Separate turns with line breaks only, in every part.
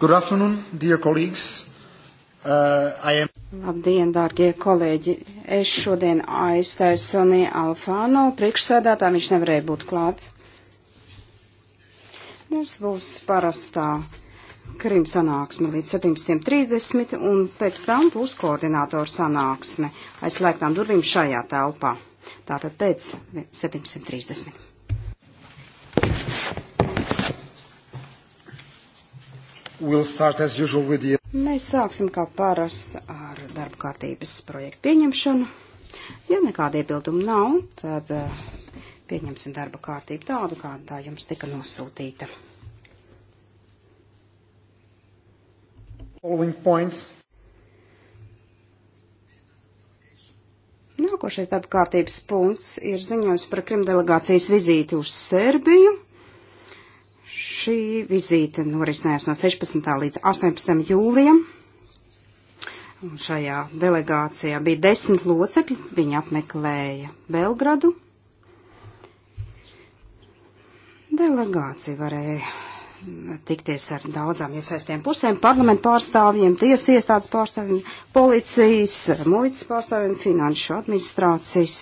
Good afternoon, dear colleagues. Uh, I am... Labdien, dārgie kolēģi! Es šodien aizstāju Soniju Alfāno, priekšsēdētā viņš nevarēja būt klāt. Mums būs parastā Krim sanāksme līdz 17.30 un pēc tam būs koordinātoru sanāksme aizslēgtām durvīm šajā telpā. Tātad pēc 17.30.
We'll the...
Mēs sāksim kā parasti ar darba kārtības projektu pieņemšanu. Ja nekāda iebilduma nav, tad eh, pieņemsim darba kārtību tādu, kāda tā jums tika nosūtīta. Nākošais darba kārtības punkts ir ziņojums par krimdelegācijas vizīti uz Serbiju. Šī vizīte norisinājās no 16. līdz 18. jūlijam. Un šajā delegācijā bija desmit locekļi, viņi apmeklēja Belgradu. Delegācija varēja tikties ar daudzām iesaistiem pusēm, parlamentu pārstāvjiem, tiesas iestādes pārstāvjiem, policijas, muitas pārstāvjiem, finanšu administrācijas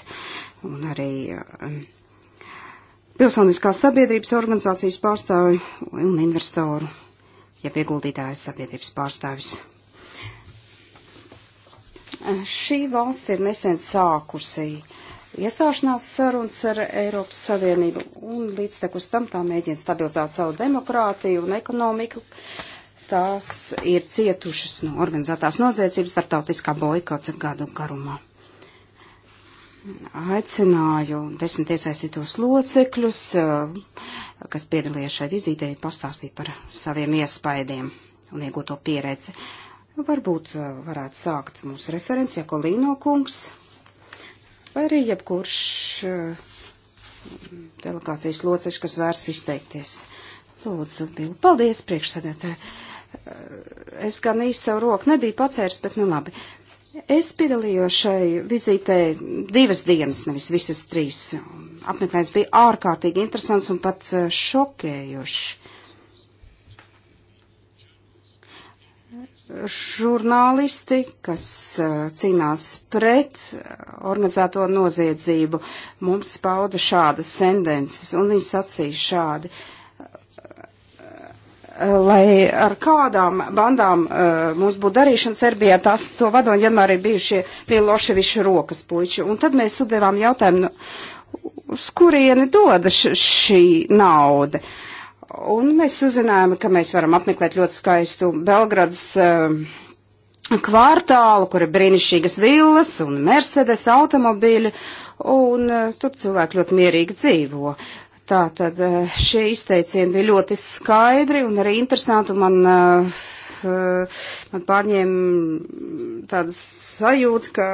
un arī um, pilsoniskās sabiedrības organizācijas pārstāvi un investoru, ja ieguldītājas sabiedrības pārstāvis. Šī valsts ir nesen sākusi iestāšanās sarunas ar Eiropas Savienību un līdz tekus tam tā mēģina stabilizēt savu demokrātiju un ekonomiku. Tās ir cietušas no organizētās noziedzības starptautiskā boikota gadu garumā aicināju desmit iesaistītos locekļus, eh, kas piedalījās šai vizītē, pastāstīt par saviem iespaidiem un iegūto pieredzi. Varbūt eh, varētu sākt mūsu referents, ja Kolīno kungs, vai arī jebkurš eh, delegācijas locekļs, kas vērs izteikties. Lūdzu, Bilu, paldies priekšsēdētāji. Es gan īsti savu roku nebiju pacērs, bet nu labi. Es piedalījos šai vizītē divas dienas, nevis visas trīs. Apmeklējums bija ārkārtīgi interesants un pat eh, šokējošs. Žurnālisti, kas eh, cīnās pret eh, organizēto noziedzību, mums pauda šādas tendences, un viņi sacīja šādi. Uh, lai ar kādām bandām uh, mums būtu darīšana Serbijā, tās to vadoņi vienmēr ir bijušie Miloševiša rokas puiši. Un tad mēs uzdevām jautājumu, nu, uz kurieni dodas šī nauda. Un mēs uzzinājām, ka mēs varam apmeklēt ļoti skaistu Belgradas uh, kvartālu, kur ir brīnišķīgas villas un Mercedes automobīļi, un uh, tur cilvēki ļoti mierīgi dzīvo. Uh, Tātad eh, šie izteicieni bija ļoti skaidri un arī interesanti. Un man, eh, man pārņēma tāda sajūta, ka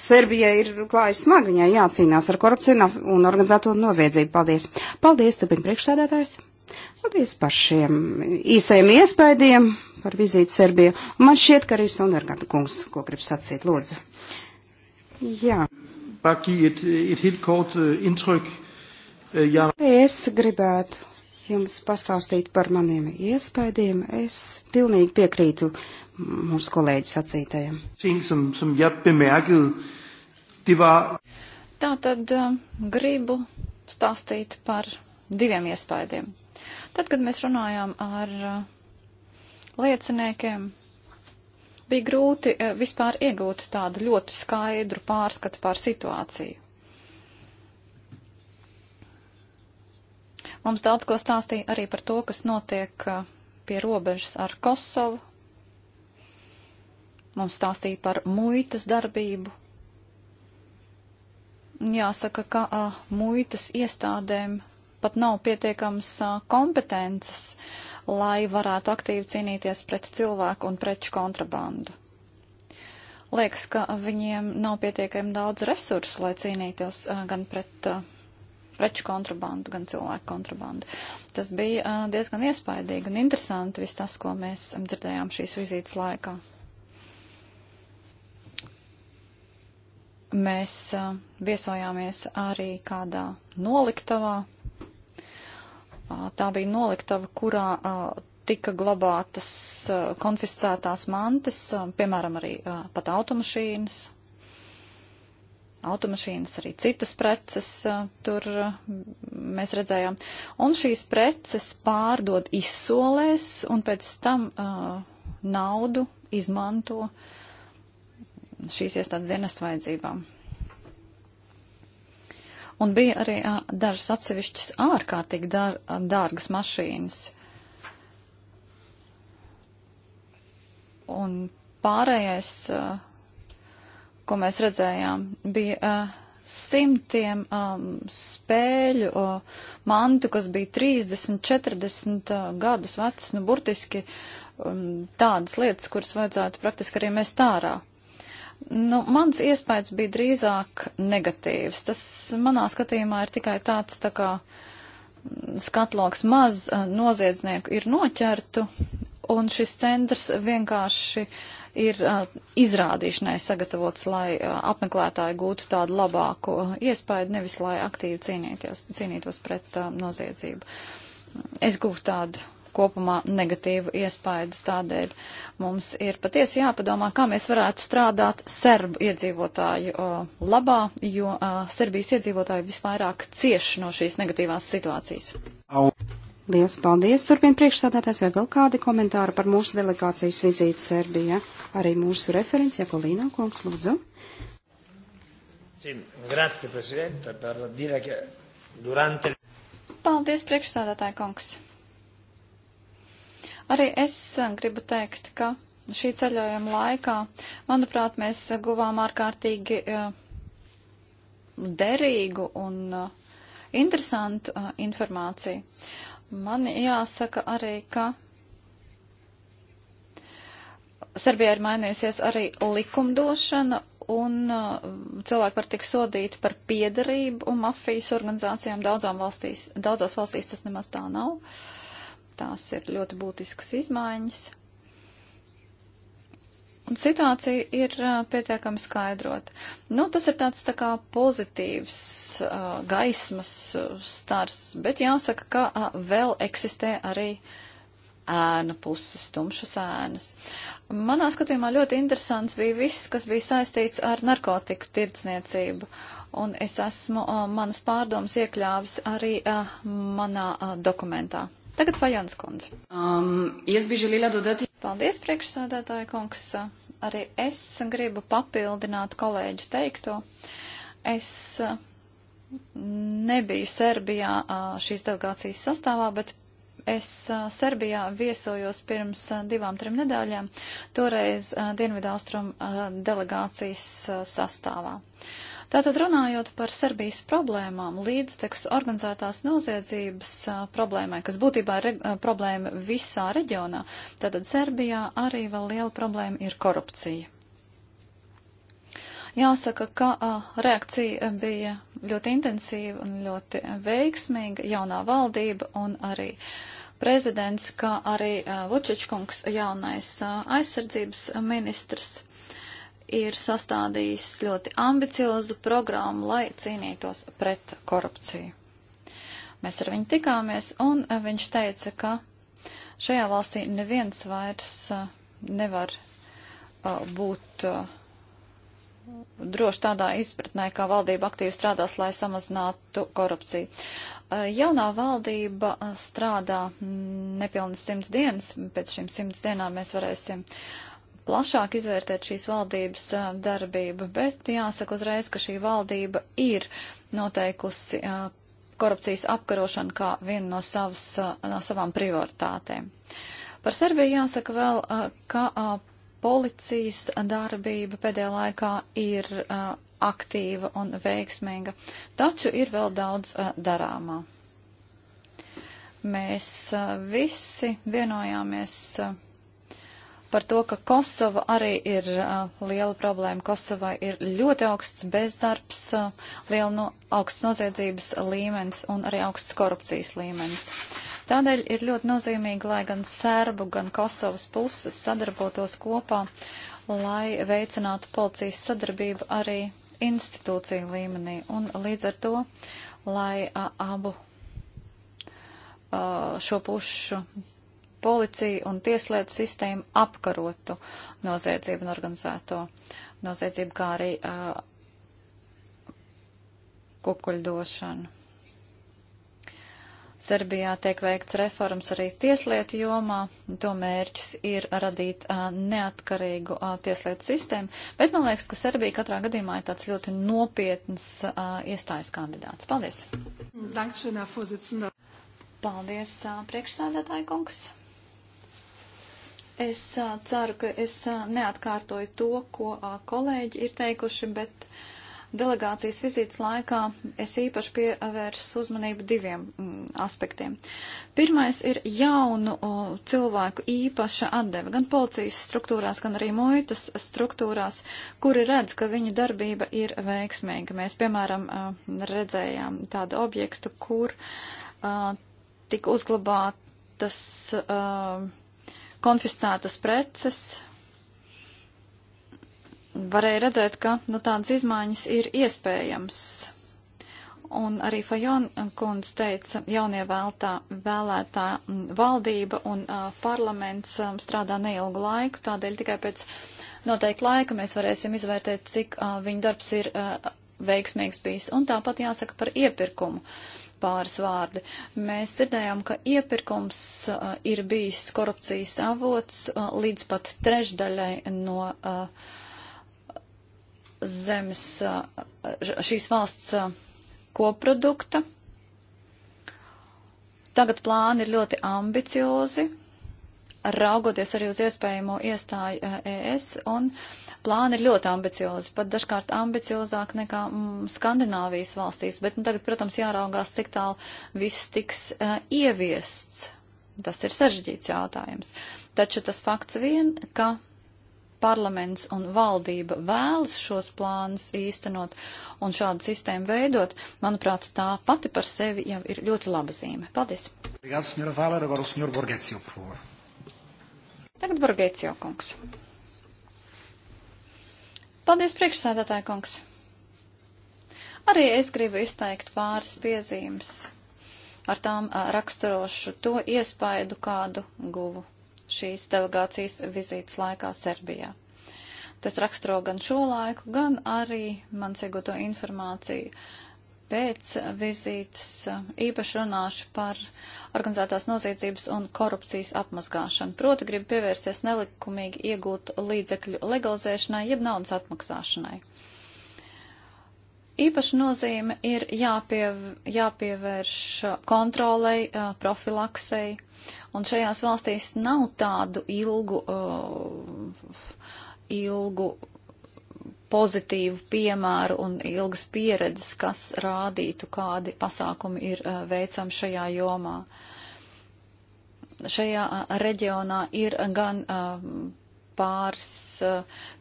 Serbija ir klājas smagi, viņai jācīnās ar korupciju un organizēto noziedzību. Paldies! Paldies, tupin priekšsēdētājs! Paldies par šiem īsajiem iespējiem par vizīti Serbiju. Man šķiet, ka arī Sondergata kungs, ko grib sacīt, lūdzu. Jā. Bare give et, et helt kort uh, indtryk jā. Es gribētu jums pastāstīt par maniem iespējiem. Es pilnīgi piekrītu mūsu kolēģi sacītajam. Tā tad
eh, gribu stāstīt par diviem iespējiem. Tad, kad mēs runājām ar eh, lieciniekiem, bija grūti eh, vispār iegūt tādu ļoti skaidru pārskatu pār situāciju. Mums daudz ko stāstīja arī par to, kas notiek uh, pie robežas ar Kosovu. Mums stāstīja par muitas darbību. Jāsaka, ka a, uh, muitas iestādēm pat nav pietiekams a, uh, kompetences, lai varētu aktīvi cīnīties pret cilvēku un preču kontrabandu. Liekas, ka viņiem nav pietiekami daudz resursu, lai cīnītos a, gan pret a, preču kontrabandu, gan cilvēku kontrabandu. Tas bija uh, diezgan iespaidīgi un interesanti viss tas, ko mēs dzirdējām šīs vizītes laikā. Mēs uh, viesojāmies arī kādā noliktavā. Uh, tā bija noliktava, kurā uh, tika glabātas uh, konfiscētās mantas, uh, piemēram, arī uh, pat automašīnas, automašīnas, arī citas preces tur mēs redzējām. Un šīs preces pārdod izsolēs un pēc tam uh, naudu izmanto šīs iestādes dienas vajadzībām. Un bija arī uh, dažas atsevišķas ārkārtīgi dār, dārgas mašīnas. Un pārējais uh, ko mēs redzējām, bija uh, simtiem um, spēļu uh, mantu, kas bija 30, 40 uh, gadus vecs, nu burtiski um, tādas lietas, kuras vajadzētu praktiski arī mest ārā. Nu, mans iespējas bija drīzāk negatīvs. Tas manā skatījumā ir tikai tāds tā kā skatloks maz noziedznieku ir noķertu, un šis centrs vienkārši uh, ir izrādīšanai sagatavots, lai apmeklētāji gūtu tādu labāku iespēju, nevis lai aktīvi cīnīties, cīnītos pret noziedzību. Es gūstu tādu kopumā negatīvu iespaidu. Tādēļ mums ir patiesi jāpadomā, kā mēs varētu strādāt serbu iedzīvotāju o, labā, jo o, Serbijas iedzīvotāji visvairāk cieš no šīs negatīvās situācijas.
Au. Liels paldies! Turpin priekšstādātājs vai vēl kādi komentāri par mūsu delegācijas vizīti Serbijā. Arī mūsu referents Jakolīna Kungs, lūdzu.
Paldies, priekšstādātāja kungs. Arī es eh, gribu teikt, ka šī ceļojuma laikā, manuprāt, mēs guvām ārkārtīgi eh, derīgu un eh, interesantu informāciju. Man jāsaka arī, ka Serbijā ir mainījusies arī likumdošana un uh, cilvēki var tik sodīti par piedarību un mafijas organizācijām daudzām valstīs. Daudzās valstīs tas nemaz tā nav. Tās ir ļoti būtiskas izmaiņas. Un situācija ir uh, pietiekami skaidrota. Nu, tas ir tāds tā kā pozitīvs uh, gaismas uh, stars, bet jāsaka, ka uh, vēl eksistē arī ēnu puses, tumšas ēnas. Manā skatījumā ļoti interesants bija viss, kas bija saistīts ar narkotiku tirdzniecību. Un es esmu uh, manas pārdomas iekļāvis arī uh, manā uh, dokumentā. Tagad Fajons kundze. Um, es biju žēlīla dodati. Paldies, priekšsādātāja kungs. Arī es gribu papildināt kolēģu teikto. Es uh, nebiju Serbijā uh, šīs delegācijas sastāvā, bet es uh, Serbijā viesojos pirms divām, trim nedēļām, toreiz Dienvidāstrum delegācijas sastāvā. Uh, Tātad runājot par Serbijas problēmām, līdztekus organizētās noziedzības a, problēmai, kas būtībā ir re, problēma visā reģionā, tātad Serbijā arī vēl liela problēma ir korupcija. Jāsaka, ka a, reakcija bija ļoti intensīva un ļoti veiksmīga jaunā valdība un arī prezidents, kā arī Vučičkungs jaunais a, aizsardzības ministrs ir sastādījis ļoti ambiciozu programmu, lai cīnītos pret korupciju. Mēs ar viņu tikāmies, un viņš teica, ka šajā valstī neviens vairs nevar būt droši tādā izpratnē, kā valdība aktīvi strādās, lai samazinātu korupciju. Jaunā valdība strādā nepilnas simts dienas, pēc šīm simts dienām mēs varēsim uh, plašāk izvērtēt šīs valdības darbību, bet jāsaka uzreiz, ka šī valdība ir noteikusi korupcijas apkarošanu kā vienu no, savas, no savām prioritātēm. Par Serbiju jāsaka vēl, ka policijas darbība pēdējā laikā ir aktīva un veiksmīga, taču ir vēl daudz darāmā. Mēs visi vienojāmies par to, ka Kosova arī ir uh, liela problēma. Kosovai ir ļoti augsts bezdarbs, uh, liela no, augsts noziedzības līmenis un arī augsts korupcijas līmenis. Tādēļ ir ļoti nozīmīgi, lai gan Serbu, gan Kosovas puses sadarbotos kopā, lai veicinātu policijas sadarbību arī institūciju līmenī un līdz ar to, lai uh, abu uh, šo pušu policija un tieslietu sistēma apkarotu noziedzību un organizēto noziedzību, kā arī uh, kukuļdošanu. Serbijā tiek veikts reformas arī tieslietu jomā. To mērķis ir radīt uh, neatkarīgu uh, tieslietu sistēmu, bet man liekas, ka Serbija katrā gadījumā ir tāds ļoti nopietns uh, iestājas kandidāts. Paldies! Dankšanā, Paldies, uh, priekšsādātāji kungs! Es a, ceru, ka es a, neatkārtoju to, ko a, kolēģi ir teikuši, bet delegācijas vizītes laikā es īpaši pievērsu uzmanību diviem m, mm, aspektiem. Pirmais ir jaunu o, cilvēku īpaša atdeve gan policijas struktūrās, gan arī muitas struktūrās, kuri redz, ka viņa darbība ir veiksmīga. Mēs, piemēram, a, redzējām tādu objektu, kur a, tika uzglabātas. A, konfiscētas preces, varēja redzēt, ka nu, tādas izmaiņas ir iespējams. Un arī Fajona kundze teica, jaunie vēltā, vēlētā valdība un uh, parlaments um, strādā neilgu laiku, tādēļ tikai pēc noteikta laika mēs varēsim izvērtēt, cik uh, viņa darbs ir uh, veiksmīgs bijis. Un tāpat jāsaka par iepirkumu. Uh, pāris vārdi. Mēs dzirdējām, ka iepirkums uh, ir bijis korupcijas avots uh, līdz pat trešdaļai no uh, zemes šīs valsts koprodukta. Tagad plāni ir ļoti ambiciozi raugoties arī uz iespējamo iestāju ES, eh, e un plāni ir ļoti ambiciozi, pat dažkārt ambiciozāk nekā mm, Skandināvijas valstīs, bet nu, tagad, protams, jāraugās, cik tālu viss tiks uh, ieviests. Tas ir sarežģīts jautājums. Taču tas fakts vien, ka parlaments un valdība vēlas šos plānus īstenot un šādu sistēmu veidot, manuprāt, tā pati par sevi jau ir ļoti laba zīme. Paldies! Obrigado, Tagad Borgēcijo kungs. Paldies, priekšsēdētāja kungs. Arī es gribu izteikt pāris piezīmes. Ar tām raksturošu to iespaidu, kādu guvu šīs delegācijas vizītes laikā Serbijā. Tas raksturo gan šo laiku, gan arī mans iegūto informāciju pēc vizītes īpaši runāšu par organizētās noziedzības un korupcijas apmazgāšanu. Proti gribu pievērsties nelikumīgi iegūt līdzekļu legalizēšanai jeb naudas atmaksāšanai. Īpaši nozīme ir jāpiev, jāpievērš kontrolei, profilaksei, un šajās valstīs nav tādu ilgu, uh, ilgu pozitīvu piemēru un ilgas pieredzes, kas rādītu, kādi pasākumi ir eh, veicami šajā jomā. Šajā eh, reģionā ir eh, gan pāris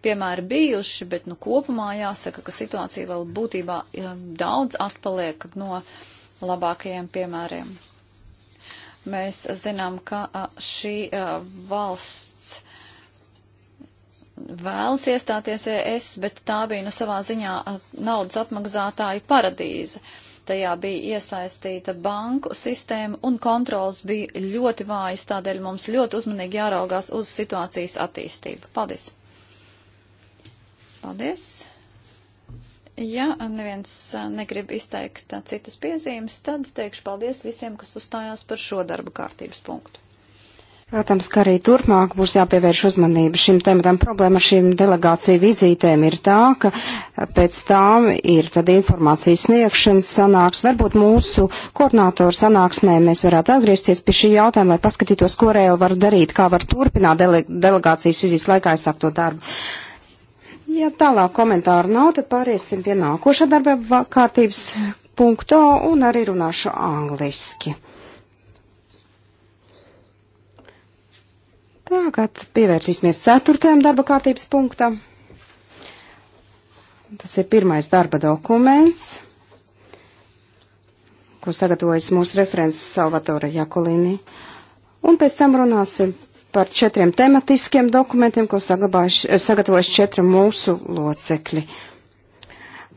piemēri bijuši, bet nu, kopumā jāsaka, ka situācija vēl būtībā daudz atpaliek no labākajiem piemēriem. Mēs zinām, ka šī valsts vēlas iestāties ES, bet tā bija nu savā ziņā naudas atmaksātāju paradīze. Tajā bija iesaistīta banku sistēma un kontrols bija ļoti vājas, tādēļ mums ļoti uzmanīgi jāraugās uz situācijas attīstību. Paldies! Paldies! Ja neviens negrib izteikt citas piezīmes, tad teikšu paldies visiem, kas uzstājās par šo darbu kārtības punktu.
Protams, ka arī turpmāk būs jāpievērš uzmanība šim tematam. Problēma ar šīm delegāciju vizītēm ir tā, ka pēc tām ir tad informācijas sniegšanas sanāks. Varbūt mūsu koordinātoru sanāksmē mēs varētu atgriezties pie šī jautājuma, lai paskatītos, ko reāli var darīt, kā var turpināt dele delegācijas vizītes laikā aizsākto darbu. Ja tālāk komentāru nav, tad pāriesim pie nākošā darba kārtības punktu un arī runāšu angliski. Tagad nu, pievērsīsimies ceturtajam darba kārtības punktam. Tas ir pirmais darba dokuments, ko sagatavojas mūsu referents Salvatore Jakolini. Un pēc tam runāsim par četriem tematiskiem dokumentiem, ko sagatavojas četri mūsu locekļi.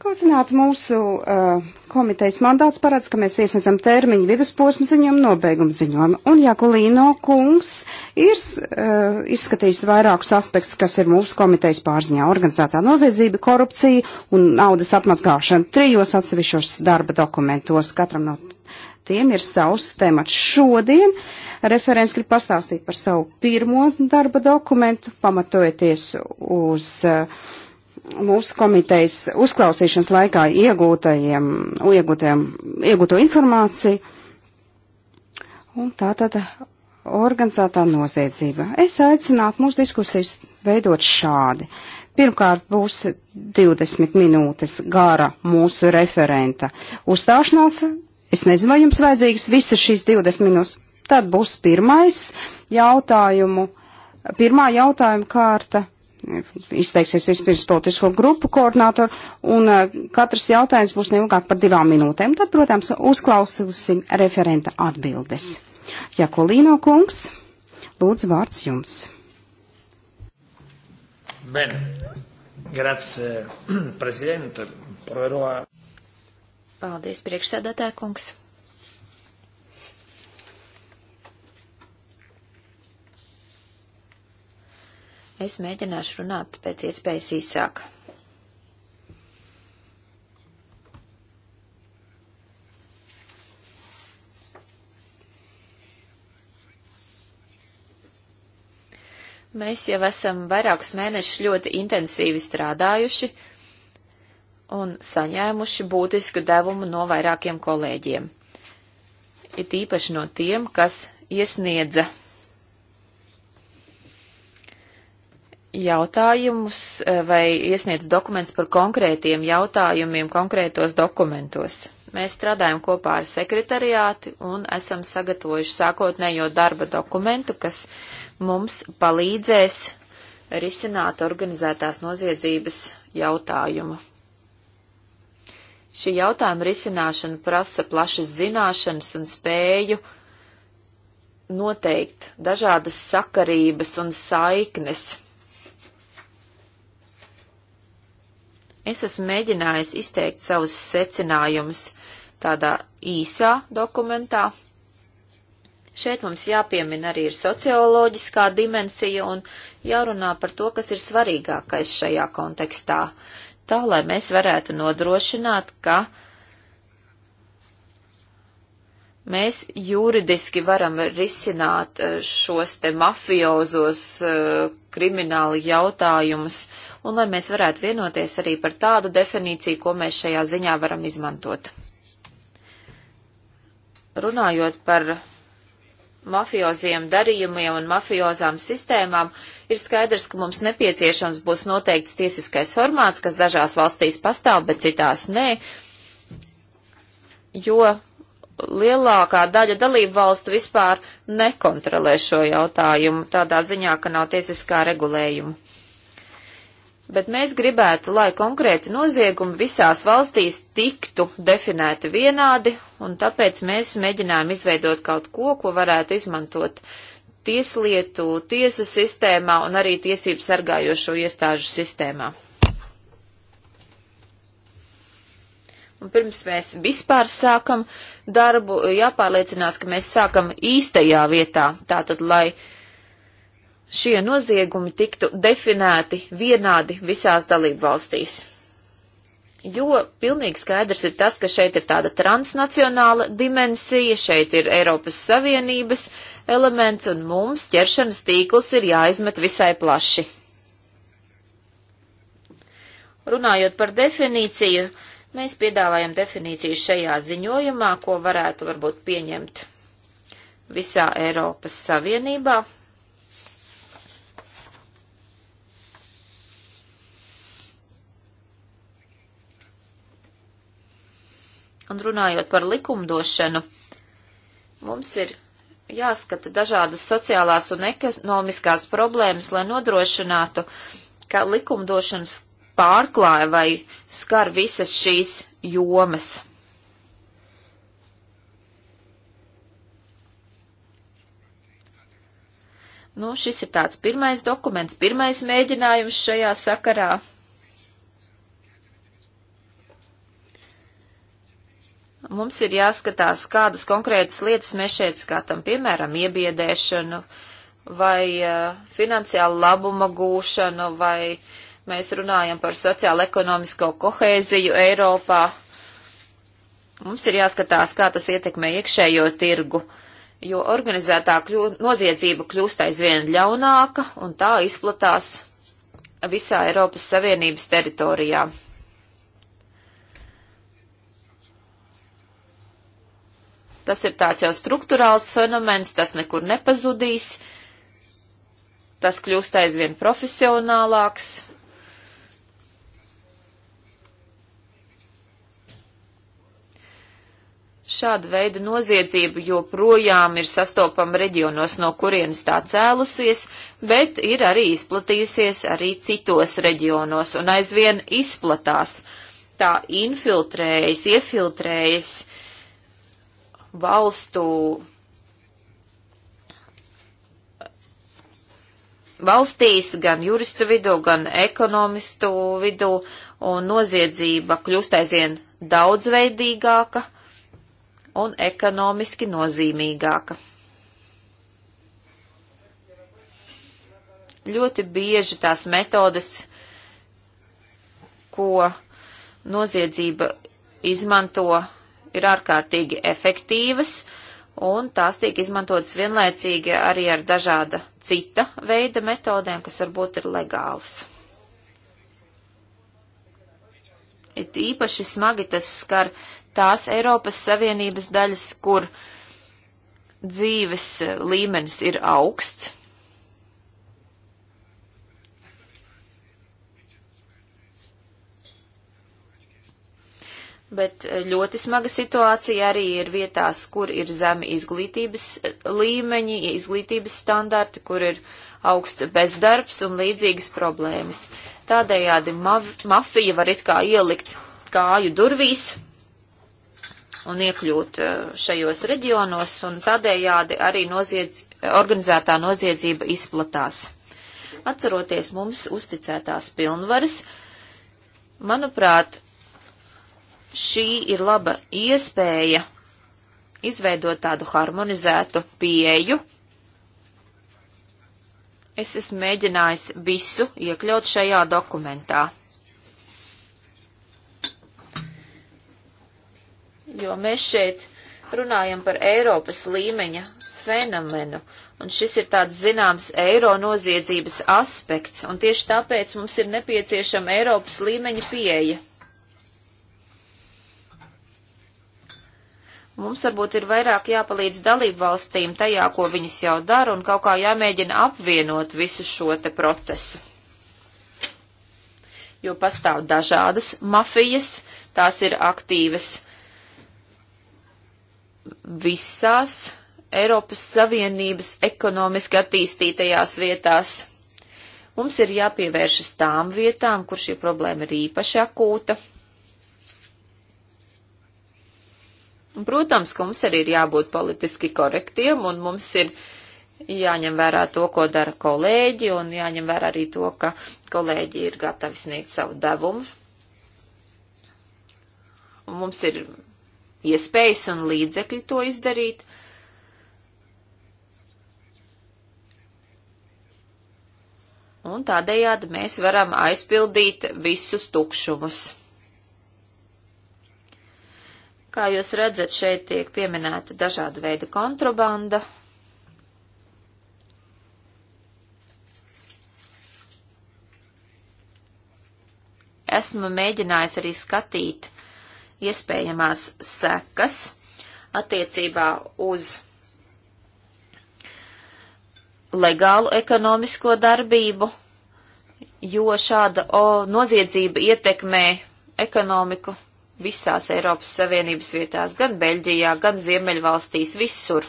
Kā zināt, mūsu uh, komitejas mandāts parāds, ka mēs iesniedzam termiņu vidusposmu ziņojumu, nobeigumu ziņojumu. Un Jakulīno kungs ir uh, izskatījis vairākus aspektus, kas ir mūsu komitejas pārziņā - organizētā noziedzība, korupcija un naudas atmazgāšana trijos atsevišķos darba dokumentos. Katram no tiem ir savs temats. Šodien referents grib pastāstīt par savu pirmo darba dokumentu, pamatojoties uz. Uh, mūsu komitejas uzklausīšanas laikā iegūtajiem, iegūtajiem, iegūto informāciju. Un tā tad organizētā noziedzība. Es aicinātu mūsu diskusijas veidot šādi. Pirmkārt būs 20 minūtes gara mūsu referenta uzstāšanās. Es nezinu, vai jums vajadzīgas visas šīs 20 minūtes. Tad būs pirmais jautājumu, pirmā jautājuma kārta izteiksies vispirms politisko grupu koordinātori, un eh, katrs jautājums būs neilgāk par divām minūtēm. Tad, protams, uzklausīsim referenta atbildes. Jakolīno kungs, lūdzu vārds jums.
Bene. Grazie, prezidente. Proverò a... Paldies, priekšsēdētāj kungs. Es mēģināšu runāt pēc iespējas īsāk. Mēs jau esam vairākus mēnešus ļoti intensīvi strādājuši un saņēmuši būtisku devumu no vairākiem kolēģiem. Ir tīpaši no tiem, kas iesniedza jautājumus eh, vai iesniedz dokumentus par konkrētiem jautājumiem konkrētos dokumentos. Mēs strādājam kopā ar sekretariāti un esam sagatavojuši sākotnējo darba dokumentu, kas mums palīdzēs risināt organizētās noziedzības jautājumu. Šī jautājuma risināšana prasa plašas zināšanas un spēju noteikt dažādas sakarības un saiknes Es esmu mēģinājis izteikt savus secinājumus tādā īsā dokumentā. Šeit mums jāpiemina arī ir socioloģiskā dimensija un jārunā par to, kas ir svarīgākais šajā kontekstā, tā lai mēs varētu nodrošināt, ka mēs juridiski varam risināt eh, šos te mafiozos eh, krimināli jautājumus, uh, un lai mēs varētu vienoties arī par tādu definīciju, ko mēs šajā ziņā varam izmantot. Runājot par mafioziem darījumiem un mafiozām sistēmām, ir skaidrs, ka mums nepieciešams būs noteikts tiesiskais formāts, kas dažās valstīs pastāv, bet citās nē, jo lielākā daļa dalību valstu vispār nekontrolē šo jautājumu tādā ziņā, ka nav tiesiskā regulējuma bet mēs gribētu, lai konkrēti noziegumi visās valstīs tiktu definēti vienādi, un tāpēc mēs mēģinājām izveidot kaut ko, ko varētu izmantot tieslietu, tiesu sistēmā un arī tiesību sargājošo iestāžu sistēmā. Un pirms mēs vispār sākam darbu, jāpārliecinās, ka mēs sākam īstajā vietā, tātad, lai uh, šie noziegumi tiktu definēti vienādi visās dalību valstīs. Jo pilnīgi skaidrs ir tas, ka šeit ir tāda transnacionāla dimensija, šeit ir Eiropas Savienības elements un mums ķeršanas tīkls ir jāizmet visai plaši. Runājot par definīciju, mēs piedāvājam definīciju šajā ziņojumā, ko varētu varbūt pieņemt visā Eiropas Savienībā, Un runājot par likumdošanu, mums ir jāskata dažādas sociālās un ekonomiskās problēmas, lai nodrošinātu, ka likumdošanas pārklāja vai skar visas šīs jomas. Nu, šis ir tāds pirmais dokuments, pirmais mēģinājums šajā sakarā. Mums ir jāskatās, kādas konkrētas lietas mēs šeit skatām, piemēram, iebiedēšanu vai finansiālu labuma gūšanu, vai mēs runājam par sociālo-ekonomisko kohēziju Eiropā. Mums ir jāskatās, kā tas ietekmē iekšējo tirgu, jo organizētā kļū, noziedzība kļūst aizvien ļaunāka un tā izplatās visā Eiropas Savienības teritorijā. Tas ir tāds jau struktūrāls fenomens, tas nekur nepazudīs, tas kļūst aizvien profesionālāks. Šāda veida noziedzība joprojām ir sastopama reģionos, no kurienes tā cēlusies, bet ir arī izplatījusies arī citos reģionos un aizvien izplatās. Tā infiltrējas, iefiltrējas valstu valstīs, gan juristu vidū, gan ekonomistu vidū, un noziedzība kļūst aizvien daudzveidīgāka un ekonomiski nozīmīgāka. Ļoti bieži tās metodas, ko noziedzība izmanto, ir ārkārtīgi efektīvas, un tās tiek izmantotas vienlaicīgi arī ar dažāda cita veida metodēm, kas varbūt ir legāls. It īpaši smagi tas skar tās Eiropas Savienības daļas, kur dzīves līmenis ir augsts, bet eh, ļoti smaga situācija arī ir vietās, kur ir zemi izglītības eh, līmeņi, izglītības standarti, kur ir augsts bezdarbs un līdzīgas problēmas. Tādējādi mafija var it kā ielikt kāju durvīs un iekļūt eh, šajos reģionos, un tādējādi arī noziedz, organizētā noziedzība izplatās. Atceroties mums uzticētās pilnvaras, manuprāt, šī ir laba iespēja izveidot tādu harmonizētu pieeju. Es esmu mēģinājis visu iekļaut šajā dokumentā. Jo mēs šeit runājam par Eiropas līmeņa fenomenu, un šis ir tāds zināms eiro noziedzības aspekts, un tieši tāpēc mums ir nepieciešama Eiropas līmeņa pieeja. Mums varbūt ir vairāk jāpalīdz dalību valstīm tajā, ko viņas jau dara, un kaut kā jāmēģina apvienot visu šo te procesu. Jo pastāv dažādas mafijas, tās ir aktīvas visās Eiropas Savienības ekonomiski attīstītajās vietās. Mums ir jāpievēršas tām vietām, kur šī problēma ir īpaši akūta Un, protams, ka mums arī ir jābūt politiski korektiem un mums ir jāņem vērā to, ko dara kolēģi un jāņem vērā arī to, ka kolēģi ir gatavi sniegt savu devumu. Un mums ir iespējas un līdzekļi to izdarīt. Un tādējādi mēs varam aizpildīt visus tukšumus. Kā jūs redzat, šeit tiek pieminēta dažāda veida kontrabanda. Esmu mēģinājis arī skatīt iespējamās sekas attiecībā uz legālu ekonomisko darbību, jo šāda o, noziedzība ietekmē ekonomiku visās Eiropas Savienības vietās, gan Beļģijā, gan Ziemeļvalstīs, visur.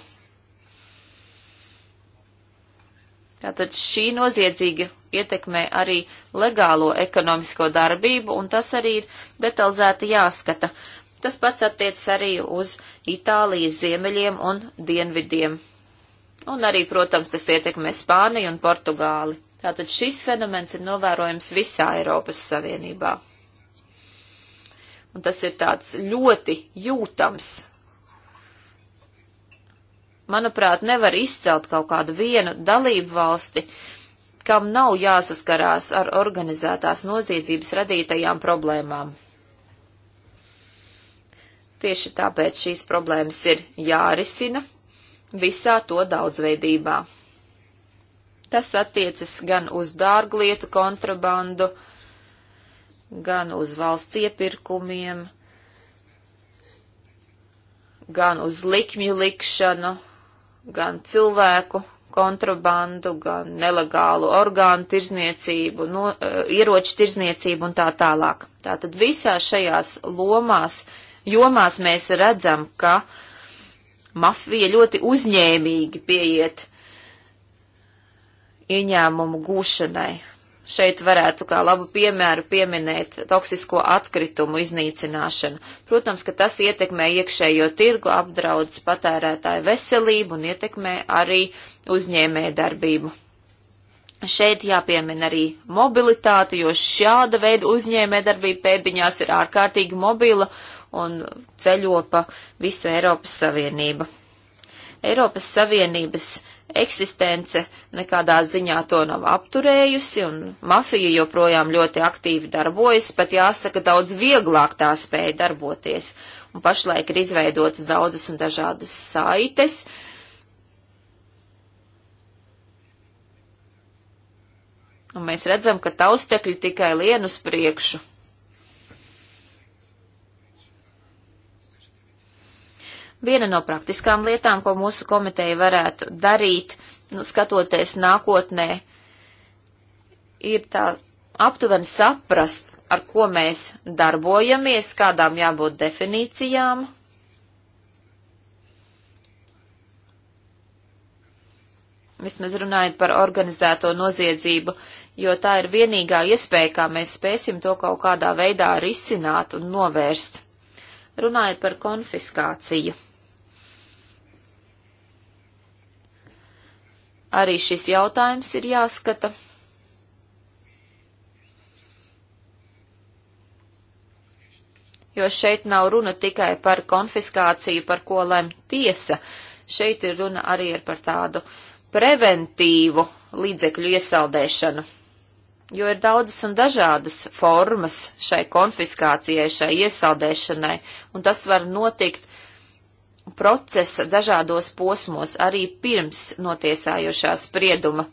Tātad šī noziedzīga ietekmē arī legālo ekonomisko darbību, un tas arī ir detalizēti jāskata. Tas pats attiec arī uz Itālijas ziemeļiem un dienvidiem. Un arī, protams, tas ietekmē Spāniju un Portugāli. Tātad šis fenomens ir novērojams visā Eiropas Savienībā. Un tas ir tāds ļoti jūtams. Manuprāt, nevar izcelt kaut kādu vienu dalību valsti, kam nav jāsaskarās ar organizētās noziedzības radītajām problēmām. Tieši tāpēc šīs problēmas ir jārisina visā to daudzveidībā. Tas attiecas gan uz dārglietu kontrabandu, uh, gan uz valsts iepirkumiem, gan uz likmju likšanu, gan cilvēku kontrabandu, gan nelegālu orgānu tirzniecību, no, e, ieroču tirzniecību un tā tālāk. Tātad visā šajās lomās, jomās mēs redzam, ka mafija ļoti uzņēmīgi pieiet ieņēmumu gūšanai, Šeit varētu kā labu piemēru pieminēt toksisko atkritumu iznīcināšanu. Protams, ka tas ietekmē iekšējo tirgu, apdraud patērētāju veselību un ietekmē arī uzņēmē darbību. Šeit jāpiemin arī mobilitāte, jo šāda veida uzņēmē darbība pēdiņās ir ārkārtīgi mobila un ceļo pa visu Eiropas Savienību. Eiropas Savienības eksistence nekādā ziņā to nav apturējusi, un mafija joprojām ļoti aktīvi darbojas, pat jāsaka, daudz vieglāk tā spēja darboties. Un pašlaik ir izveidotas daudzas un dažādas saites. Un mēs redzam, ka taustekļi tikai lien uz priekšu. Viena no praktiskām lietām, ko mūsu komiteja varētu darīt, nu, skatoties nākotnē, ir tā aptuveni saprast, ar ko mēs darbojamies, kādām jābūt definīcijām. Vismaz runājot par organizēto noziedzību, jo tā ir vienīgā iespēja, kā mēs spēsim to kaut kādā veidā risināt un novērst. Runājot par konfiskāciju. Arī šis jautājums ir jāskata. Jo šeit nav runa tikai par konfiskāciju, par ko lem tiesa. Šeit ir runa arī ir par tādu preventīvu līdzekļu iesaldēšanu. Jo ir daudzas un dažādas formas šai konfiskācijai, šai iesaldēšanai, un tas var notikt procesa dažādos posmos, arī pirms notiesājošā sprieduma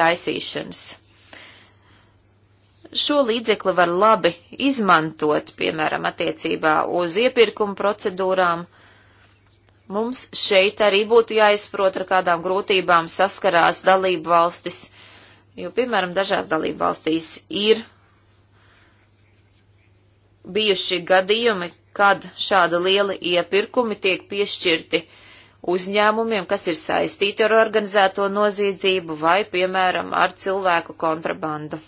taisīšanas. Šo līdzekli var labi izmantot, piemēram, attiecībā uz iepirkuma procedūrām. Mums šeit arī būtu jāizprot, ar kādām grūtībām saskarās dalību valstis, jo, piemēram, dažās dalību valstīs ir bijuši gadījumi, kad šāda liela iepirkumi tiek piešķirti uzņēmumiem, kas ir saistīti ar organizēto noziedzību vai, piemēram, ar cilvēku kontrabandu.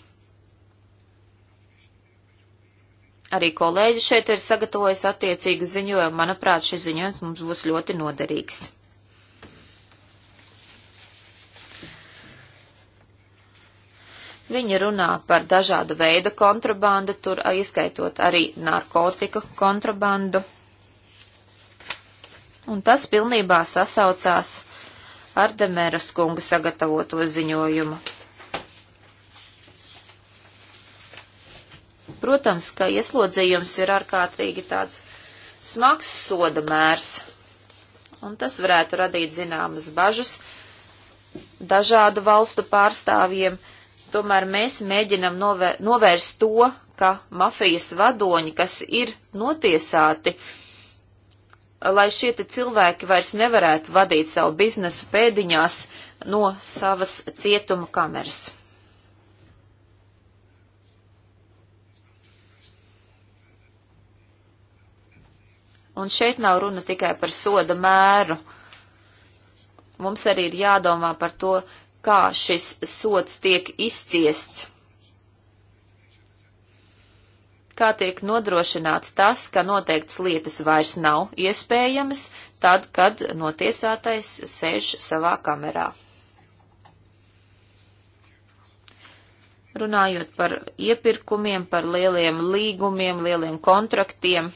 Arī kolēģi šeit ir sagatavojis attiecīgu ziņojumu. Manuprāt, šis ziņojums mums būs ļoti noderīgs. Viņi runā par dažādu veidu kontrabandu, tur ieskaitot arī narkotiku kontrabandu. Un tas pilnībā sasaucās ar Demēra skunga sagatavoto ziņojumu. Protams, ka ieslodzījums ir ārkārtīgi tāds smags soda mērs, un tas varētu radīt zināmas bažas dažādu valstu pārstāvjiem, uh, Tomēr mēs mēģinam novēr novērst to, ka mafijas vadoņi, kas ir notiesāti, lai šie cilvēki vairs nevarētu vadīt savu biznesu pēdiņās no savas cietuma kameras. Un šeit nav runa tikai par soda mēru. Mums arī ir jādomā par to, kā šis sots tiek izciests, kā tiek nodrošināts tas, ka noteikts lietas vairs nav iespējamas, tad, kad notiesātais sēž savā kamerā. Runājot par iepirkumiem, par lieliem līgumiem, lieliem kontraktiem,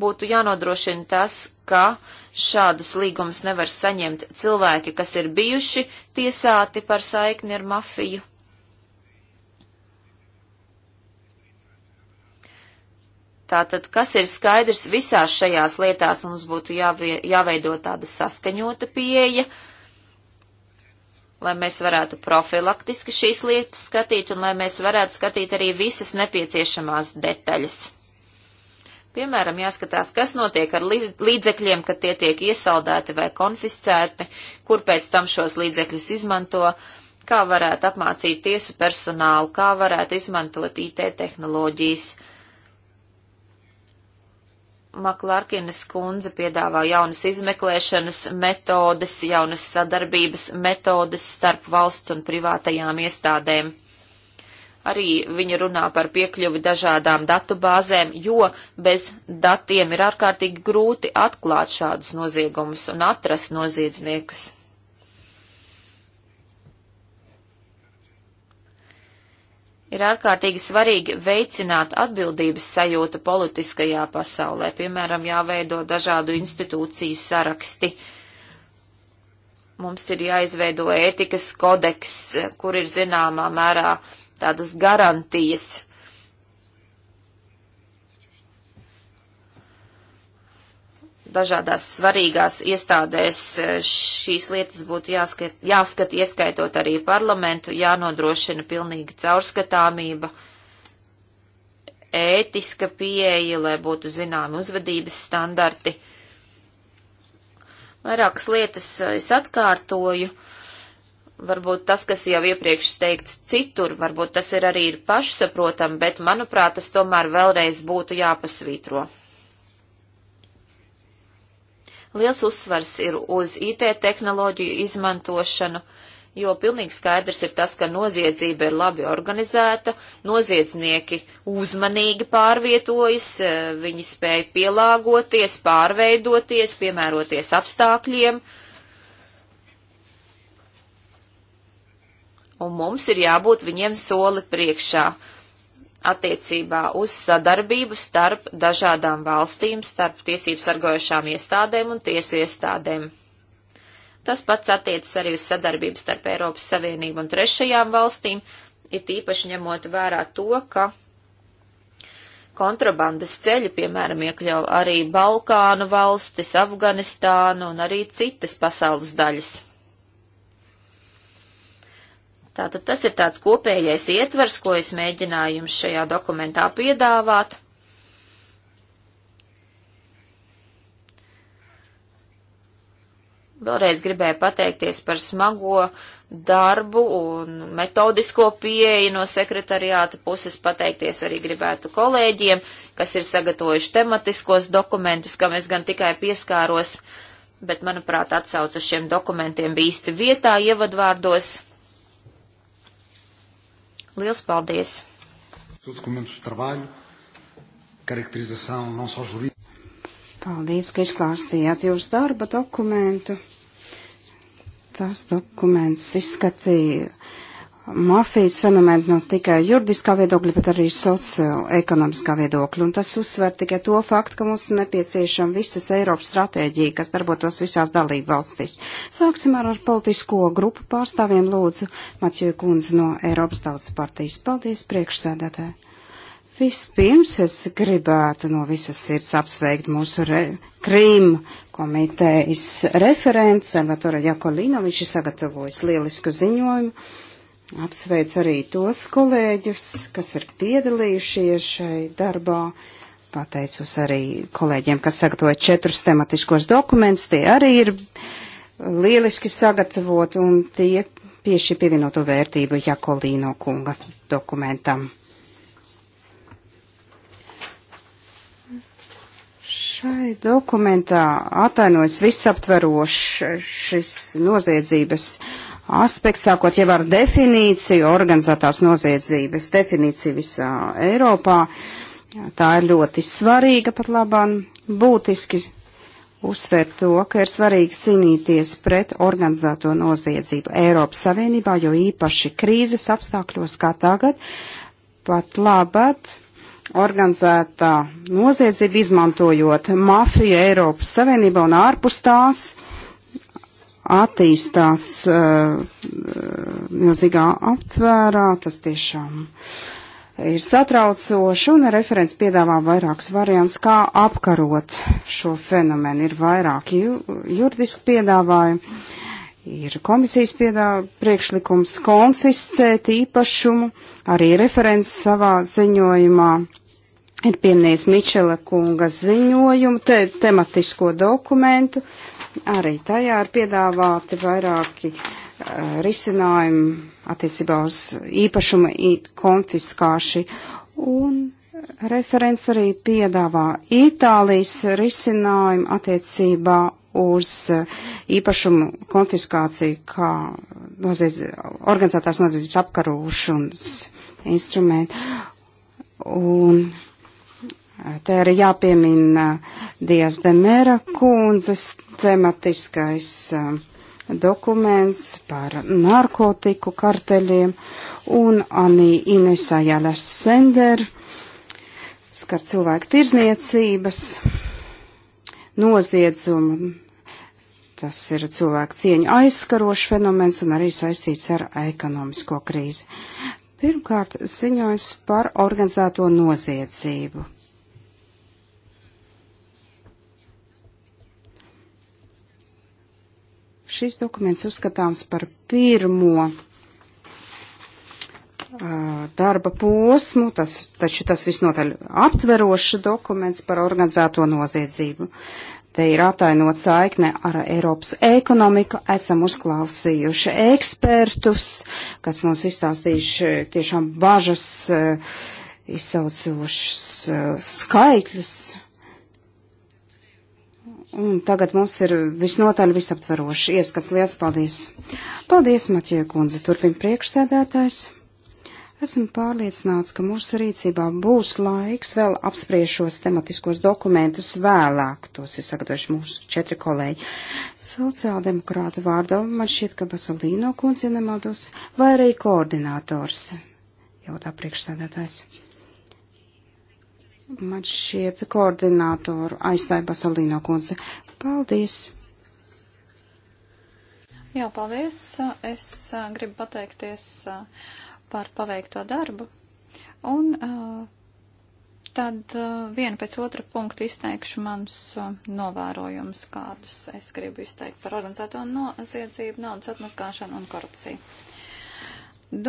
būtu jānodrošina tas, ka uh, Šādus līgumus nevar saņemt cilvēki, kas ir bijuši tiesāti par saikni ar mafiju. Tātad, kas ir skaidrs visās šajās lietās, mums būtu jāvie, jāveido tāda saskaņota pieeja, lai mēs varētu profilaktiski šīs lietas skatīt un lai mēs varētu skatīt arī visas nepieciešamās detaļas. Piemēram, jāskatās, kas notiek ar līdzekļiem, kad tie tiek iesaldēti vai konfiscēti, kur pēc tam šos līdzekļus izmanto, kā varētu apmācīt tiesu personālu, kā varētu izmantot IT tehnoloģijas. Maklārkinas kundze piedāvā jaunas izmeklēšanas metodes, jaunas sadarbības metodes starp valsts un privātajām iestādēm. Arī viņi runā par piekļuvi dažādām datubāzēm, jo bez datiem ir ārkārtīgi grūti atklāt šādus noziegumus un atrast noziedzniekus. Ir ārkārtīgi svarīgi veicināt atbildības sajūtu politiskajā pasaulē, piemēram, jāveido dažādu institūciju saraksti. Mums ir jāizveido ētikas kodeks, kur ir zināmā mērā tādas garantijas. Dažādās svarīgās iestādēs e, šīs lietas būtu jāskat, jāskat ieskaitot arī parlamentu, jānodrošina pilnīga caurskatāmība, ētiska pieeja, lai būtu zināmi uzvedības standarti. Vairākas lietas e, es atkārtoju. Uh, varbūt tas, kas jau iepriekš teikts citur, varbūt tas ir arī ir pašsaprotam, bet manuprāt, tas tomēr vēlreiz būtu jāpasvītro. Liels uzsvars ir uz IT tehnoloģiju izmantošanu, jo pilnīgi skaidrs ir tas, ka noziedzība ir labi organizēta, noziedznieki uzmanīgi pārvietojas, e, viņi spēj pielāgoties, pārveidoties, piemēroties apstākļiem, uh, un mums ir jābūt viņiem soli priekšā attiecībā uz sadarbību starp dažādām valstīm, starp tiesību sargojušām iestādēm un tiesu iestādēm. Tas pats attiecas arī uz sadarbību starp Eiropas Savienību un trešajām valstīm, ir tīpaši ņemot vērā to, ka kontrabandas ceļi, piemēram, iekļauj arī Balkānu valstis, Afganistānu un arī citas pasaules daļas. Tātad tas ir tāds kopējais ietvers, ko es mēģināju jums šajā dokumentā piedāvāt. Vēlreiz gribēju pateikties par smago darbu un metodisko pieeju no sekretariāta puses, pateikties arī gribētu kolēģiem, kas ir sagatavojuši tematiskos dokumentus, kam es gan tikai pieskāros, bet, manuprāt, atsauc uz šiem dokumentiem bija īsti vietā ievadvārdos. Liels paldies!
Paldies, ka izklāstījāt jūsu darba dokumentu. Tas dokuments izskatīja mafijas fenomenu no tikai juridiskā viedokļa, bet arī socioekonomiskā viedokļa. Un tas uzsver tikai to faktu, ka mums nepieciešama visas Eiropas stratēģija, kas darbotos visās dalību valstīs. Sāksim ar, ar politisko grupu pārstāvjiem lūdzu Matjoju Kundzi no Eiropas tautas partijas. Paldies, priekšsēdētāji! Vispirms es gribētu no visas sirds apsveikt mūsu re Krīmu komitejas referents, Salvatore Jakolino, viņš ir sagatavojis lielisku ziņojumu Apsveicu arī tos kolēģus, kas ir piedalījušies šai darbā. Pateicos arī kolēģiem, kas sagatavoja četrus tematiskos dokumentus. Tie arī ir lieliski sagatavot un tie pieši pievienoto vērtību Jakolīno kunga dokumentam. Šai dokumentā atainojas visaptverošs šis noziedzības aspekts, sākot jau ar definīciju, organizētās noziedzības definīciju visā Eiropā. Tā ir ļoti svarīga pat labāk, būtiski uzsver to, ka ir svarīgi cīnīties pret organizēto noziedzību Eiropas Savienībā, jo īpaši krīzes apstākļos kā tagad, pat labāk organizētā noziedzība izmantojot mafiju Eiropas Savienībā un ārpus tās attīstās uh, milzīgā aptvērā, tas tiešām ir satraucoši, un referents piedāvā vairākas variants, kā apkarot šo fenomenu. Ir vairāki ju juridiski piedāvājumi, ir komisijas piedā priekšlikums konfiscēt īpašumu, arī referents savā ziņojumā ir pieminējis Mičela kunga ziņojumu, te tematisko dokumentu, uh, Arī tajā ir piedāvāti vairāki uh, risinājumi attiecībā uz īpašuma konfiskāši. Un referents arī piedāvā Itālijas risinājumu attiecībā uz eh, īpašumu konfiskāciju kā noziedz, organizētās noziedzības apkarūšanas instrumentu. Un Te arī jāpiemina Dijas Demēra kundzes tematiskais eh, dokuments par narkotiku karteļiem un Anī Inesā Jālēs Sender skar cilvēku tirzniecības noziegumu. Tas ir cilvēku cieņu aizskarošs fenomens un arī saistīts ar ekonomisko krīzi. Pirmkārt, ziņojas par organizēto noziedzību. Šis dokuments uzskatāms par pirmo darba posmu, tas, taču tas visnotaļ aptverošs dokuments par organizēto noziedzību. Te ir atainot saikne ar Eiropas ekonomiku, esam uzklausījuši ekspertus, kas mums izstāstījuši tiešām bažas izsaucošas skaitļus Un tagad mums ir visnotaļ visaptveroši ieskats. Liels paldies! Paldies, Matjē kundze! Turpin priekšsēdētājs. Esmu pārliecināts, ka mūsu rīcībā būs laiks vēl apspriešos tematiskos dokumentus vēlāk. Tos ir sagatavojuši mūsu četri kolēģi. Sociāldemokrāta vārdā man šķiet, ka Basalīno kundze nemaldos, vai arī koordinators, jautā priekšsēdētājs. Man šķiet koordinātoru aizstāja Basalīno kundze. Paldies!
Jā, paldies! Es uh, gribu pateikties uh, par paveikto darbu. Un uh, tad vienu pēc otra punktu izteikšu mans novērojums, kādus es gribu izteikt par organizēto noziedzību, naudas atmazgāšanu un korupciju.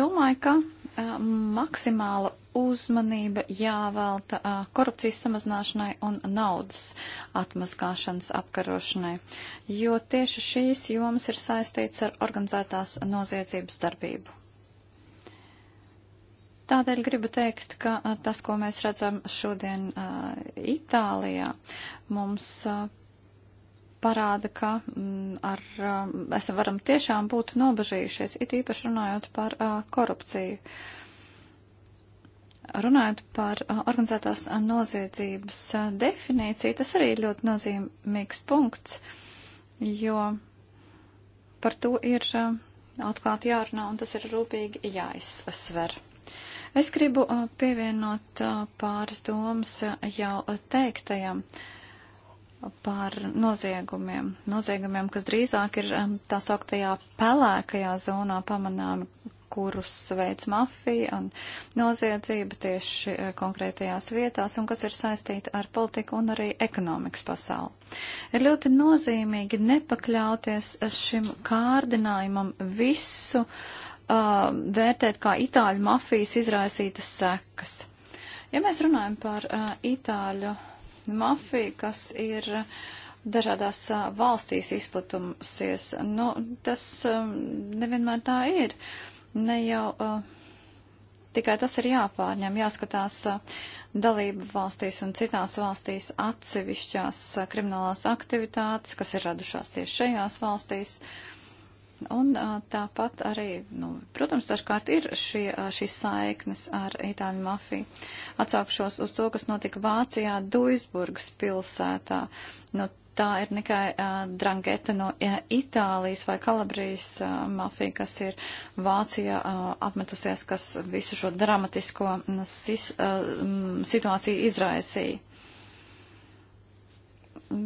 Domāju, ka maksimāla uzmanība jāvelta korupcijas samazināšanai un naudas atmaskāšanas apkarošanai, jo tieši šīs jomas ir saistīts ar organizētās noziedzības darbību. Tādēļ gribu teikt, ka tas, ko mēs redzam šodien Itālijā, mums parāda, ka mm, ar, um, mēs varam tiešām būt nobežījušies, it īpaši runājot par uh, korupciju. Runājot par uh, organizētās noziedzības uh, definīciju, tas arī ir ļoti nozīmīgs punkts, jo par to ir atklāti jārunā un tas ir rūpīgi jāizsver. Es gribu pievienot pāris domas jau teiktajam. Ja par noziegumiem. Noziegumiem, kas drīzāk ir tā sauktajā pelēkajā zonā pamanāmi, kurus veids mafija un noziedzība tieši eh, konkrētajās vietās un kas ir saistīta ar politiku un arī ekonomikas pasauli. Ir ļoti nozīmīgi nepakļauties eh, šim kārdinājumam visu uh, vērtēt kā itāļu mafijas izraisītas sekas. Ja mēs runājam par uh, itāļu mafija, kas ir uh, dažādās uh, valstīs izplatusies. Nu, tas um, nevienmēr tā ir. Ne jau uh, tikai tas ir jāpārņem, jāskatās dalību valstīs un citās valstīs atsevišķās kriminālās aktivitātes, kas ir radušās tieši šajās valstīs. Uh, Un tāpat arī, nu, protams, dažkārt ir šie, šīs saiknes ar itāļu mafiju. Atsaukšos uz to, kas notika Vācijā, Duisburgas pilsētā. Nu, tā ir tikai uh, drangeta no uh, Itālijas vai Kalabrijas uh, mafija, kas ir Vācijā uh, apmetusies, kas visu šo dramatisko uh, sis, uh, situāciju izraisīja.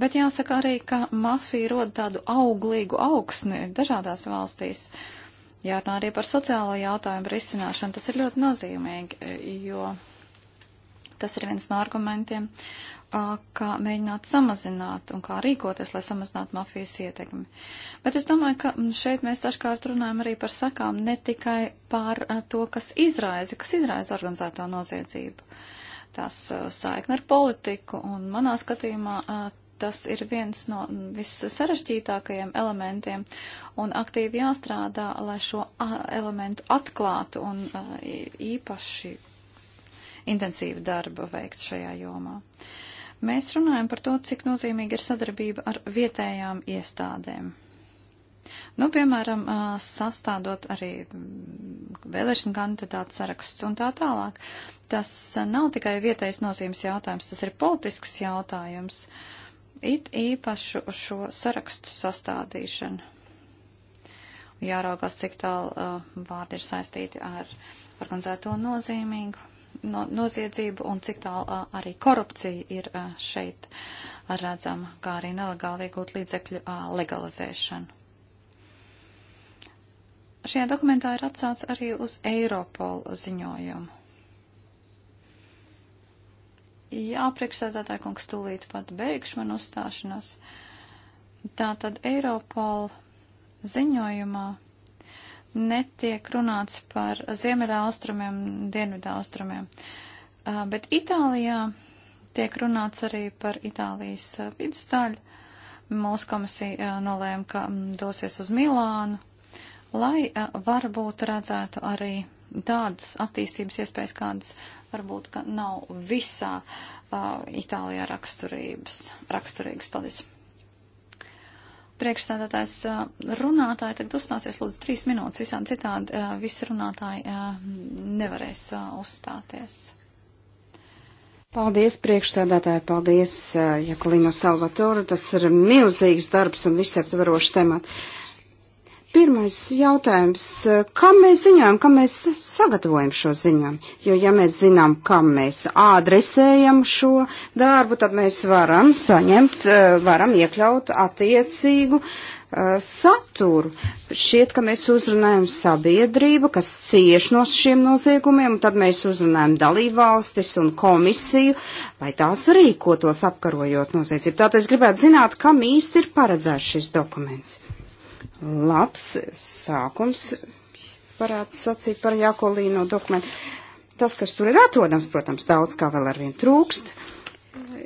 Bet jāsaka arī, ka mafija rod tādu auglīgu augsni dažādās valstīs. Jārunā arī par sociālo jautājumu risināšanu. Tas ir ļoti nozīmīgi, jo tas ir viens no argumentiem, kā mēģināt samazināt un kā rīkoties, lai samazinātu mafijas ietekmi. Bet es domāju, ka šeit mēs dažkārt runājam arī par sakām, ne tikai par to, kas izraisa, kas izraisa organizēto noziedzību. Tās saikna ar politiku, un manā skatījumā tas ir viens no vissarežģītākajiem elementiem un aktīvi jāstrādā, lai šo elementu atklātu un īpaši intensīvu darbu veikt šajā jomā. Mēs runājam par to, cik nozīmīga ir sadarbība ar vietējām iestādēm. Nu, piemēram, sastādot arī vēlēšana kandidātu sarakstus un tā tālāk. Tas nav tikai vietējais nozīmes jautājums, tas ir politisks jautājums. Uh, it īpašu šo sarakstu sastādīšanu. Jāraugās, cik tālu uh, vārdi ir saistīti ar organizēto nozīmīgu no, noziedzību un cik tālu uh, arī korupcija ir uh, šeit redzama, kā arī nelegāli iegūt līdzekļu uh, legalizēšanu. Šajā dokumentā ir atsāts arī uz Eiropolu ziņojumu. Jā, priekšsēdētāja kungs, tūlīt pat beigšu man uzstāšanos. Tātad Eiropola ziņojumā netiek runāts par ziemeļa austrumiem, dienvidā austrumiem. Bet Itālijā tiek runāts arī par Itālijas vidusdaļu. Mūsu komisija nolēma, ka dosies uz Milānu, lai varbūt redzētu arī tādas attīstības iespējas, kādas varbūt ka nav visā uh, Itālijā raksturīgas. Paldies! Priekšstādātājs uh, runātāji tagad uzstāsies lūdzu trīs minūtes, visādi citādi uh, visi runātāji uh, nevarēs uh, uzstāties.
Paldies, priekšstādātāji, paldies, uh, Jakulino Salvatore, tas ir milzīgs darbs un visaptverošs temats. Uh, Pirmais jautājums, kam mēs ziņām, kam mēs sagatavojam šo ziņām? Jo, ja mēs zinām, kam mēs adresējam šo darbu, tad mēs varam saņemt, eh, varam iekļaut attiecīgu uh, saturu. Šķiet, ka mēs uzrunājam sabiedrību, kas cieš no šiem noziegumiem, un tad mēs uzrunājam dalībvalstis un komisiju, lai tās rīkotos apkarojot noziedzību. Tātad es gribētu zināt, kam īsti ir paredzēts šis dokuments labs sākums, varētu sacīt par Jākolīno dokumentu. Tas, kas tur ir atrodams, protams, daudz kā vēl arvien trūkst,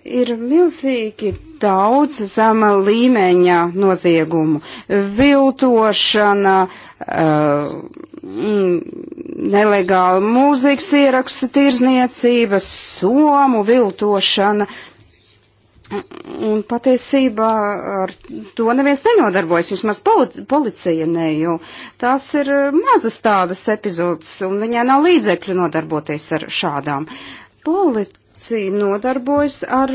ir milzīgi daudz zema līmeņa noziegumu. Viltošana, uh, nelegāla mūzikas ieraksta tirzniecība, somu viltošana. Uh, Un patiesībā ar to neviens nenodarbojas, vismaz policija ne, jo tās ir mazas tādas epizodes, un viņai nav līdzekļu nodarboties ar šādām. Policija nodarbojas ar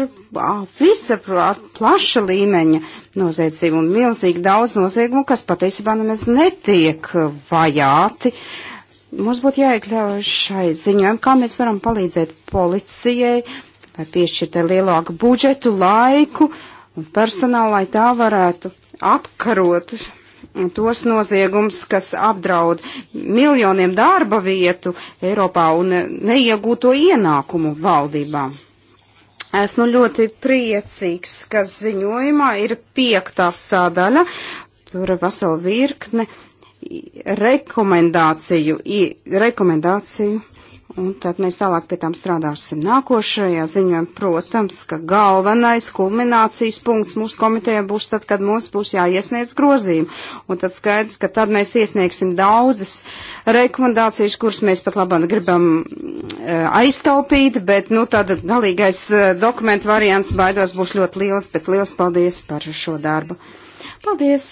visa, ar plaša līmeņa noziedzību un milzīgi daudz noziegumu, kas patiesībā nemaz netiek vajāti. Mums būtu jāiekļauj šai ziņojumam, kā mēs varam palīdzēt policijai lai piešķirtu lielāku budžetu, laiku un personālu, lai tā varētu apkarot tos noziegums, kas apdraud miljoniem darba vietu Eiropā un neiegūto ienākumu valdībām. Esmu ļoti priecīgs, ka ziņojumā ir piektā sādaļa, tur ir vesela virkne rekomendāciju, rekomendāciju Un tad mēs tālāk pie tām strādāsim nākošajā ziņā. Protams, ka galvenais kulminācijas punkts mūsu komitejā būs tad, kad mums būs jāiesniedz grozījumi. Un tad skaidrs, ka tad mēs iesniegsim daudzas rekomendācijas, kuras mēs pat labāk gribam e, aiztaupīt, bet, nu, tad galīgais e, dokumentu variants baidos būs ļoti liels, bet liels paldies par šo darbu. Paldies!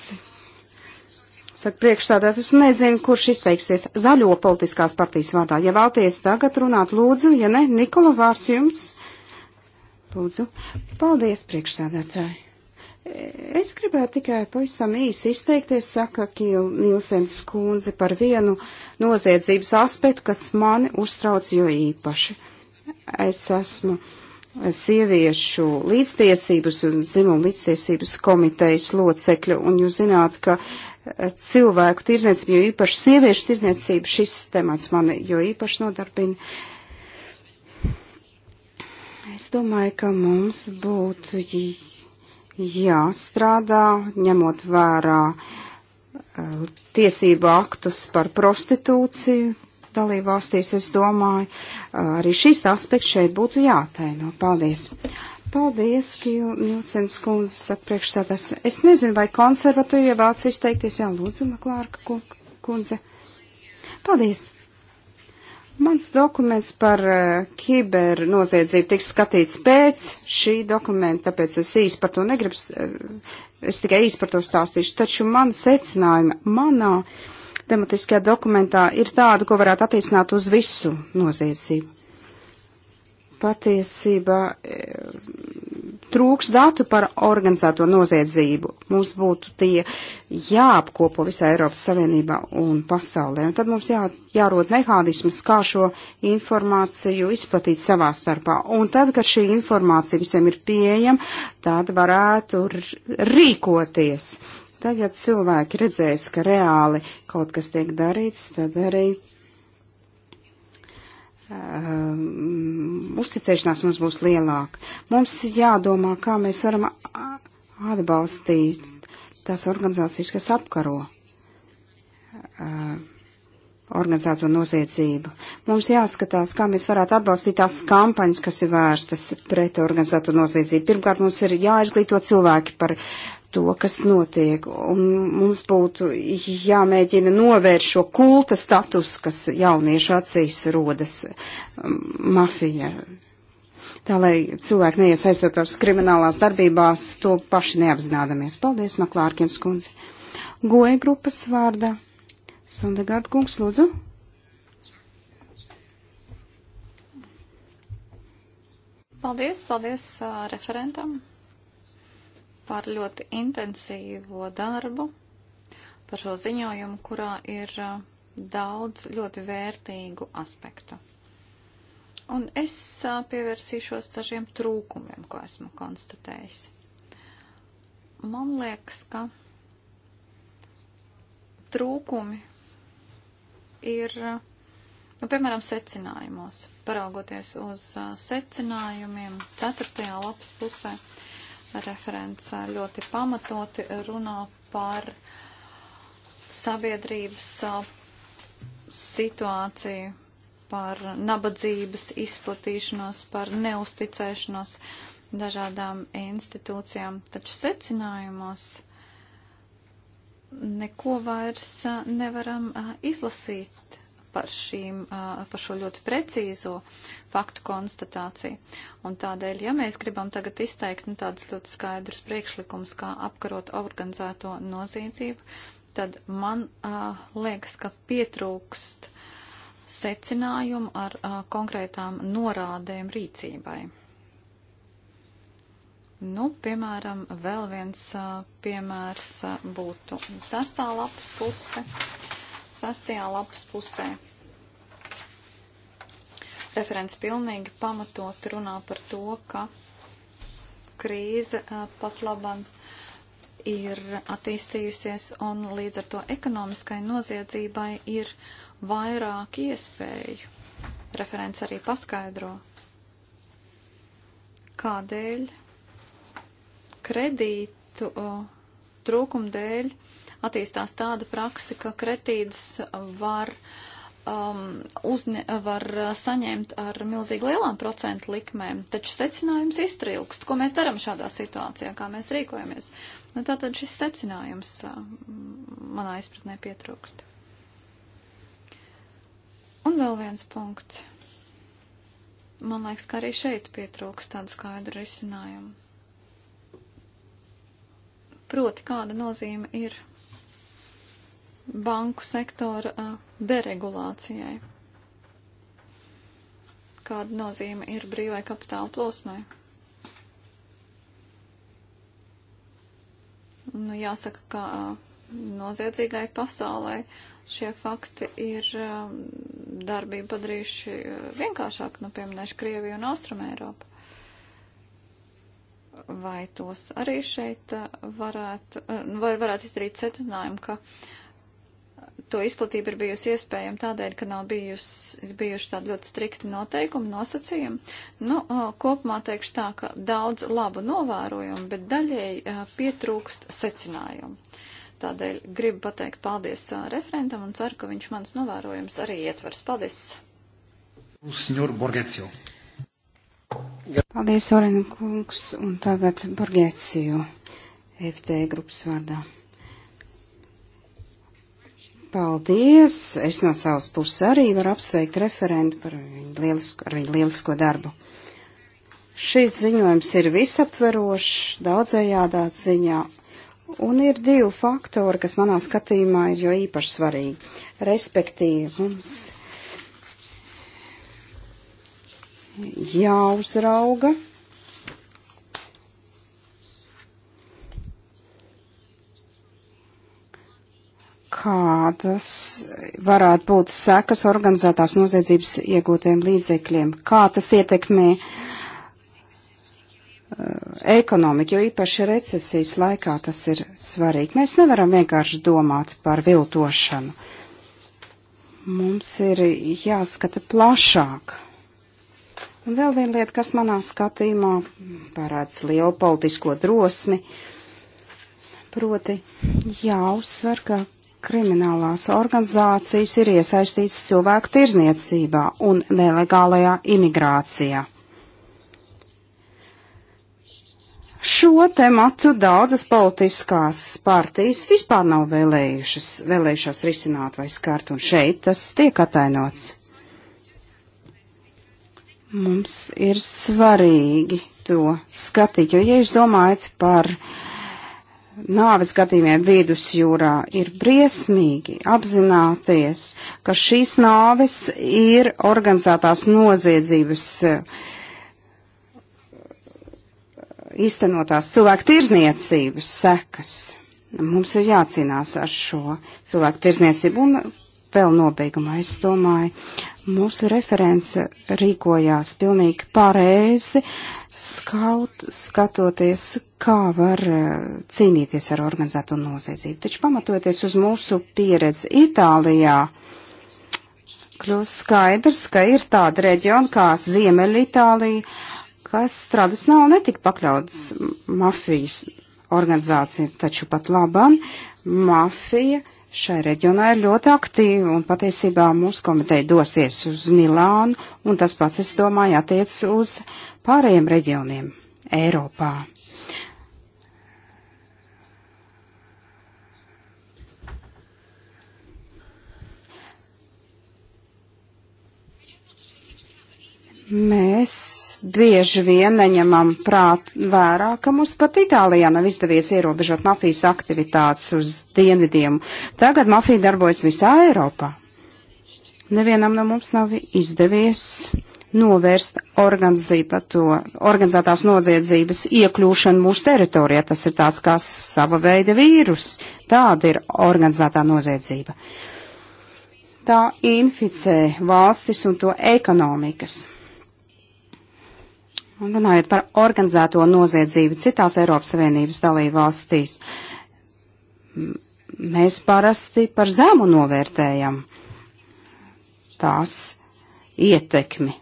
Saka priekšstādāt, es nezinu, kurš izteiksies zaļo politiskās partijas vārdā. Ja vēlties tagad runāt, lūdzu, ja ne, Nikola vārds jums. Lūdzu. Paldies, priekšsādātāji. Es gribētu tikai pavisam īsi izteikties, saka Nīlsens kundze, par vienu noziedzības aspektu, kas mani uztrauc jo īpaši. Es esmu sieviešu līdztiesības un dzimumu līdztiesības komitejas locekļu, un jūs zināt, ka cilvēku tirzniecību, jo īpaši sieviešu tirzniecību šis temats mani jo īpaši nodarbina. Es domāju, ka mums būtu jāstrādā, ņemot vērā tiesību aktus par prostitūciju dalībvalstīs, es domāju, arī šis aspekts šeit būtu jātaino. Paldies! Paldies, Kīla Nilsens kundze, saka priekšsēdārs. Es nezinu, vai konservatīvie vēlas izteikties, jā, lūdzu, Maklārka kundze. Paldies. Mans dokuments par eh, kiber noziedzību tiks skatīts pēc šī dokumenta, tāpēc es īsti par to negribu, eh, es tikai īsti par to stāstīšu, taču man secinājumi manā tematiskajā dokumentā ir tāda, ko varētu attiecināt uz visu noziedzību patiesībā e, trūks datu par organizēto noziedzību. Mums būtu tie jāapkopo visā Eiropas Savienībā un pasaulē. Un tad mums jā, jārod mehānismas, kā šo informāciju izplatīt savā starpā. Un tad, kad šī informācija visiem ir pieejama, tad varētu rīkoties. Tagad cilvēki redzēs, ka reāli kaut kas tiek darīts, tad arī um, uzticēšanās mums būs lielāka. Mums jādomā, kā mēs varam atbalstīt tās organizācijas, kas apkaro uh, organizēto noziedzību. Mums jāskatās, kā mēs varētu atbalstīt tās kampaņas, kas ir vērstas pret organizēto noziedzību. Pirmkārt, mums ir jāizglīto cilvēki par uh, to, kas notiek. Un mums būtu jāmēģina novērst šo kulta status, kas jauniešu acīs rodas um, mafija. Tā lai cilvēki neiesaistotos kriminālās darbībās, to paši neapzinādamies. Paldies, Maklārkins kundze. Goja grupas vārdā. Sondegārda kungs, lūdzu.
Paldies, paldies uh, referentam par ļoti intensīvo darbu, par šo ziņojumu, kurā ir uh, daudz ļoti vērtīgu aspektu. Un es uh, pievērsīšos dažiem trūkumiem, ko esmu konstatējis. Man liekas, ka trūkumi ir, uh, nu, piemēram, secinājumos. Paraugoties uz secinājumiem, ceturtajā lapas pusē, uh, Referents ļoti pamatoti runā par sabiedrības situāciju, par nabadzības izplatīšanos, par neusticēšanos dažādām institūcijām, taču secinājumos neko vairs nevaram izlasīt par, šīm, par šo ļoti precīzo faktu konstatāciju. Un tādēļ, ja mēs gribam tagad izteikt nu, tādus ļoti skaidrus priekšlikumus, kā apkarot organizēto noziedzību, tad man uh, liekas, ka pietrūkst secinājumu ar uh, konkrētām norādēm rīcībai. Nu, piemēram, vēl viens uh, piemērs uh, būtu sastā lapas puse. Sastajā lapas pusē Referents pilnīgi pamatot runā par to, ka krīze pat laban ir attīstījusies un līdz ar to ekonomiskai noziedzībai ir vairāk iespēju. Referents arī paskaidro, kādēļ kredītu trūkuma dēļ attīstās tāda praksa, ka kredītus var uh, um, uzņa, var uh, saņemt ar milzīgi lielām procentu likmēm, taču secinājums iztrilkst. Ko mēs darām šādā situācijā, kā mēs rīkojamies? Nu, tātad šis secinājums uh, manā izpratnē pietrūkst. Un vēl viens punkts. Man liekas, ka arī šeit pietrūkst tādu skaidru risinājumu. Proti, kāda nozīme ir banku sektora deregulācijai. Kāda nozīme ir brīvai kapitāla plosmai? Nu, jāsaka, ka noziedzīgai pasaulē šie fakti ir darbību padarījuši vienkāršāk, nu, pieminēšu Krieviju un Austrum Eiropu. Vai tos arī šeit varētu, vai varētu izdarīt secinājumu, ka uh, to izplatība ir bijusi iespējama tādēļ, ka nav bijusi, bijuši tādi ļoti strikti noteikumi, nosacījumi. Nu, kopumā teikšu tā, ka daudz labu novērojumu, bet daļēji pietrūkst secinājumu. Tādēļ gribu pateikt paldies referentam un ceru, ka viņš mans novērojums arī ietvers. Paldies!
Senjor Borgetsio. Paldies, Orena kungs, un tagad Borgetsio FT grupas vārdā. Paldies! Es no savas puses arī varu apsveikt referentu par viņu lielisko, ar viņu lielisko darbu. Šis ziņojums ir visaptverošs, daudzējādā ziņā, un ir divi faktori, kas manā skatījumā ir jo īpaši svarīgi. Respektīvi, mums jāuzrauga kādas varētu būt sekas organizētās noziedzības iegūtiem līdzekļiem, kā tas ietekmē eh, ekonomiku, jo īpaši recesijas laikā tas ir svarīgi. Mēs nevaram vienkārši domāt par viltošanu. Mums ir jāskata plašāk. Un vēl viena lieta, kas manā skatījumā parāds lielu politisko drosmi, proti jāuzsver, ka kriminālās organizācijas ir iesaistīts cilvēku tirzniecībā un nelegālajā imigrācijā. Šo tematu daudzas politiskās partijas vispār nav vēlējušas, vēlējušās risināt vai skart, un šeit tas tiek atainots. Mums ir svarīgi to skatīt, jo, ja jūs domājat par uh, nāves gadījumiem vidusjūrā ir briesmīgi apzināties, ka šīs nāves ir organizētās noziedzības eh, īstenotās cilvēku tirzniecības sekas. Mums ir jācīnās ar šo cilvēku tirzniecību un vēl nobeigumā es domāju, mūsu reference rīkojās pilnīgi pareizi skaut, skatoties, kā var eh, cīnīties ar organizēto noziedzību. Taču pamatoties uz mūsu pieredzi Itālijā, kļūst skaidrs, ka ir tāda reģiona kā Ziemeļa Itālija, kas tradicionāli netika pakļauts mafijas organizācija, taču pat labam mafija šai reģionā ir ļoti aktīva, un patiesībā mūsu komiteja dosies uz Milānu, un tas pats, es domāju, attiec uz pārējiem reģioniem Eiropā. Mēs bieži vien neņemam prāt vērā, ka mums pat Itālijā nav izdevies ierobežot mafijas aktivitātes uz dienvidiem. Tagad mafija darbojas visā Eiropā. Nevienam no mums nav izdevies novērst organizētās noziedzības iekļūšanu mūsu teritorijā. Tas ir tāds kā sava veida vīrus. Tāda ir organizētā noziedzība. Tā inficē valstis un to ekonomikas. Runājot par organizēto noziedzību citās Eiropas Savienības dalību valstīs, mēs parasti par zemu novērtējam tās ietekmi.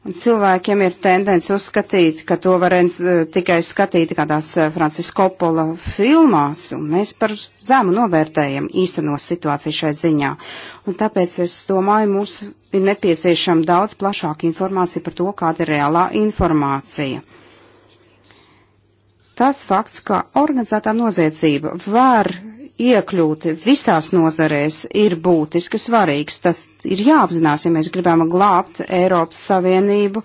Un cilvēkiem ir tendence uzskatīt, ka to var eh, tikai skatīt kādās eh, Francisko Pola filmās, un mēs par zemu novērtējam īstenos situāciju šai ziņā. Un tāpēc es domāju, mums ir nepieciešama daudz plašāka informācija par to, kāda ir reālā informācija. Tas fakts, ka organizētā noziedzība var iekļūt visās nozarēs ir būtiski svarīgs. Tas ir jāapzinās, ja mēs gribam glābt Eiropas Savienību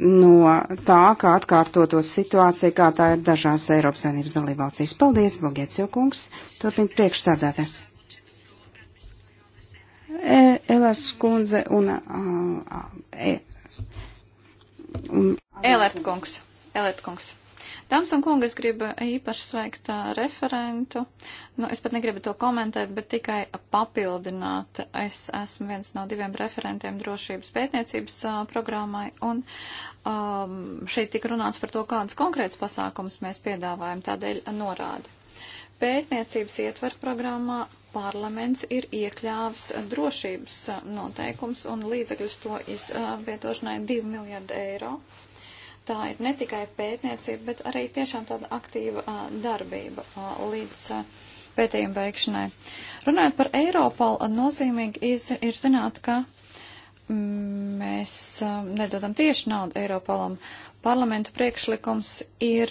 no tā, kā atkārtotos situācija, kā tā ir dažās Eiropas Savienības dalībvalstīs. Paldies, Bogiets Jokungs, turpin priekšsādātājs. E, Elas kundze un. Uh, e, un
Elert kungs. Elert kungs. Dāmas un kungi, es gribu īpaši sveikt uh, referentu. Nu, es pat negribu to komentēt, bet tikai papildināt. Es esmu viens no diviem referentiem drošības pētniecības uh, programmai, un um, šeit tika runāts par to, kādas konkrētas pasākumas mēs piedāvājam, tādēļ norādi. Pētniecības ietver programmā parlaments ir iekļāvis drošības noteikums un līdzekļus to izvietošanai 2 miljardi eiro tā ir ne tikai pētniecība, bet arī tiešām tāda aktīva a, darbība a, līdz a, pētījuma veikšanai. Runājot par Eiropalu, nozīmīgi iz, ir zināt, ka mm, mēs nedodam tieši naudu Eiropalam. Parlamenta priekšlikums ir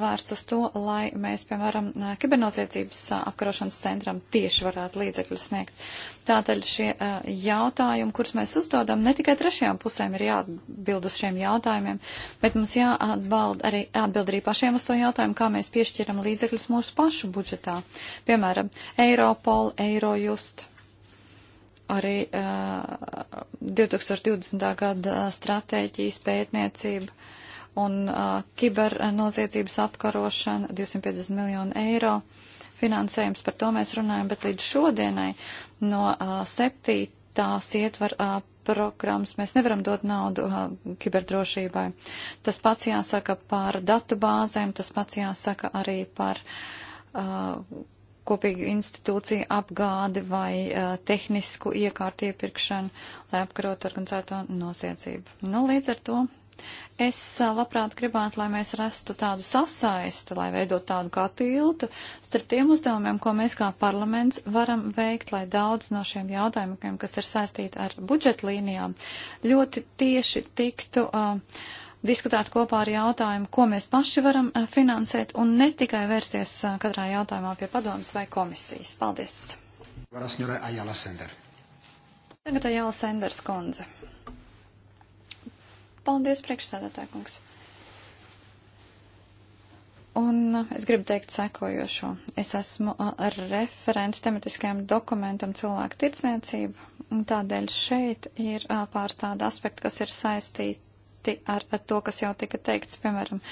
vērsts uz to, lai mēs, piemēram, kibernoziedzības apkarošanas centram tieši varētu līdzekļus sniegt. Tātad šie uh, jautājumi, kurus mēs uzdodam, ne tikai trešajām pusēm ir jāatbild uz šiem jautājumiem, bet mums jāatbild arī, atbild arī pašiem uz to jautājumu, kā mēs piešķiram līdzekļus mūsu pašu budžetā. Piemēram, Eiropol, Eirojust, arī uh, 2020. gada stratēģijas pētniecība un uh, kibernoziedzības apkarošana 250 miljonu eiro. Uh, finansējums, par to mēs runājam, bet līdz šodienai no uh, septītās ietvar uh, programmas mēs nevaram dot naudu uh, kiberdrošībai. Tas pats jāsaka par datu bāzēm, tas pats jāsaka arī par uh, kopīgu institūciju apgādi vai uh, tehnisku iekārtu iepirkšanu, lai apkarotu organizēto noziedzību. Nu, līdz ar to Es labprāt gribētu, lai mēs rastu tādu sasaisti, lai veidot tādu kā tiltu starp tiem uzdevumiem, ko mēs kā parlaments varam veikt, lai daudz no šiem jautājumiem, kas ir saistīti ar budžetlīnijām, ļoti tieši tiktu. Uh, diskutēt kopā ar jautājumu, ko mēs paši varam finansēt un ne tikai vērsties katrā jautājumā pie padomas vai komisijas. Paldies! Tagad Ajala Senders kundze. Paldies, priekšsēdētāj kungs. Un es gribu teikt sekojošo. Es esmu referenti tematiskajam dokumentam cilvēku tirdzniecību, un tādēļ šeit ir pāris tādi aspekti, kas ir saistīti ar, ar to, kas jau tika teikts, piemēram,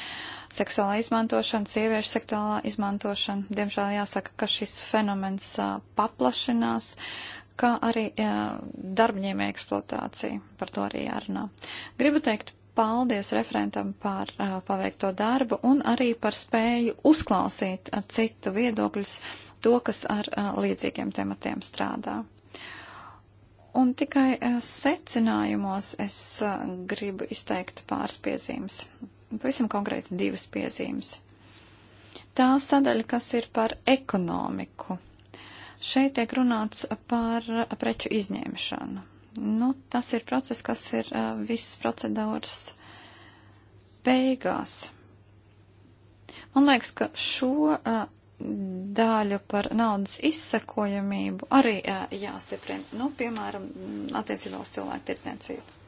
seksuālā izmantošana, sieviešu seksuālā izmantošana. Diemžēl jāsaka, ka šis fenomens paplašinās, kā arī darbņēmē eksploatācija. Par to arī jārunā. Gribu teikt paldies referentam par uh, paveikto darbu un arī par spēju uzklausīt uh, citu viedokļus, to, kas ar uh, līdzīgiem tematiem strādā. Un tikai uh, secinājumos es uh, gribu izteikt pāris piezīmes. Pavisam konkrēti divas piezīmes. Tā sadaļa, kas ir par ekonomiku Šeit tiek runāts par preču izņemšanu. Nu, tas ir process, kas ir viss procedūras beigās. Man liekas, ka šo daļu par naudas izsakojamību arī jāstiprina, nu, piemēram, attiecībā uz cilvēku tirdzniecību.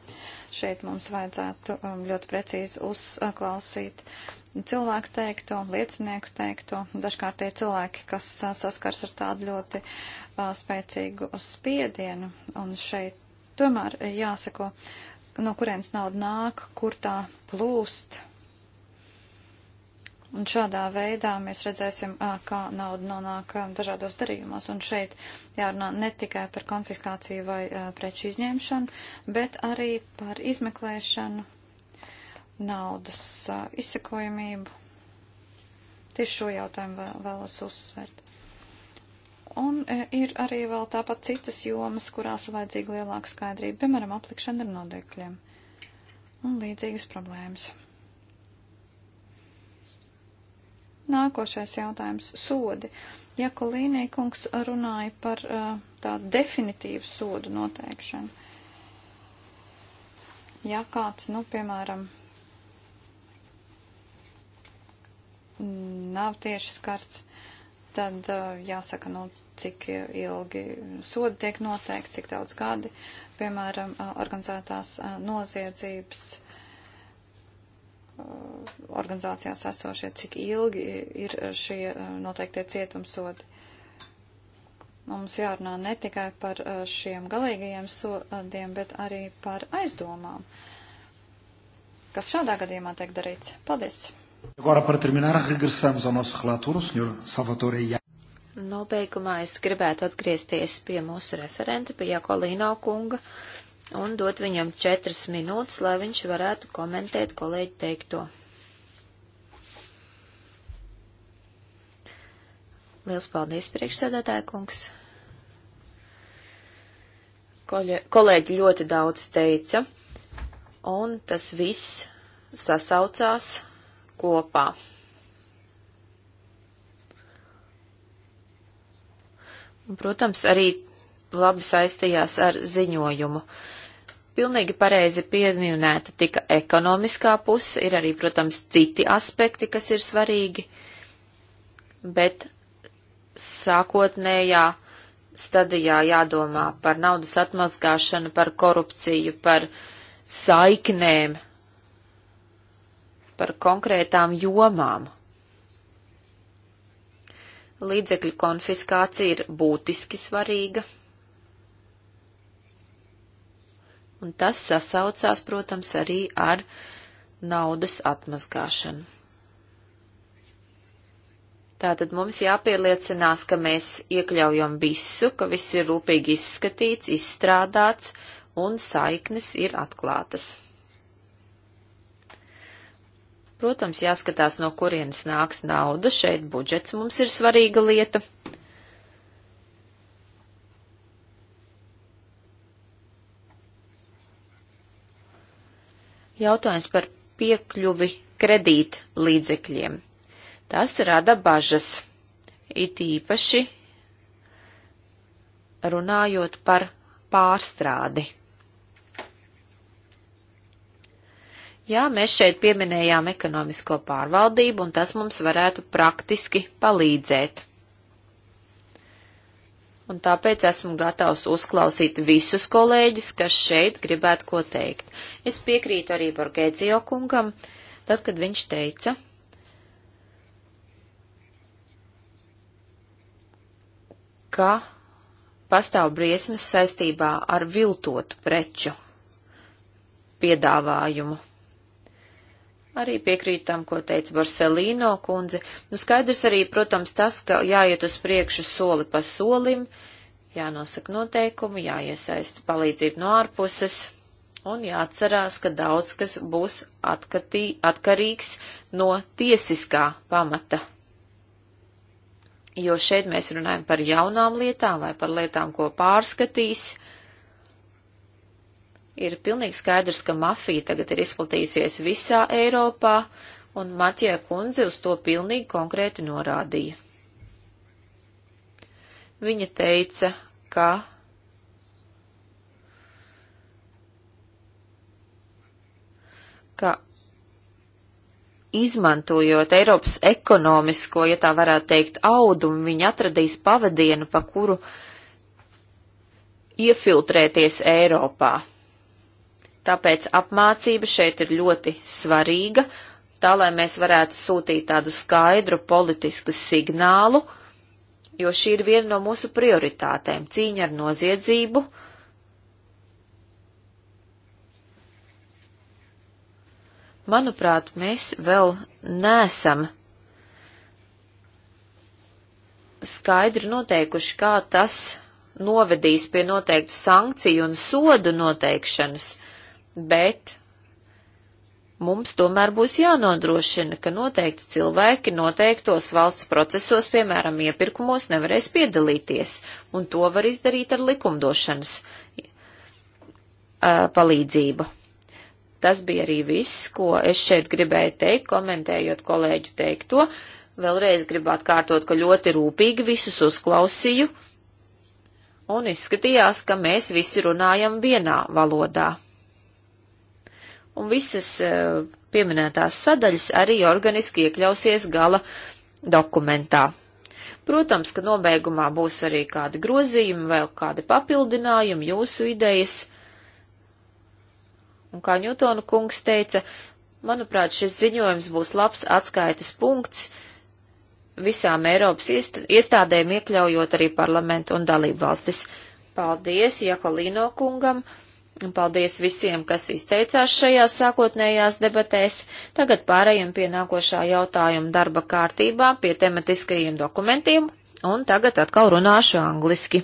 Šeit mums vajadzētu ļoti precīzi uzklausīt uh, cilvēku teikto, liecinieku teikto. Dažkārt ir cilvēki, kas saskars ar tādu ļoti uh, spēcīgu spiedienu, un šeit tomēr jāsako, no kurienes nauda nāk, kur tā plūst. Un šādā veidā mēs redzēsim, kā nauda nonāk dažādos darījumos. Un šeit jārunā ne tikai par konfiskāciju vai preču izņemšanu, bet arī par izmeklēšanu naudas uh, izsekojamību. Tieši šo jautājumu vēlos uzsvērt. Un e, ir arī vēl tāpat citas jomas, kurās vajadzīga lielāka skaidrība, piemēram, aplikšana ar nodekļiem un līdzīgas problēmas. Nākošais jautājums - sodi. Ja Kolīnī kungs runāja par e, tādu definitīvu sodu noteikšanu, ja kāds, nu, piemēram, nav tieši skarts, tad uh, jāsaka, nu, cik ilgi sodi tiek noteikti, cik daudz gadi, piemēram, uh, organizētās uh, noziedzības organizācijās esošie, cik ilgi ir šie noteiktie cietumsodi. Mums jārunā ne tikai par šiem galīgajiem sodiem, bet arī par aizdomām.
Kas šādā gadījumā tiek darīts? Paldies! Agora, para terminar, regressamos ao nosso relator, o senhor Salvatore Ia. Nobeigumā es gribētu atgriezties pie mūsu referenta, pie Jakolīno kunga, un dot viņam četras minūtes, lai viņš varētu komentēt kolēģi teikto. Liels paldies, priekšsēdētāja kungs. Koļa, kolēģi ļoti daudz teica, un tas viss sasaucās kopā. Un, protams, arī labi saistījās ar ziņojumu. Pilnīgi pareizi pieminēta tika ekonomiskā puse, ir arī, protams, citi aspekti, kas ir svarīgi, bet sākotnējā stadijā jādomā par naudas atmazgāšanu, par korupciju, par saiknēm par konkrētām jomām. Līdzekļu konfiskācija ir būtiski svarīga, un tas sasaucās, protams, arī ar naudas atmazgāšanu. Tātad mums jāpierliecinās, ka mēs iekļaujam visu, ka viss ir rūpīgi izskatīts, izstrādāts un saiknes ir atklātas. Protams, jāskatās, no kurienes nāks nauda. Šeit budžets mums ir svarīga lieta. Jautājums par piekļuvi kredīt līdzekļiem. Tas rada bažas, it īpaši runājot par pārstrādi. Jā, mēs šeit pieminējām ekonomisko pārvaldību, un tas mums varētu praktiski palīdzēt. Un tāpēc esmu gatavs uzklausīt visus kolēģus, kas šeit gribētu ko teikt. Es piekrītu arī Borgēdzijo kungam, tad, kad viņš teica. ka pastāv briesmas saistībā ar viltotu preču piedāvājumu Arī piekrītam, ko teica Borselīno kundze. Nu, skaidrs arī, protams, tas, ka jāiet uz priekšu soli pa solim, jānosaka noteikumi, jāiesaista palīdzību no ārpuses un jāatcerās, ka daudz kas būs atkatī, atkarīgs no tiesiskā pamata. Jo šeit mēs runājam par jaunām lietām vai par lietām, ko pārskatīs Ir pilnīgi skaidrs, ka mafija tagad ir izplatījusies visā Eiropā, un Matjē kundze uz to pilnīgi konkrēti norādīja. Viņa teica, ka ka izmantojot Eiropas ekonomisko, ja tā varētu teikt, audumu, viņi atradīs pavadienu, pa kuru iefiltrēties Eiropā. Tāpēc apmācība šeit ir ļoti svarīga, tā lai mēs varētu sūtīt tādu skaidru politisku signālu, jo šī ir viena no mūsu prioritātēm - cīņa ar noziedzību. Manuprāt, mēs vēl nesam skaidri noteikuši, kā tas novedīs pie noteiktu sankciju un sodu noteikšanas bet mums tomēr būs jānodrošina, ka noteikti cilvēki noteiktos valsts procesos, piemēram, iepirkumos, nevarēs piedalīties, un to var izdarīt ar likumdošanas uh, palīdzību. Tas bija arī viss, ko es šeit gribēju teikt, komentējot kolēģu teikto. Vēlreiz gribu atkārtot, ka ļoti rūpīgi visus uzklausīju, un izskatījās, ka mēs visi runājam vienā valodā un visas eh, pieminētās sadaļas arī organiski iekļausies gala dokumentā. Protams, ka nobeigumā būs arī kādi grozījumi, vēl kādi papildinājumi, jūsu idejas. Un kā Ņūtona kungs teica, manuprāt, šis ziņojums būs labs atskaites punkts visām Eiropas iestādēm, iekļaujot arī parlamentu un dalību valstis. Paldies Jakolīno kungam! Paldies visiem, kas izteicās šajās sākotnējās debatēs. Tagad pārējiem pie nākošā jautājuma darba kārtībā, pie tematiskajiem dokumentiem, un tagad atkal runāšu angliski.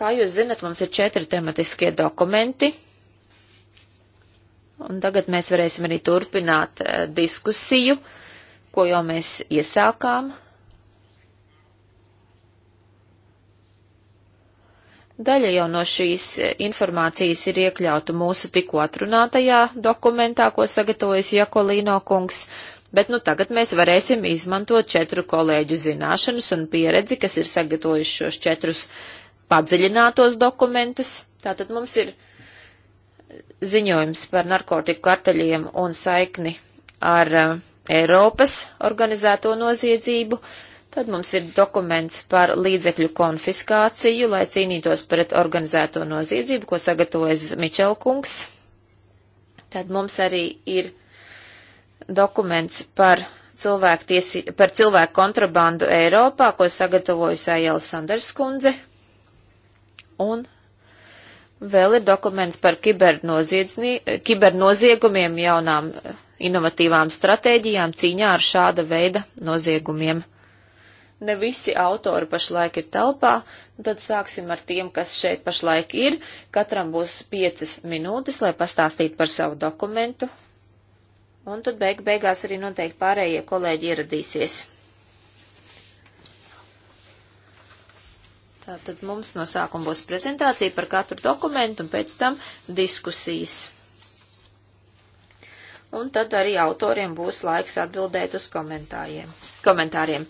Kā jūs zinat, mums ir četri tematiskie dokumenti, un tagad mēs varēsim arī turpināt eh, diskusiju, ko jau mēs iesākām Daļa jau no šīs eh, informācijas ir iekļauta mūsu tikko atrunātajā dokumentā, ko sagatavojas Jakolīno kungs, bet nu tagad mēs varēsim izmantot četru kolēģu zināšanas un pieredzi, kas ir sagatavojuši šos četrus padziļinātos dokumentus. Tātad mums ir ziņojums par narkotiku karteļiem un saikni ar uh, Eiropas organizēto noziedzību. Uh, Tad mums ir dokuments par līdzekļu konfiskāciju, lai cīnītos pret organizēto noziedzību, ko sagatavojas Mičelkungs. Tad mums arī ir dokuments par cilvēku, tiesi, par cilvēku kontrabandu Eiropā, ko sagatavojas Aijala Sanders kundze. Un vēl ir dokuments par kibernoziegumiem, jaunām inovatīvām stratēģijām cīņā ar šāda veida noziegumiem. Ne visi autori pašlaik ir telpā, nu, tad sāksim ar tiem, kas šeit pašlaik ir. Katram būs piecas minūtes, lai pastāstītu par savu dokumentu. Un tad beig beigās arī noteikti pārējie kolēģi ieradīsies. Tātad mums no sākuma būs prezentācija par katru dokumentu un pēc tam diskusijas. Un tad arī autoriem būs laiks atbildēt uz komentāriem.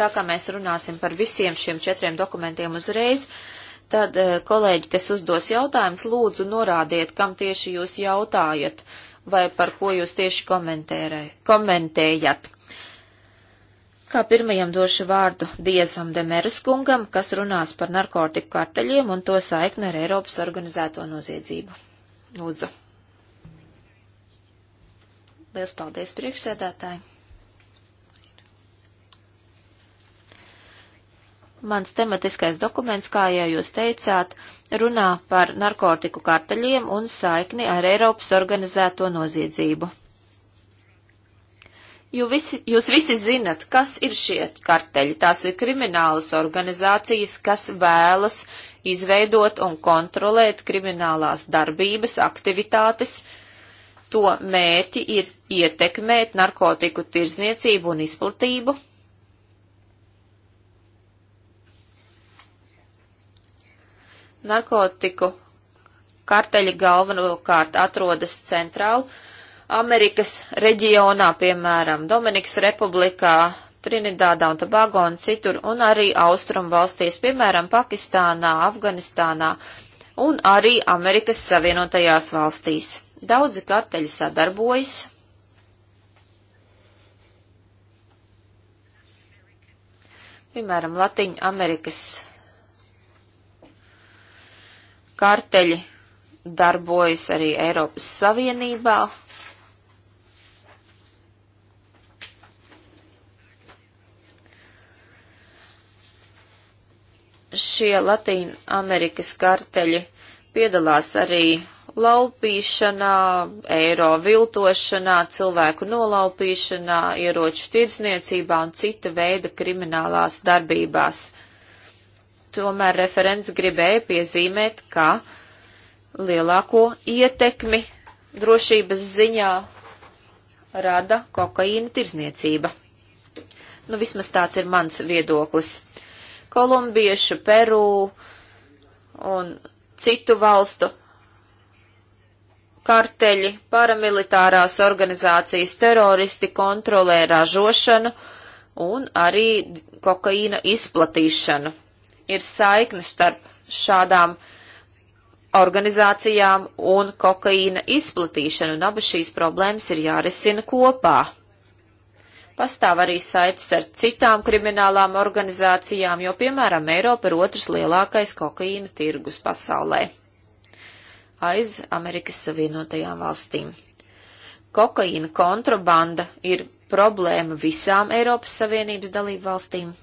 tā kā mēs runāsim par visiem šiem četriem dokumentiem uzreiz, tad eh, kolēģi, kas uzdos jautājumus, lūdzu norādiet, kam tieši jūs jautājat vai par ko jūs tieši komentējat. Kā pirmajam došu vārdu Diezam Demeres kungam, kas runās par narkotiku karteļiem un to saikni ar Eiropas organizēto noziedzību. Lūdzu. Liels paldies priekšsēdētāji! Mans tematiskais dokuments, kā jau jūs teicāt, runā par narkotiku karteļiem un saikni ar Eiropas organizēto noziedzību. Jū visi, jūs visi zinat, kas ir šie karteļi. Tās ir kriminālas organizācijas, kas vēlas izveidot un kontrolēt kriminālās darbības, aktivitātes. To mērķi ir ietekmēt narkotiku tirzniecību un izplatību, Narkotiku karteļi galvenokārt atrodas centrālu Amerikas reģionā, piemēram, Dominikas republikā, Trinidādā un Tobago un citur, un arī austrumu valstīs, piemēram, Pakistānā, Afganistānā un arī Amerikas Savienotajās valstīs. Daudzi karteļi sadarbojas, piemēram, Latīņa Amerikas Karteļi darbojas arī Eiropas Savienībā. Šie Latīna Amerikas karteļi piedalās arī laupīšanā, eiro viltošanā, cilvēku nolaupīšanā, ieroču tirdzniecībā un cita veida kriminālās darbībās. Tomēr referents gribēja piezīmēt, ka lielāko ietekmi drošības ziņā rada kokaīna tirzniecība. Nu, vismaz tāds ir mans viedoklis. Kolumbiešu, Peru un citu valstu karteļi, paramilitārās organizācijas teroristi kontrolē ražošanu un arī kokaīna izplatīšanu ir saikne starp šādām organizācijām un kokaīna izplatīšanu, un abas šīs problēmas ir jārisina kopā. Pastāv arī saites ar citām kriminālām organizācijām, jo, piemēram, Eiropa ir otrs lielākais kokaīna tirgus pasaulē aiz Amerikas Savienotajām valstīm. Kokaīna kontrabanda ir problēma visām Eiropas Savienības dalību valstīm,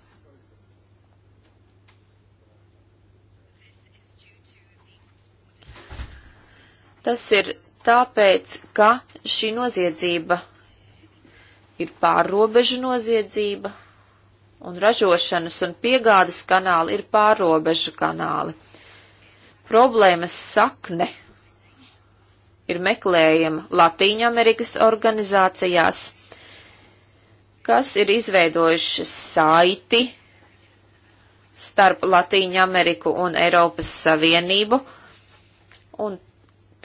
Tas ir tāpēc, ka šī noziedzība ir pārrobežu noziedzība, un ražošanas un piegādes kanāli ir pārrobežu kanāli. Problēmas sakne ir meklējama Latīņamerikas organizācijās, kas ir izveidojuši saiti starp Latīņameriku un Eiropas Savienību, un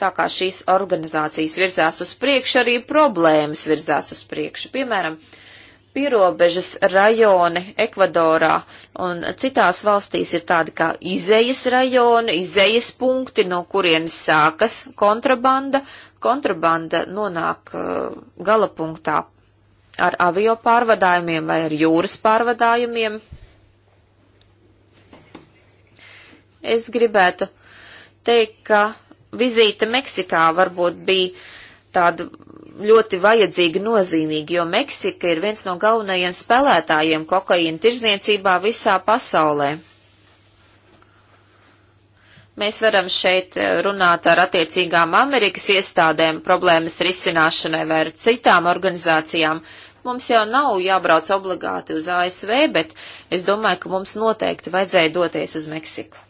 tā kā šīs organizācijas virzās uz priekšu, arī problēmas virzās uz priekšu. Piemēram, pierobežas rajoni Ekvadorā un citās valstīs ir tādi kā izējas rajoni, izējas punkti, no kurienes sākas kontrabanda. Kontrabanda nonāk uh, gala punktā ar avio pārvadājumiem vai ar jūras pārvadājumiem. Es gribētu teikt, ka vizīte Meksikā varbūt bija tāda ļoti vajadzīga nozīmīga, jo Meksika ir viens no galvenajiem spēlētājiem kokaīna tirzniecībā visā pasaulē. Mēs varam šeit runāt ar attiecīgām Amerikas iestādēm problēmas risināšanai vai ar citām organizācijām. Mums jau nav jābrauc obligāti uz ASV, bet es domāju, ka mums noteikti vajadzēja doties uz Meksiku.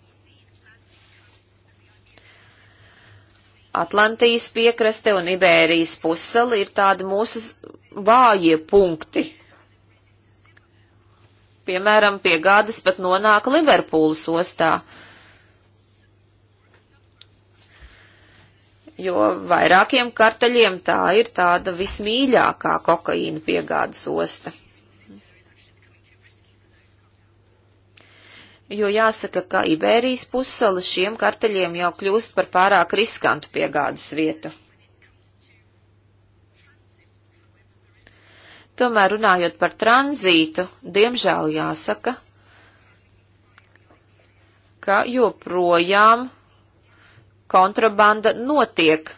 Atlantijas piekraste un Ibērijas puseli ir tādi mūsu vājie punkti. Piemēram, piegādes pat nonāk Liverpūles ostā. Jo vairākiem kartaļiem tā ir tāda vismīļākā kokaīna piegādes osta. jo jāsaka, ka Iberijas pussala šiem karteļiem jau kļūst par pārāk riskantu piegādes vietu. Tomēr runājot par tranzītu, diemžēl jāsaka, ka joprojām kontrabanda notiek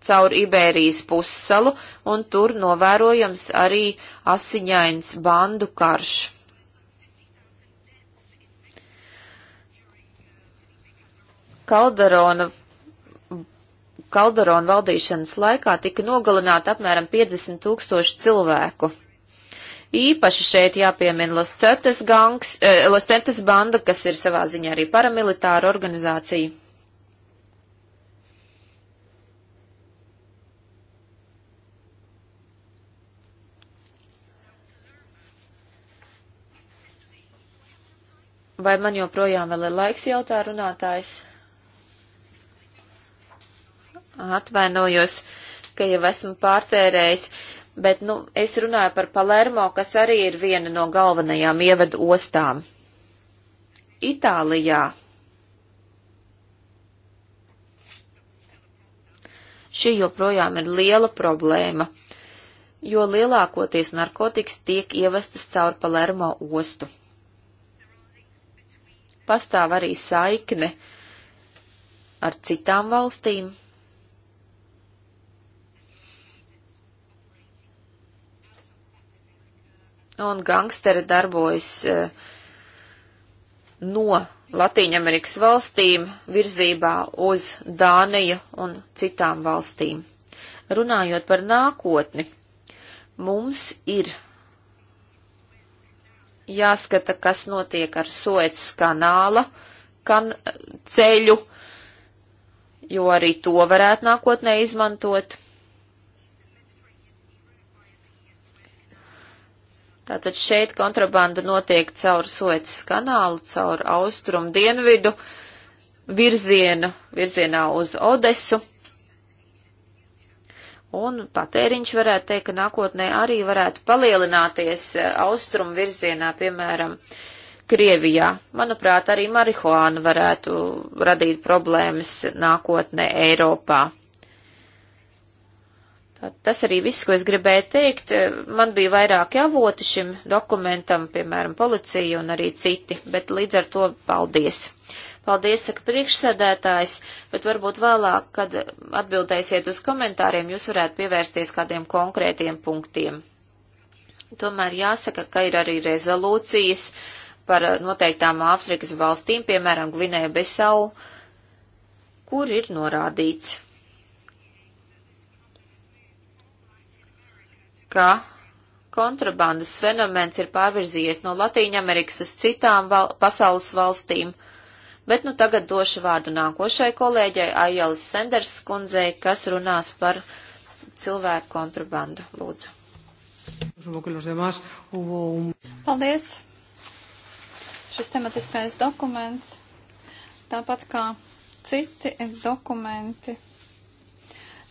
caur Iberijas pussalu, un tur novērojams arī asiņains bandu karš. Kalderona, Kalderona valdīšanas laikā tika nogalināti apmēram 50 tūkstoši cilvēku. Īpaši šeit jāpiemina Los Cetes, gangs, eh, Los Cetes banda, kas ir savā ziņā arī paramilitāra organizācija. Vai man joprojām vēl ir laiks, jautā runātājs? Atvainojos, ka jau esmu pārtērējis, bet, nu, es runāju par Palermo, kas arī ir viena no galvenajām ievadu ostām. Itālijā šī joprojām ir liela problēma, jo lielākoties narkotikas tiek ievestas caur Palermo ostu. Pastāv arī saikne ar citām valstīm, un gangsteri darbojas eh, no Latīņamerikas valstīm virzībā uz Dāniju un citām valstīm. Runājot par nākotni, mums ir jāskata, kas notiek ar Soets kanāla kan ceļu, jo arī to varētu nākotnē izmantot. Tātad šeit kontrabanda notiek caur Soecas kanālu, caur austrumu dienvidu virzienu, virzienā uz Odesu. Un patēriņš varētu teikt, ka nākotnē arī varētu palielināties e, austrumu virzienā, piemēram, Krievijā. Manuprāt, arī marihuāna varētu radīt problēmas nākotnē Eiropā. Tā, tas arī viss, ko es gribēju teikt. Man bija vairāki avoti šim dokumentam, piemēram, policija un arī citi, bet līdz ar to paldies. Paldies, saka priekšsēdētājs, bet varbūt vēlāk, kad atbildēsiet uz komentāriem, jūs varētu pievērsties kādiem konkrētiem punktiem. Tomēr jāsaka, ka ir arī rezolūcijas par noteiktām Āfrikas valstīm, piemēram, Gvinēja Besau, kur ir norādīts, ka kontrabandas fenomens ir pārvirzījies no Latīņamerikas uz citām val pasaules valstīm, bet nu tagad došu vārdu nākošai kolēģai Aijalas Senders kundzei, kas runās par cilvēku kontrabandu. Lūdzu.
Paldies! Šis tematiskais dokuments, tāpat kā citi dokumenti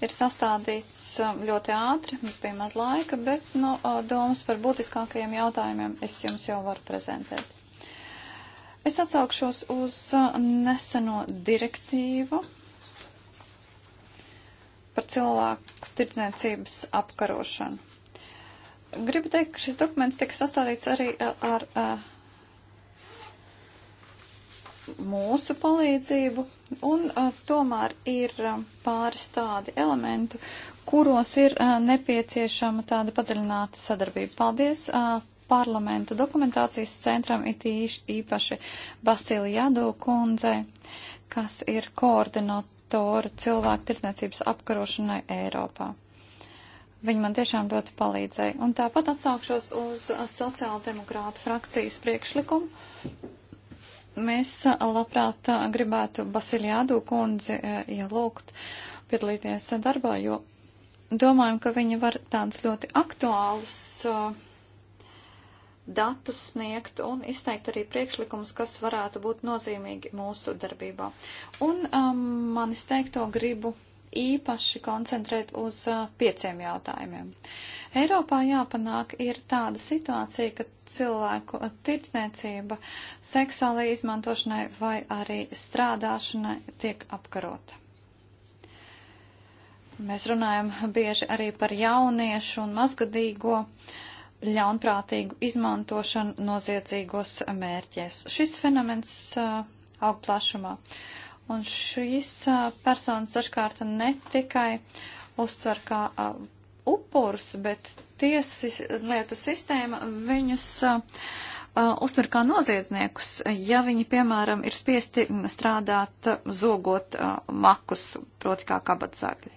ir sastādīts um, ļoti ātri, mums bija maz laika, bet nu, uh, domas par būtiskākajiem jautājumiem es jums jau varu prezentēt. Es atsaukšos uz uh, neseno direktīvu par cilvēku tirdzniecības apkarošanu. Gribu teikt, ka šis dokuments tika sastādīts arī uh, ar, ar, ar mūsu palīdzību, un uh, tomēr ir uh, pāris tādi elementi, kuros ir uh, nepieciešama tāda padziļināta sadarbība. Paldies uh, parlamenta dokumentācijas centram, it īpaši Basili Jado kundzei, kas ir koordinatora cilvēku tirdzniecības apkarošanai Eiropā. Viņi man tiešām ļoti palīdzēja. Un tāpat atsaukšos uz sociāldemokrātu frakcijas priekšlikumu, Mēs labprāt gribētu Basiljādu kundzi ielūgt piedalīties darbā, jo domājam, ka viņa var tādus ļoti aktuālus datus sniegt un izteikt arī priekšlikumus, kas varētu būt nozīmīgi mūsu darbībā. Un um, manis teikto gribu īpaši koncentrēt uz pieciem jautājumiem. Eiropā jāpanāk ir tāda situācija, ka cilvēku tirdzniecība seksuālai izmantošanai vai arī strādāšanai tiek apkarota. Mēs runājam bieži arī par jauniešu un mazgadīgo ļaunprātīgu izmantošanu noziedzīgos mērķēs. Šis fenomens uh, aug plašumā. Uh, Un šīs personas dažkārt ne tikai uztver kā upurs, bet tiesas lietu sistēma viņus uztver kā noziedzniekus, ja viņi, piemēram, ir spiesti strādāt, zogot makus, proti kā kabatsāgļi.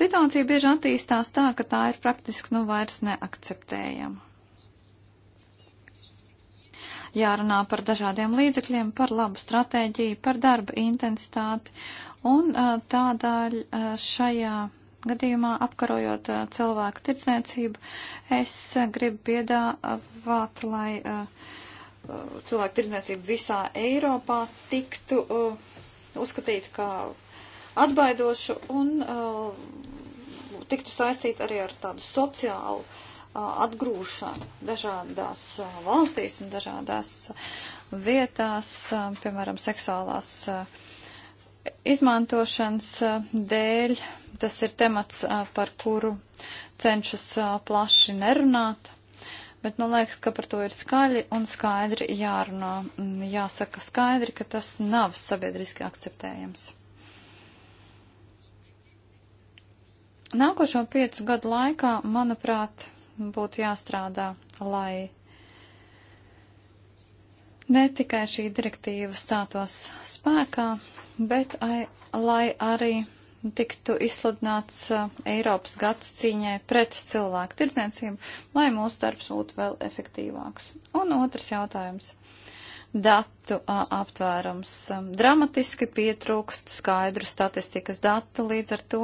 Situācija bieži attīstās tā, ka tā ir praktiski nu vairs neakceptējama jārunā par dažādiem līdzekļiem, par labu stratēģiju, par darba intensitāti un tādēļ šajā gadījumā apkarojot cilvēku tirdzniecību, es gribu piedāvāt, lai cilvēku tirdzniecība visā Eiropā tiktu uzskatīta kā atbaidoša un tiktu saistīta arī ar tādu sociālu uh, atgrūšanu dažādās valstīs un dažādās vietās, piemēram, seksuālās izmantošanas dēļ. Tas ir temats, par kuru cenšas plaši nerunāt, bet man liekas, ka par to ir skaļi un skaidri jārunā. Jāsaka skaidri, ka tas nav sabiedriski akceptējams. Nākošo piecu gadu laikā, manuprāt, būtu jāstrādā, lai ne tikai šī direktīva stātos spēkā, bet ai, lai arī tiktu izsludināts Eiropas gads cīņai pret cilvēku tirdzniecību, lai mūsu darbs būtu vēl efektīvāks. Un otrs jautājums. Datu aptvērums. Dramatiski pietrūkst skaidru statistikas datu, līdz ar to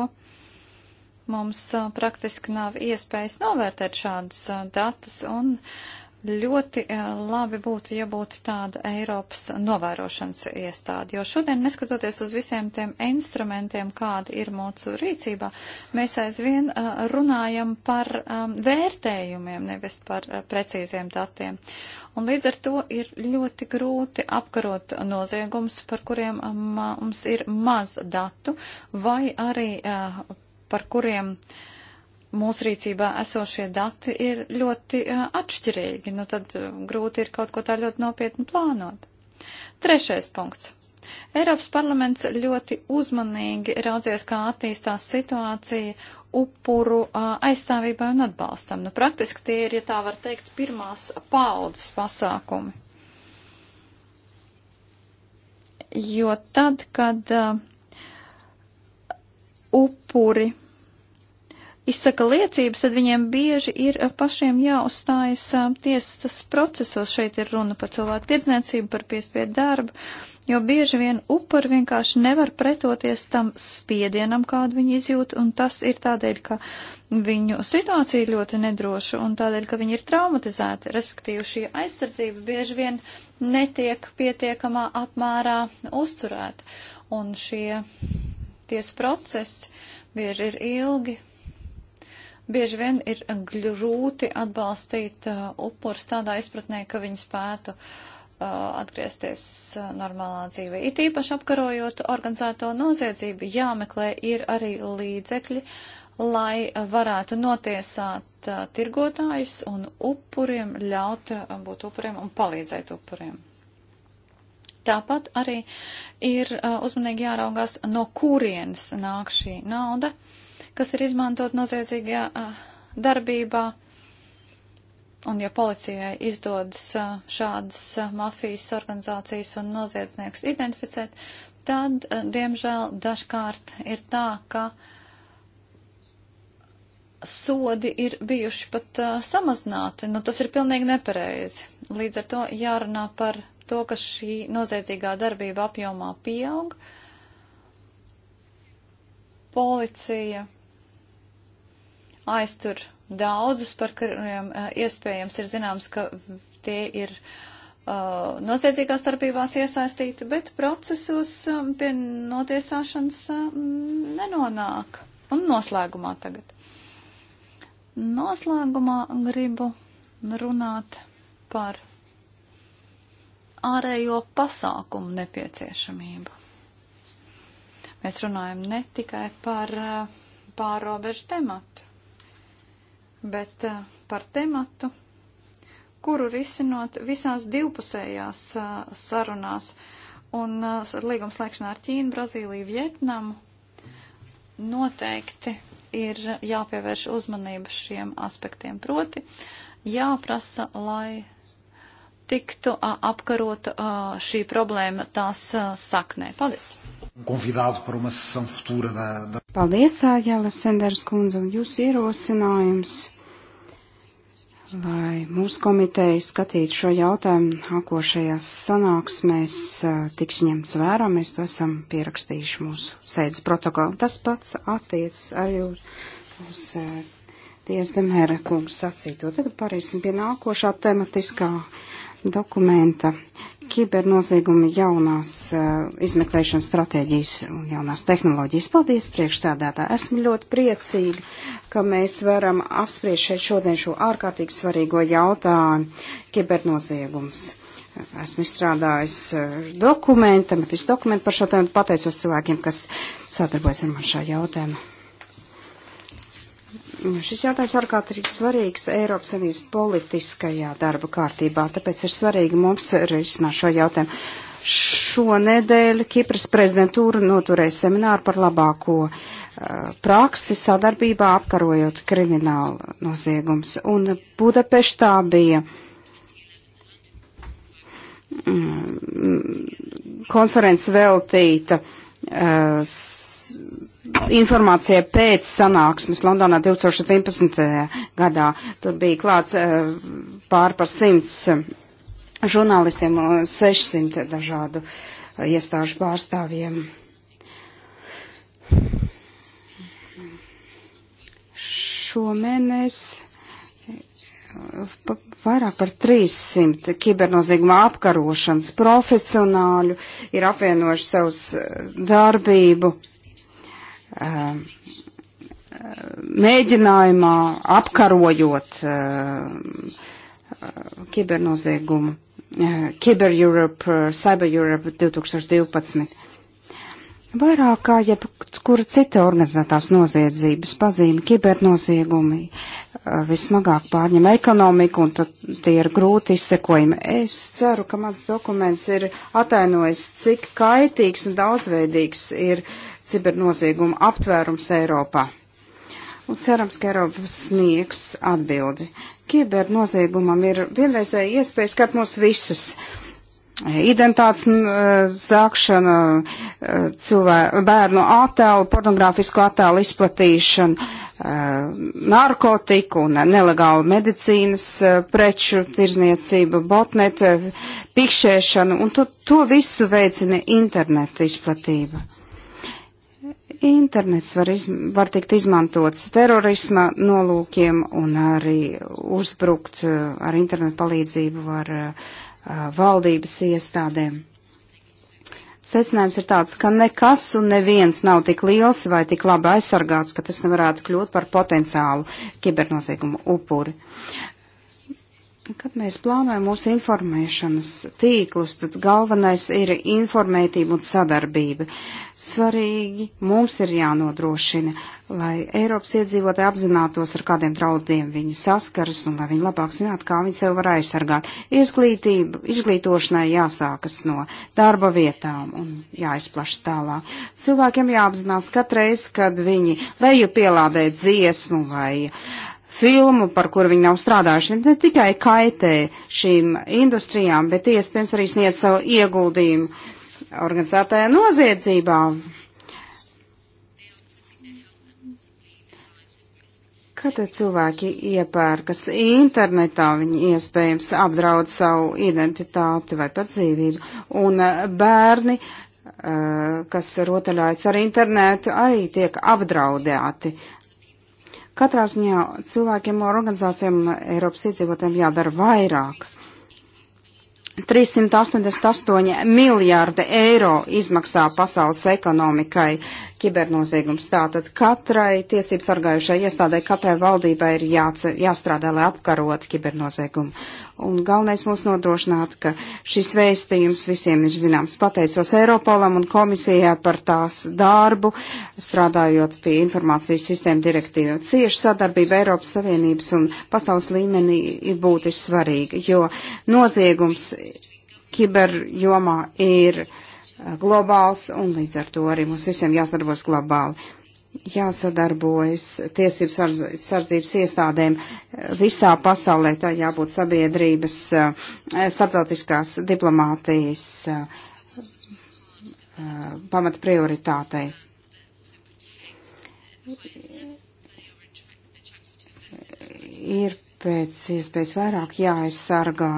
Mums a, praktiski nav iespējas novērtēt šādus a, datus un ļoti a, labi būtu, ja būtu tāda Eiropas novērošanas iestāde, jo šodien, neskatoties uz visiem tiem instrumentiem, kādi ir mūsu rīcībā, mēs aizvien runājam par vērtējumiem, nevis par precīziem datiem. Un līdz ar to ir ļoti grūti apkarot noziegumus, par kuriem mums ir maz datu, vai arī par kuriem mūsu rīcībā esošie dati ir ļoti atšķirīgi. Nu, tad grūti ir kaut ko tā ļoti nopietni plānot. Trešais punkts. Eiropas parlaments ļoti uzmanīgi raudzies, kā attīstās situācija upuru aizstāvībai un atbalstam. Nu, praktiski tie ir, ja tā var teikt, pirmās paudzes pasākumi. Jo tad, kad uh, upuri izsaka liecības, tad viņiem bieži ir eh, pašiem jāuzstājas eh, tiesas procesos. Šeit ir runa par cilvēku tirdzniecību, par piespiedu darbu, jo bieži vien upuri vienkārši nevar pretoties tam spiedienam, kādu viņi izjūt, un tas ir tādēļ, ka viņu situācija ir ļoti nedroša un tādēļ, ka viņi ir traumatizēti, respektīvi šī aizsardzība bieži vien netiek pietiekamā apmērā uzturēta. Un šie tiesa procesi bieži ir ilgi. Bieži vien ir grūti atbalstīt uh, upurus tādā izpratnē, ka viņi spētu uh, atgriezties uh, normālā dzīvē. It īpaši apkarojot organizēto noziedzību, jāmeklē ir arī līdzekļi, lai uh, varētu notiesāt uh, tirgotājus un upuriem ļaut uh, būt upuriem un palīdzēt upuriem. Tāpat arī ir uh, uzmanīgi jāraugās, no kurienes nāk šī nauda, kas ir izmantot noziedzīgajā uh, darbībā. Un ja policijai izdodas uh, šādas mafijas organizācijas un noziedzniekus identificēt, tad, diemžēl, dažkārt ir tā, ka sodi ir bijuši pat uh, samazināti. Nu, tas ir pilnīgi nepareizi. Līdz ar to jārunā par to, ka šī noziedzīgā darbība apjomā pieaug. Policija aiztur daudzus, par kuriem eh, iespējams ir zināms, ka tie ir uh, noziedzīgās starpībās iesaistīti, bet procesos um, pie notiesāšanas um, nenonāk. Un noslēgumā tagad. Noslēgumā gribu runāt par ārējo pasākumu nepieciešamību. Mēs runājam ne tikai par eh, pārobežu tematu, bet eh, par tematu, kuru risinot visās divpusējās eh, sarunās un līgums slēgšanā ar Ķīnu, Brazīliju, Vietnamu noteikti ir jāpievērš uzmanība šiem aspektiem. Proti, jāprasa, lai tiktu apkarota šī problēma tās saknē. Paldies!
Um convidado para uma sessão futura da. da... Paldies, Āģēla Senders kundze, un jūsu ierosinājums, lai mūsu komiteja skatītu šo jautājumu nākošajās sanāksmēs, tiks ņemts vērā, mēs to esam pierakstījuši mūsu sēdes protokolu. Tas pats attiec arī uz. uz Tiesa Demēra kungs sacīto. Tagad pārēsim pie nākošā tematiskā dokumenta kibernoziegumi jaunās uh, izmeklēšanas stratēģijas un jaunās tehnoloģijas. Paldies, priekšstādātā. Esmu ļoti priecīga, ka mēs varam apspriest šeit šodien šo ārkārtīgi svarīgo jautājumu - kibernoziegums. Esmu izstrādājis eh, dokumentu, bet es dokumentu par šo tēmu pateicos cilvēkiem, kas sadarbojas ar man šā jautājumā. Šis jautājums ārkārtīgi svarīgs Eiropas Savienības politiskajā darba kārtībā, tāpēc ir svarīgi mums risināt šo jautājumu. Šonedēļ Kipras prezidentūra noturēja semināru par labāko uh, praksi sadarbībā apkarojot kriminālu noziegums. Un Budapeštā bija mm, konferences veltīta uh, informācija pēc sanāksmes Londonā 2011. gadā. Tur bija klāts eh, pār par simts eh, žurnālistiem, 600 dažādu eh, iestāžu pārstāvjiem. Šomēnes vairāk par 300 kibernozīguma apkarošanas profesionāļu ir apvienojuši savus darbību Eh, mēģinājumā apkarojot eh, kibernoziegumu. Kiber Europe, eh, Cyber Europe 2012. Vairāk kā jebkura cita organizētās noziedzības pazīme, kibernoziegumi vismagāk pārņem ekonomiku, un tad tie ir grūti izsekojami. Es ceru, ka mans dokuments ir atainojis, cik kaitīgs un daudzveidīgs ir uh, cibernozieguma aptvērums Eiropā. Un cerams, ka Eiropa sniegs atbildi. Kibernoziegumam ir vienreizēja iespēja skart mūs visus. Identitātes e, zākšana, e, cilvē, bērnu attēlu, pornogrāfisku attēlu izplatīšana, e, narkotiku un nelegālu medicīnas preču tirzniecību, botnet, pikšēšanu, un to, to visu veicina interneta izplatība internets var, iz, var tikt izmantots terorisma nolūkiem un arī uzbrukt eh, ar internetu palīdzību var eh, eh, valdības iestādēm. Secinājums ir tāds, ka nekas un neviens nav tik liels vai tik labi aizsargāts, ka tas nevarētu kļūt par potenciālu kibernoziegumu upuri. Kad mēs plānojam mūsu informēšanas tīklus, tad galvenais ir informētība un sadarbība. Svarīgi mums ir jānodrošina, lai Eiropas iedzīvotāji apzinātos, ar kādiem draudiem viņi saskaras un lai viņi labāk zinātu, kā viņi sev var aizsargāt. Izglītība, izglītošanai jāsākas no darba vietām un jāizplaš tālāk. Cilvēkiem jāapzinās katreiz, kad viņi leju pielādē dziesmu vai uh, filmu, par kuru viņi nav strādājuši, ne tikai kaitē šīm industrijām, bet iespējams arī sniedz savu ieguldījumu organizētajā noziedzībā. Kad cilvēki iepērkas internetā, viņi iespējams apdraud savu identitāti vai pat dzīvību. Un uh, bērni, uh, kas rotaļājas ar internetu, arī tiek apdraudēti Katrā ziņā cilvēkiem un organizācijām Eiropas iedzīvotājiem jādara vairāk. 388 miljārdi eiro izmaksā pasaules ekonomikai kibernoziegums. Tātad katrai tiesību sargājušai iestādē, katrai valdībai ir jāce, jāstrādā, lai apkarotu kibernoziegumu. Un galvenais mums nodrošināt, ka šis vēstījums visiem ir zināms. Pateicos Eiropolam un komisijā par tās darbu, strādājot pie informācijas sistēma direktīva. Cieši sadarbība Eiropas Savienības un pasaules līmenī ir būtiski svarīga, jo noziegums kiberjomā ir eh, globāls un līdz ar to arī mums visiem jāsadarbos globāli jāsadarbojas tiesības sarz, sardzības iestādēm visā pasaulē. Tā jābūt sabiedrības eh, starptautiskās diplomātijas eh, eh, pamata prioritātei. Ir pēc iespējas vairāk jāaizsargā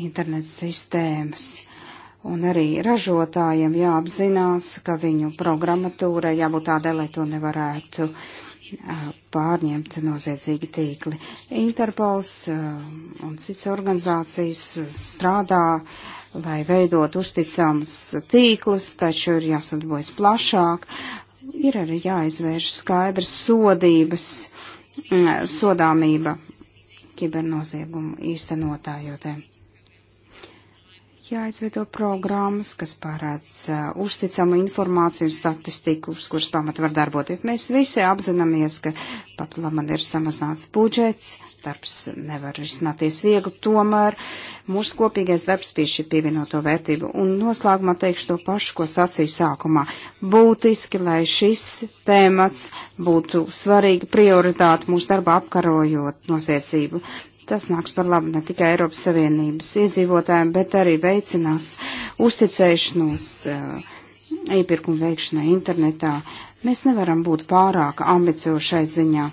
internets sistēmas Un arī ražotājiem jāapzinās, ka viņu programmatūra jābūt tādai, lai to nevarētu pārņemt noziedzīgi tīkli. Interpols un cits organizācijas strādā, lai veidot uzticams tīklus, taču ir jāsadarbojas plašāk. Ir arī jāizvērš skaidrs sodības, sodāmība kibernoziegumu īstenotājotēm jāizveido programmas, kas pārēdz uh, uzticamu informāciju un statistiku, uz kuras pamata var darboties. Mēs visi apzināmies, ka pat laman ir samazināts budžets, darbs nevar risināties viegli, tomēr mūsu kopīgais darbs pie šī pievienoto vērtību. Un noslēgumā teikšu to pašu, ko sacīju sākumā. Būtiski, lai šis tēmats būtu svarīga prioritāte mūsu darbā apkarojot nosiecību. Tas nāks par labu ne tikai Eiropas Savienības iedzīvotājiem, bet arī veicinās uzticēšanos eh, iepirkumu veikšanai internetā. Mēs nevaram būt pārāk ambiciošai ziņā.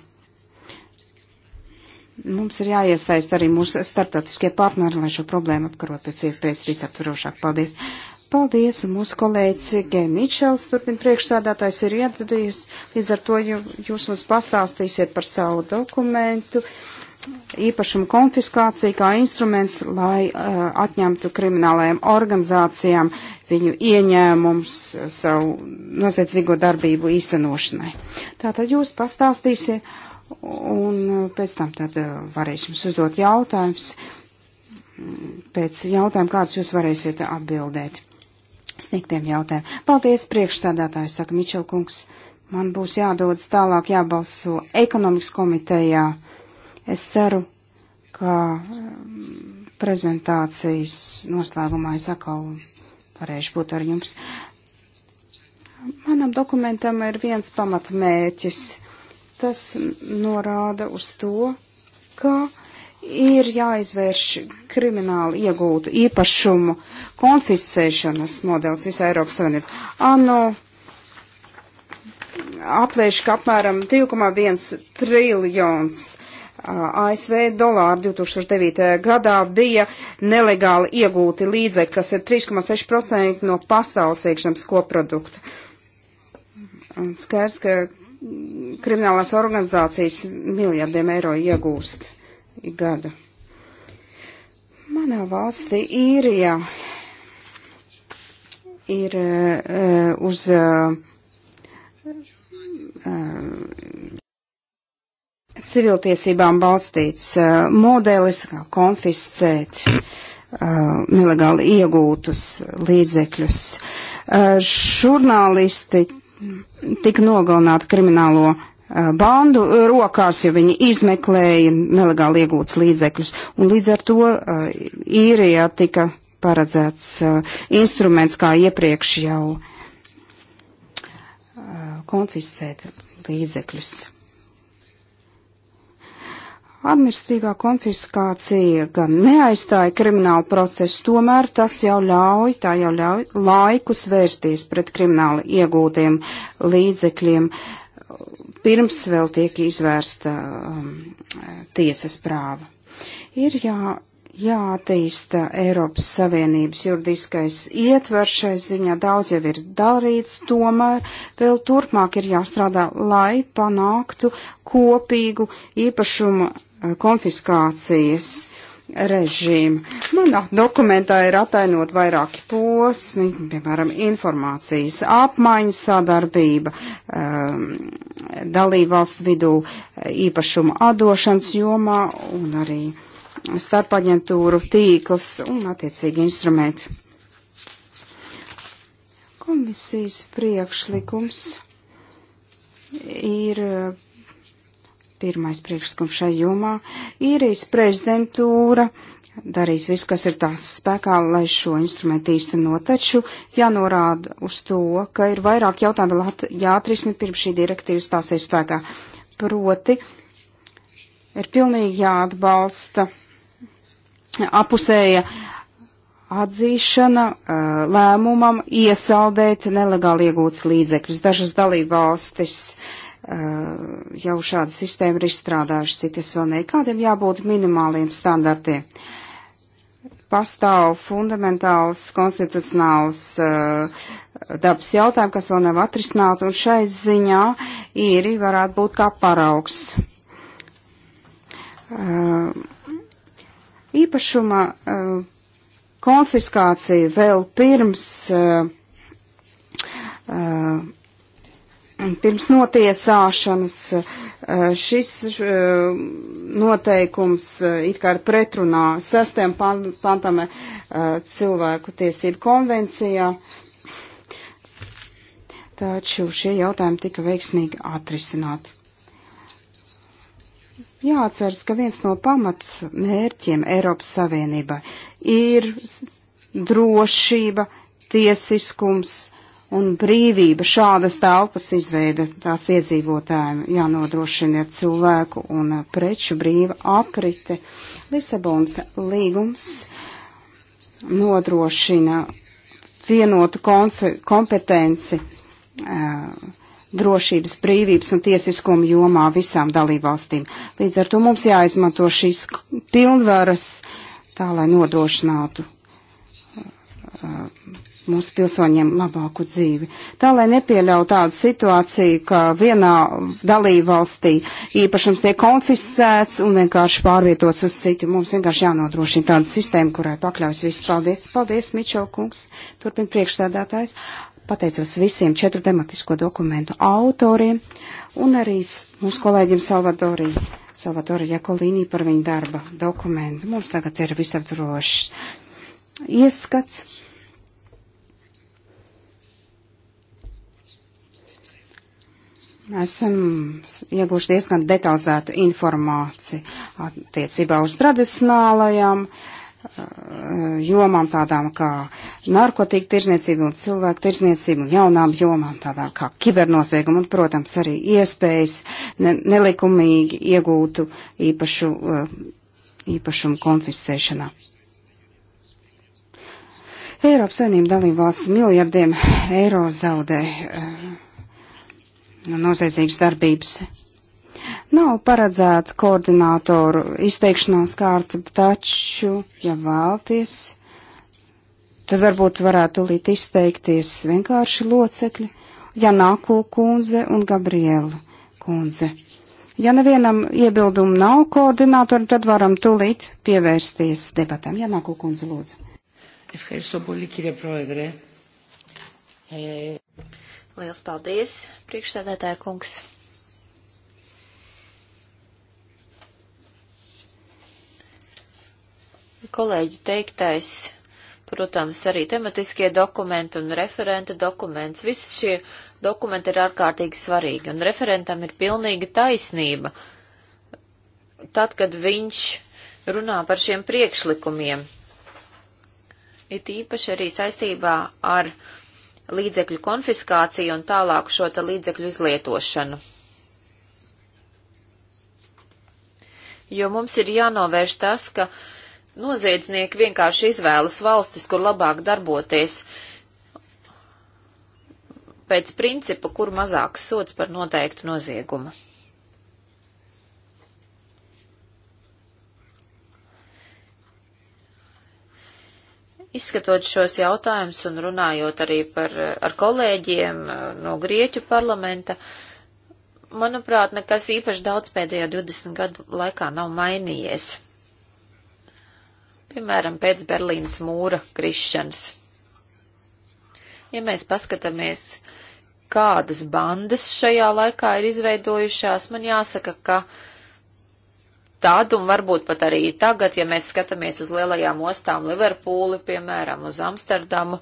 Mums ir jāiesaist arī mūsu starptautiskie partneri, lai šo problēmu apkarot pēc iespējas visaptvarošāk. Paldies! paldies, un mūsu kolēģis G. Mičels, turpin priekšsādātājs, ir iedodies. Līdz ar to jūs mums pastāstīsiet par savu dokumentu īpašuma konfiskācija kā instruments, lai uh, atņemtu kriminālajām organizācijām viņu ieņēmums uh, savu noziedzīgo darbību īstenošanai. Tātad jūs pastāstīsiet, un uh, pēc tam tad uh, varēšu jums uzdot jautājumus. Pēc jautājumu kāds jūs varēsiet atbildēt sniegtiem jautājumiem. Paldies, priekšsādātājs, saka Mičelkungs. Man būs jādodas tālāk jābalso ekonomikas komitejā Es ceru, ka mm, prezentācijas noslēgumā es atkal varēšu būt ar jums. Manam dokumentam ir viens pamatmērķis. Tas norāda uz to, ka ir jāizvērš krimināli iegūtu īpašumu konfiscēšanas modelis visā Eiropas Savienībā. Ano aplēš, ka apmēram 2,1 triljons uh, ASV dolāri 2009. gadā bija nelegāli iegūti līdzekļi, kas ir 3,6% no pasaules iekšzemes koprodukta. Skaidrs, ka kriminālās organizācijas miljardiem eiro iegūst gadu. Manā valstī īrijā ir uh, uz uh, uh, civiltiesībām balstīts uh, modelis, kā konfiscēt uh, nelegāli iegūtus līdzekļus. Uh, žurnālisti tika nogalināti kriminālo uh, bandu rokās, jo viņi izmeklēja nelegāli iegūtus līdzekļus. Un līdz ar to uh, īrijā tika paredzēts uh, instruments, kā iepriekš jau konfiscēt līdzekļus. Administrīvā konfiskācija gan neaizstāja kriminālu procesu, tomēr tas jau ļauj, tā jau ļauj laikus vērsties pret krimināli iegūtiem līdzekļiem, pirms vēl tiek izvērsta um, tiesas prāva. Ir jā, jātīsta Eiropas Savienības juridiskais ietvers šai ziņā, daudz jau ir darīts, tomēr vēl turpmāk ir jāstrādā, lai panāktu kopīgu īpašumu konfiskācijas režīmu. Manā dokumentā ir atainot vairāki posmi, piemēram, informācijas apmaiņas sadarbība, um, dalība valstu vidū īpašuma atdošanas jomā un arī starpaģentūru tīkls un attiecīgi instrumenti. Komisijas priekšlikums ir Pirmais priekšlikums šai jomā - īrijas prezidentūra darīs visu, kas ir tās spēkā, lai šo instrumentu īstenot, taču jānorāda uz to, ka ir vairāk jautājumu vēl jāatrisina pirms šī direktīva stāsies spēkā. Proti, ir pilnīgi jāatbalsta apusēja atzīšana lēmumam iesaldēt nelegāli iegūtas līdzekļus. Dažas dalībvalstis jau šāda sistēma ir izstrādājuši, citas vēl ne. Kādiem jābūt minimāliem standartiem? Pastāv fundamentāls konstitucionāls uh, dabas jautājumi, kas vēl nav atrisināti, un šai ziņā īri varētu būt kā paraugs. Uh, īpašuma uh, konfiskācija vēl pirms uh, uh, pirms notiesāšanas eh, šis eh, noteikums eh, it kā ir pretrunā sestajam pantam cilvēku tiesību konvencijā, taču šie jautājumi tika veiksmīgi atrisināti. Jāatceras, ka viens no pamat mērķiem Eiropas Savienībai ir drošība, tiesiskums, uh, un brīvība šādas telpas izveida tās iedzīvotājiem jānodrošina ir cilvēku un preču brīva aprite. Lisabons līgums nodrošina vienotu kompetenci eh, drošības, brīvības un tiesiskuma jomā visām dalībvalstīm. Līdz ar to mums jāizmanto šīs pilnvaras tā, lai nodrošinātu eh, mūsu pilsoņiem labāku dzīvi. Tā, lai nepieļautu tādu situāciju, ka vienā dalībvalstī īpašums tiek konfiscēts un vienkārši pārvietots uz citu. Mums vienkārši jānodrošina tāda sistēma, kurai pakļaus viss. Paldies, paldies, Mičel kungs, turpin priekšstādātājs. Pateicos visiem četru tematisko dokumentu autoriem un arī mūsu kolēģim Salvadorī. Salvadori Jakolīnī par viņu darba dokumentu. Mums tagad ir visaptvarošs ieskats. Esam ieguvuši diezgan detalizētu informāciju attiecībā uz tradicionālajām eh, jomām, tādām kā narkotika tirzniecība un cilvēku tirzniecība un jaunām jomām, tādām kā kibernozieguma un, protams, arī iespējas ne nelikumīgi iegūtu īpašu, eh, īpašumu konfiscēšanā. Eiropas Savienība dalībvalsts miljardiem eiro zaudē uh, Nu, noziedzīgas darbības. Nav paredzēta koordinātoru izteikšanās kārta, taču, ja vēlties, tad varbūt varētu līdz izteikties vienkārši locekļi, Janāko kundze un Gabriela kundze. Ja nevienam iebildumu nav koordinātori, tad varam tūlīt pievērsties debatām. Janāko kundze, lūdzu. Ευχαριστώ πολύ κύριε Πρόεδρε. Ε...
Liels paldies, priekšsēdētāja kungs. Kolēģi teiktais, protams, arī tematiskie dokumenti un referenta dokuments. Visi šie dokumenti ir ārkārtīgi svarīgi, un referentam ir pilnīga taisnība. Tad, kad viņš runā par šiem priekšlikumiem, it īpaši arī saistībā ar līdzekļu konfiskāciju un tālāku šo te līdzekļu izlietošanu. Jo mums ir jānovērš tas, ka noziedznieki vienkārši izvēlas valstis, kur labāk darboties pēc principa, kur mazāks sots par noteiktu noziegumu. Izskatot šos jautājumus un runājot arī par, ar kolēģiem eh, no Grieķu parlamenta, manuprāt, nekas īpaši daudz pēdējo 20 gadu laikā nav mainījies. Piemēram, pēc Berlīnas mūra krišanas. Ja mēs paskatāmies, kādas bandas šajā laikā ir izveidojušās, man jāsaka, ka uh, tad un varbūt pat arī tagad, ja mēs skatāmies uz lielajām ostām Liverpūli, piemēram, uz Amsterdamu,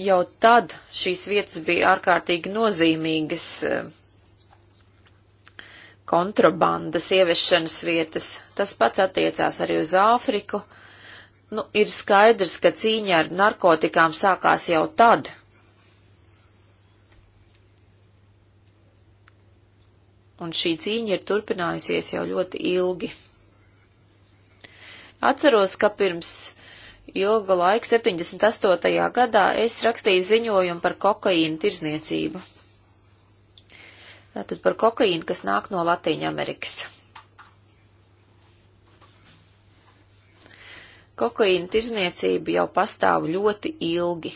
jau tad šīs vietas bija ārkārtīgi nozīmīgas eh, kontrabandas ieviešanas vietas. Tas pats attiecās arī uz Āfriku. Nu, ir skaidrs, ka cīņa ar narkotikām sākās jau tad, un šī cīņa ir turpinājusies jau ļoti ilgi. Atceros, ka pirms ilga laika, 78. gadā, es rakstīju ziņojumu par kokaīnu tirzniecību. Tātad par kokaīnu, kas nāk no Latīņa Amerikas. Kokaīna tirzniecība jau pastāv ļoti ilgi.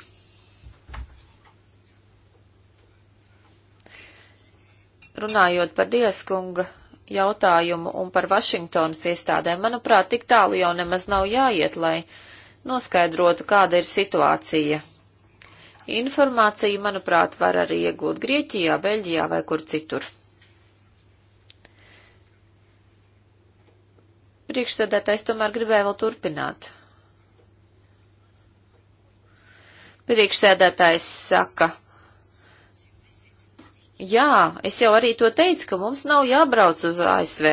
Runājot par Dieskunga jautājumu un par Vašingtonas iestādēm, manuprāt, tik tālu jau nemaz nav jāiet, lai noskaidrotu, kāda ir situācija. Informāciju, manuprāt, var arī iegūt Grieķijā, Beļģijā vai kur citur. Priekšsēdētājs tomēr gribēja vēl turpināt. Priekšsēdētājs saka, Jā, es jau arī to teicu, ka mums nav jābrauc uz ASV.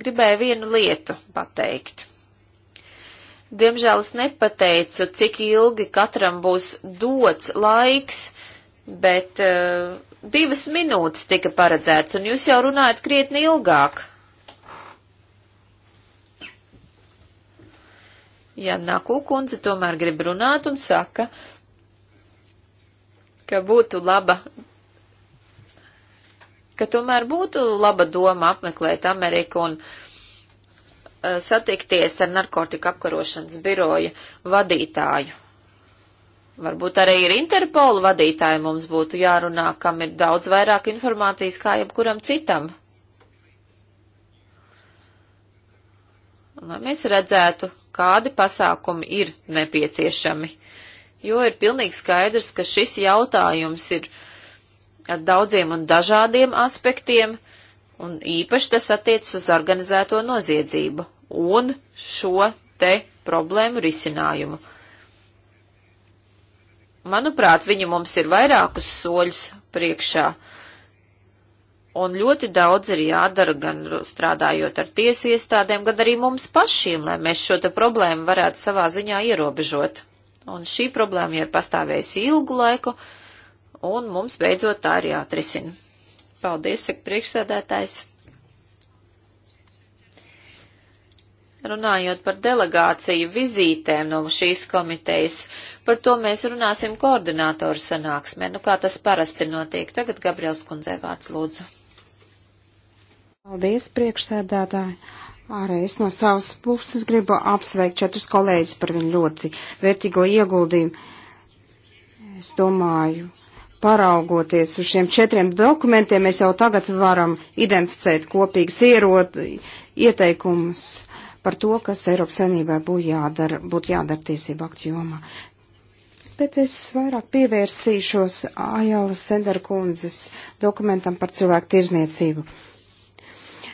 Gribēju vienu lietu pateikt. Diemžēl es nepateicu, cik ilgi katram būs dots laiks, bet uh, divas minūtes tika paredzēts, un jūs jau runājat krietni ilgāk. Ja Naku kundze tomēr grib runāt un saka, ka būtu laba, ka tomēr būtu laba doma apmeklēt Ameriku un eh, satikties ar narkotika apkarošanas biroja vadītāju. Varbūt arī ar Interpolu vadītāju mums būtu jārunā, kam ir daudz vairāk informācijas kā jebkuram citam. lai mēs redzētu, kādi pasākumi ir nepieciešami. Jo ir pilnīgi skaidrs, ka šis jautājums ir ar daudziem un dažādiem aspektiem, un īpaši tas attiecas uz organizēto noziedzību un šo te problēmu risinājumu. Manuprāt, viņi mums ir vairākus soļus priekšā. Uh, Un ļoti daudz ir jādara gan strādājot ar tiesu iestādēm, gan arī mums pašiem, lai mēs šo te problēmu varētu savā ziņā ierobežot. Un šī problēma ir pastāvējusi ilgu laiku, un mums beidzot tā ir jāatrisina. Paldies, saka priekšsēdētājs. Runājot par delegāciju vizītēm no šīs komitejas, par to mēs runāsim koordinātoru sanāksmē, nu kā tas parasti notiek. Tagad Gabriels kundzei vārds lūdzu.
Paldies, priekšsēdētāji! Arī es no savas puses gribu apsveikt četrus kolēģus par viņu ļoti vērtīgo ieguldījumu. Es domāju, paraugoties uz šiem četriem dokumentiem, mēs jau tagad varam identificēt kopīgas ierod, ieteikumus par to, kas Eiropas saimnībai būtu jādara, būtu jādara tiesību aktu jomā. Bet es vairāk pievērsīšos Ajala Senderkundzes dokumentam par cilvēku tirzniecību. Uh,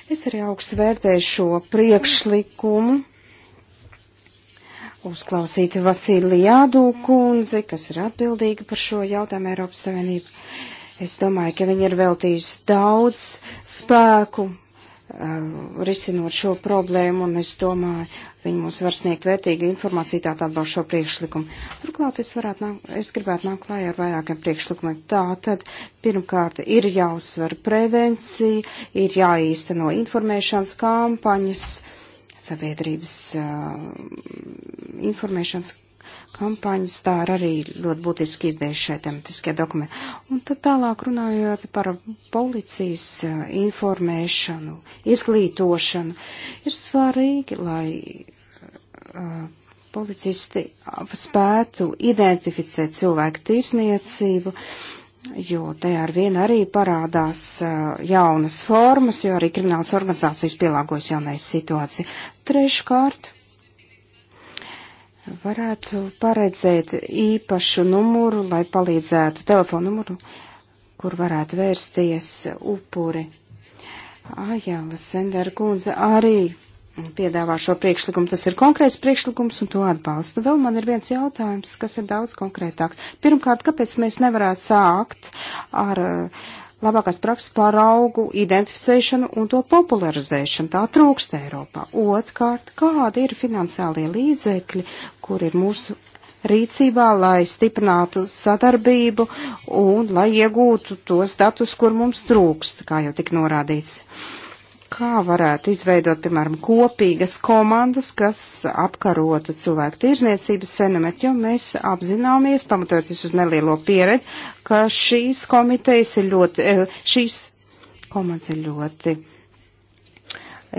Es arī augstu vērtēju šo priekšlikumu. Uzklausīt Vasilijādu kundzi, kas ir atbildīga par šo jautājumu Eiropas Savienību. Es domāju, ka viņi ir veltījusi daudz spēku Um, risinot šo problēmu, un es domāju, viņi mums var sniegt vērtīgu informāciju tā atbalst šo priekšlikumu. Turklāt es, varētu, nāk, es gribētu nākt klājā ar vairākiem priekšlikumiem. Tā tad pirmkārt ir jāuzsver prevencija, ir jāīsteno informēšanas kampaņas, sabiedrības uh, informēšanas kampaņas, tā ir arī ļoti būtiski izdēļ šie tematiskie dokumenti. Un tad tālāk runājot par policijas eh, informēšanu, izglītošanu, ir svarīgi, lai eh, policisti spētu identificēt cilvēku tirsniecību, jo te ar vienu arī parādās eh, jaunas formas, jo arī kriminālas organizācijas pielāgojas jaunai situācijai. Treškārt varētu paredzēt īpašu numuru, lai palīdzētu telefonu numuru, kur varētu vērsties upuri. Ajāla Sendera kundze arī piedāvā šo priekšlikumu. Tas ir konkrēts priekšlikums un to atbalstu. Vēl man ir viens jautājums, kas ir daudz konkrētāk. Pirmkārt, kāpēc mēs nevarētu sākt ar uh, labākās prakses pāraugu identificēšanu un to popularizēšanu. Tā trūkst Eiropā. Otkārt, kādi ir finansiālie līdzekļi, kur ir mūsu rīcībā, lai stiprinātu sadarbību un lai iegūtu tos datus, kur mums trūkst, kā jau tik norādīts. Uh, kā varētu izveidot, piemēram, kopīgas komandas, kas apkarotu cilvēku tirzniecības fenomenu, jo mēs apzināmies, pamatoties uz nelielo pieredzi, ka šīs komitejas ir ļoti, eh, šīs komandas ir ļoti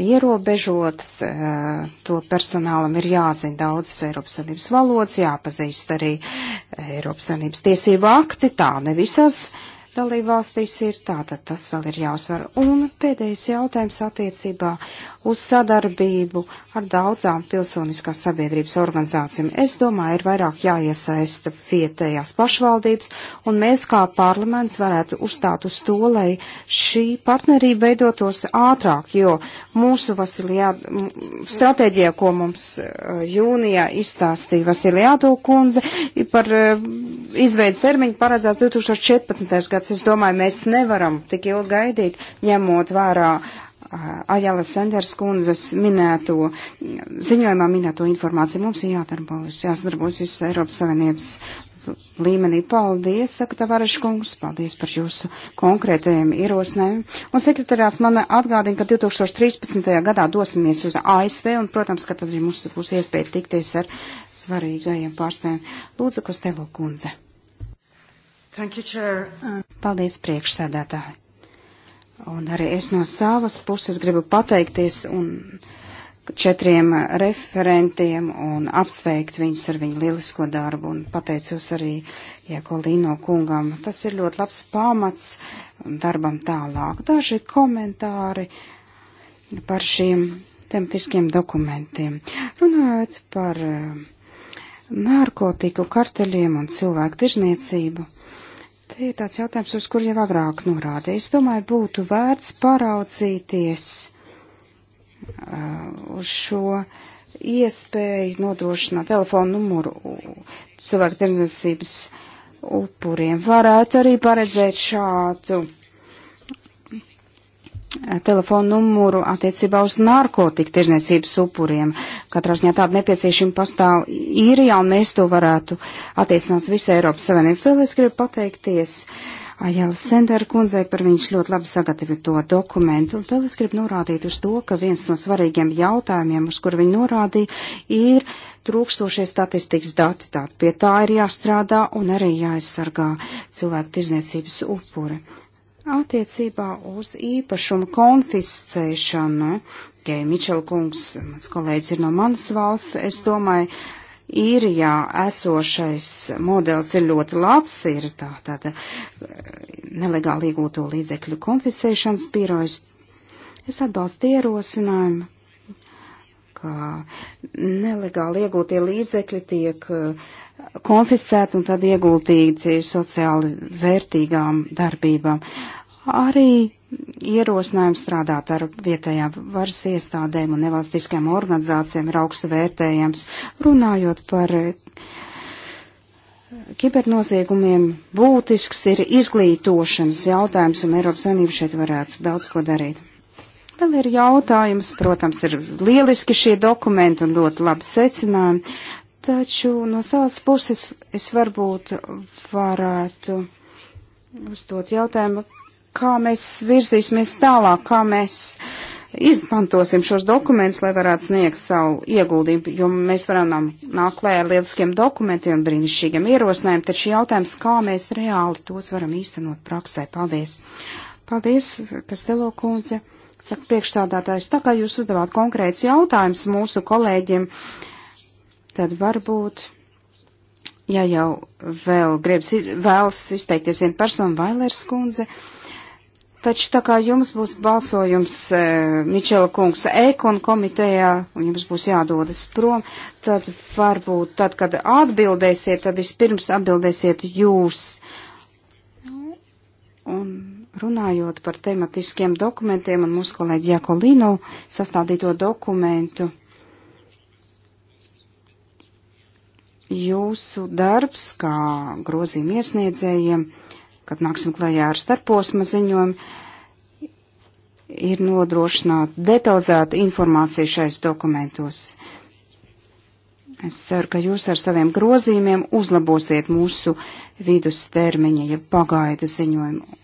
ierobežotas, eh, to personālam ir jāzina daudzas Eiropas Savienības valodas, jāpazīst arī Eiropas Savienības tiesību akti, tā nevisas. visas dalībvalstīs ir, tātad tas vēl ir jāuzvar. Un pēdējais jautājums attiecībā uz sadarbību ar daudzām pilsoniskās sabiedrības organizācijām. Es domāju, ir vairāk jāiesaista vietējās pašvaldības, un mēs kā parlaments varētu uzstāt uz to, lai šī partnerība veidotos ātrāk, jo mūsu Vasilijā, stratēģija, ko mums eh, jūnijā izstāstīja Vasilijāto kundze, par eh, izveidas termiņu paredzēts 2014. gads. Es domāju, mēs nevaram tik ilgi gaidīt, ņemot vērā uh, Ajala Sanders kundzes minēto, ziņojumā minēto informāciju mums ir jādarbojas, jāsadarbojas visas Eiropas Savienības līmenī. Paldies, saka Tavareša kungs, paldies par jūsu konkrētajiem ierosinājumiem. Un sekretariāts man atgādina, ka 2013. gadā dosimies uz ASV, un, protams, ka tad arī mums būs iespēja tikties ar svarīgajiem pārstāvjiem. Lūdzu, Kostevo kundze. Thank you, Chair. Paldies, priekšsēdētāji. Un arī es no savas puses gribu pateikties un četriem referentiem un apsveikt viņus ar viņu lielisko darbu un pateicos arī Jekolino ja kungam. Tas ir ļoti labs pamats darbam tālāk. Daži komentāri par šiem tematiskiem dokumentiem. Runājot par eh, narkotiku karteļiem un cilvēku tirzniecību Te ir tāds jautājums, uz kur jau agrāk norādīju. Es domāju, būtu vērts paraudzīties uh, uz šo iespēju nodrošināt telefonu numuru cilvēku tirdzniecības upuriem. Varētu arī paredzēt šādu telefonu numuru attiecībā uz narkotiku tirzniecības upuriem. Katrā ziņā tāda nepieciešama pastāv īrijā, un mēs to varētu attiecināt uz visu Eiropas Savienību. Vēl es gribu pateikties Ajēla Sendera kundzei par viņas ļoti labi sagatavoto dokumentu, un vēl es gribu norādīt uz to, ka viens no svarīgiem jautājumiem, uz kuru viņa norādīja, ir trūkstošie statistikas dati. Tātad pie tā ir jāstrādā un arī jāaizsargā cilvēku tirzniecības upuri. Attiecībā uz īpašumu konfiscēšanu, Gei Mičel kungs, mans kolēģis ir no manas valsts, es domāju, īrijā esošais modelis ir ļoti labs, ir tā tāda eh, nelegāli iegūto līdzekļu konfiscēšanas birojas. Es atbalstu ierosinājumu, ka nelegāli iegūtie līdzekļi tiek eh, konfiscēti un tad ieguldīti sociāli vērtīgām darbībām. Uh, Arī ierosinājums strādāt ar vietējām varas iestādēm un nevalstiskajām organizācijām ir augstu vērtējams. Runājot par kibernoziegumiem, būtisks ir izglītošanas jautājums, un Eiropas Savienība šeit varētu daudz ko darīt. Vēl ir jautājums, protams, ir lieliski šie dokumenti un ļoti labi secinājumi, taču no savas puses es varbūt varētu uzdot jautājumu, kā mēs virzīsimies tālāk, kā mēs izmantosim šos dokumentus, lai varētu sniegt savu ieguldību, jo mēs varam nākt klē ar lieliskiem dokumentiem un brīnišķīgiem ierosinājumiem, taču jautājums, kā mēs reāli tos varam īstenot praksē. Paldies! Paldies, Kastelo kundze! Saka priekšstādātājs, tā kā jūs uzdevāt konkrēts jautājums mūsu kolēģiem, tad varbūt ja jau vēl gribas, vēlas izteikties viena persona, Vailers kundze, Taču tā kā jums būs balsojums, eh, Mičela kungs, ekon komitejā, un jums būs jādodas prom, tad varbūt tad, kad atbildēsiet, tad vispirms atbildēsiet jūs. Un runājot par tematiskiem dokumentiem un mūsu kolēģi Jakolino sastādīto dokumentu, jūsu darbs kā grozīm iesniedzējiem kad nāksim klajā ar starposma ziņojumu, ir nodrošināt detalizētu informāciju šais dokumentos. Es ceru, ka jūs ar saviem grozījumiem uzlabosiet mūsu vidustermiņa, ja pagaidu ziņojumu.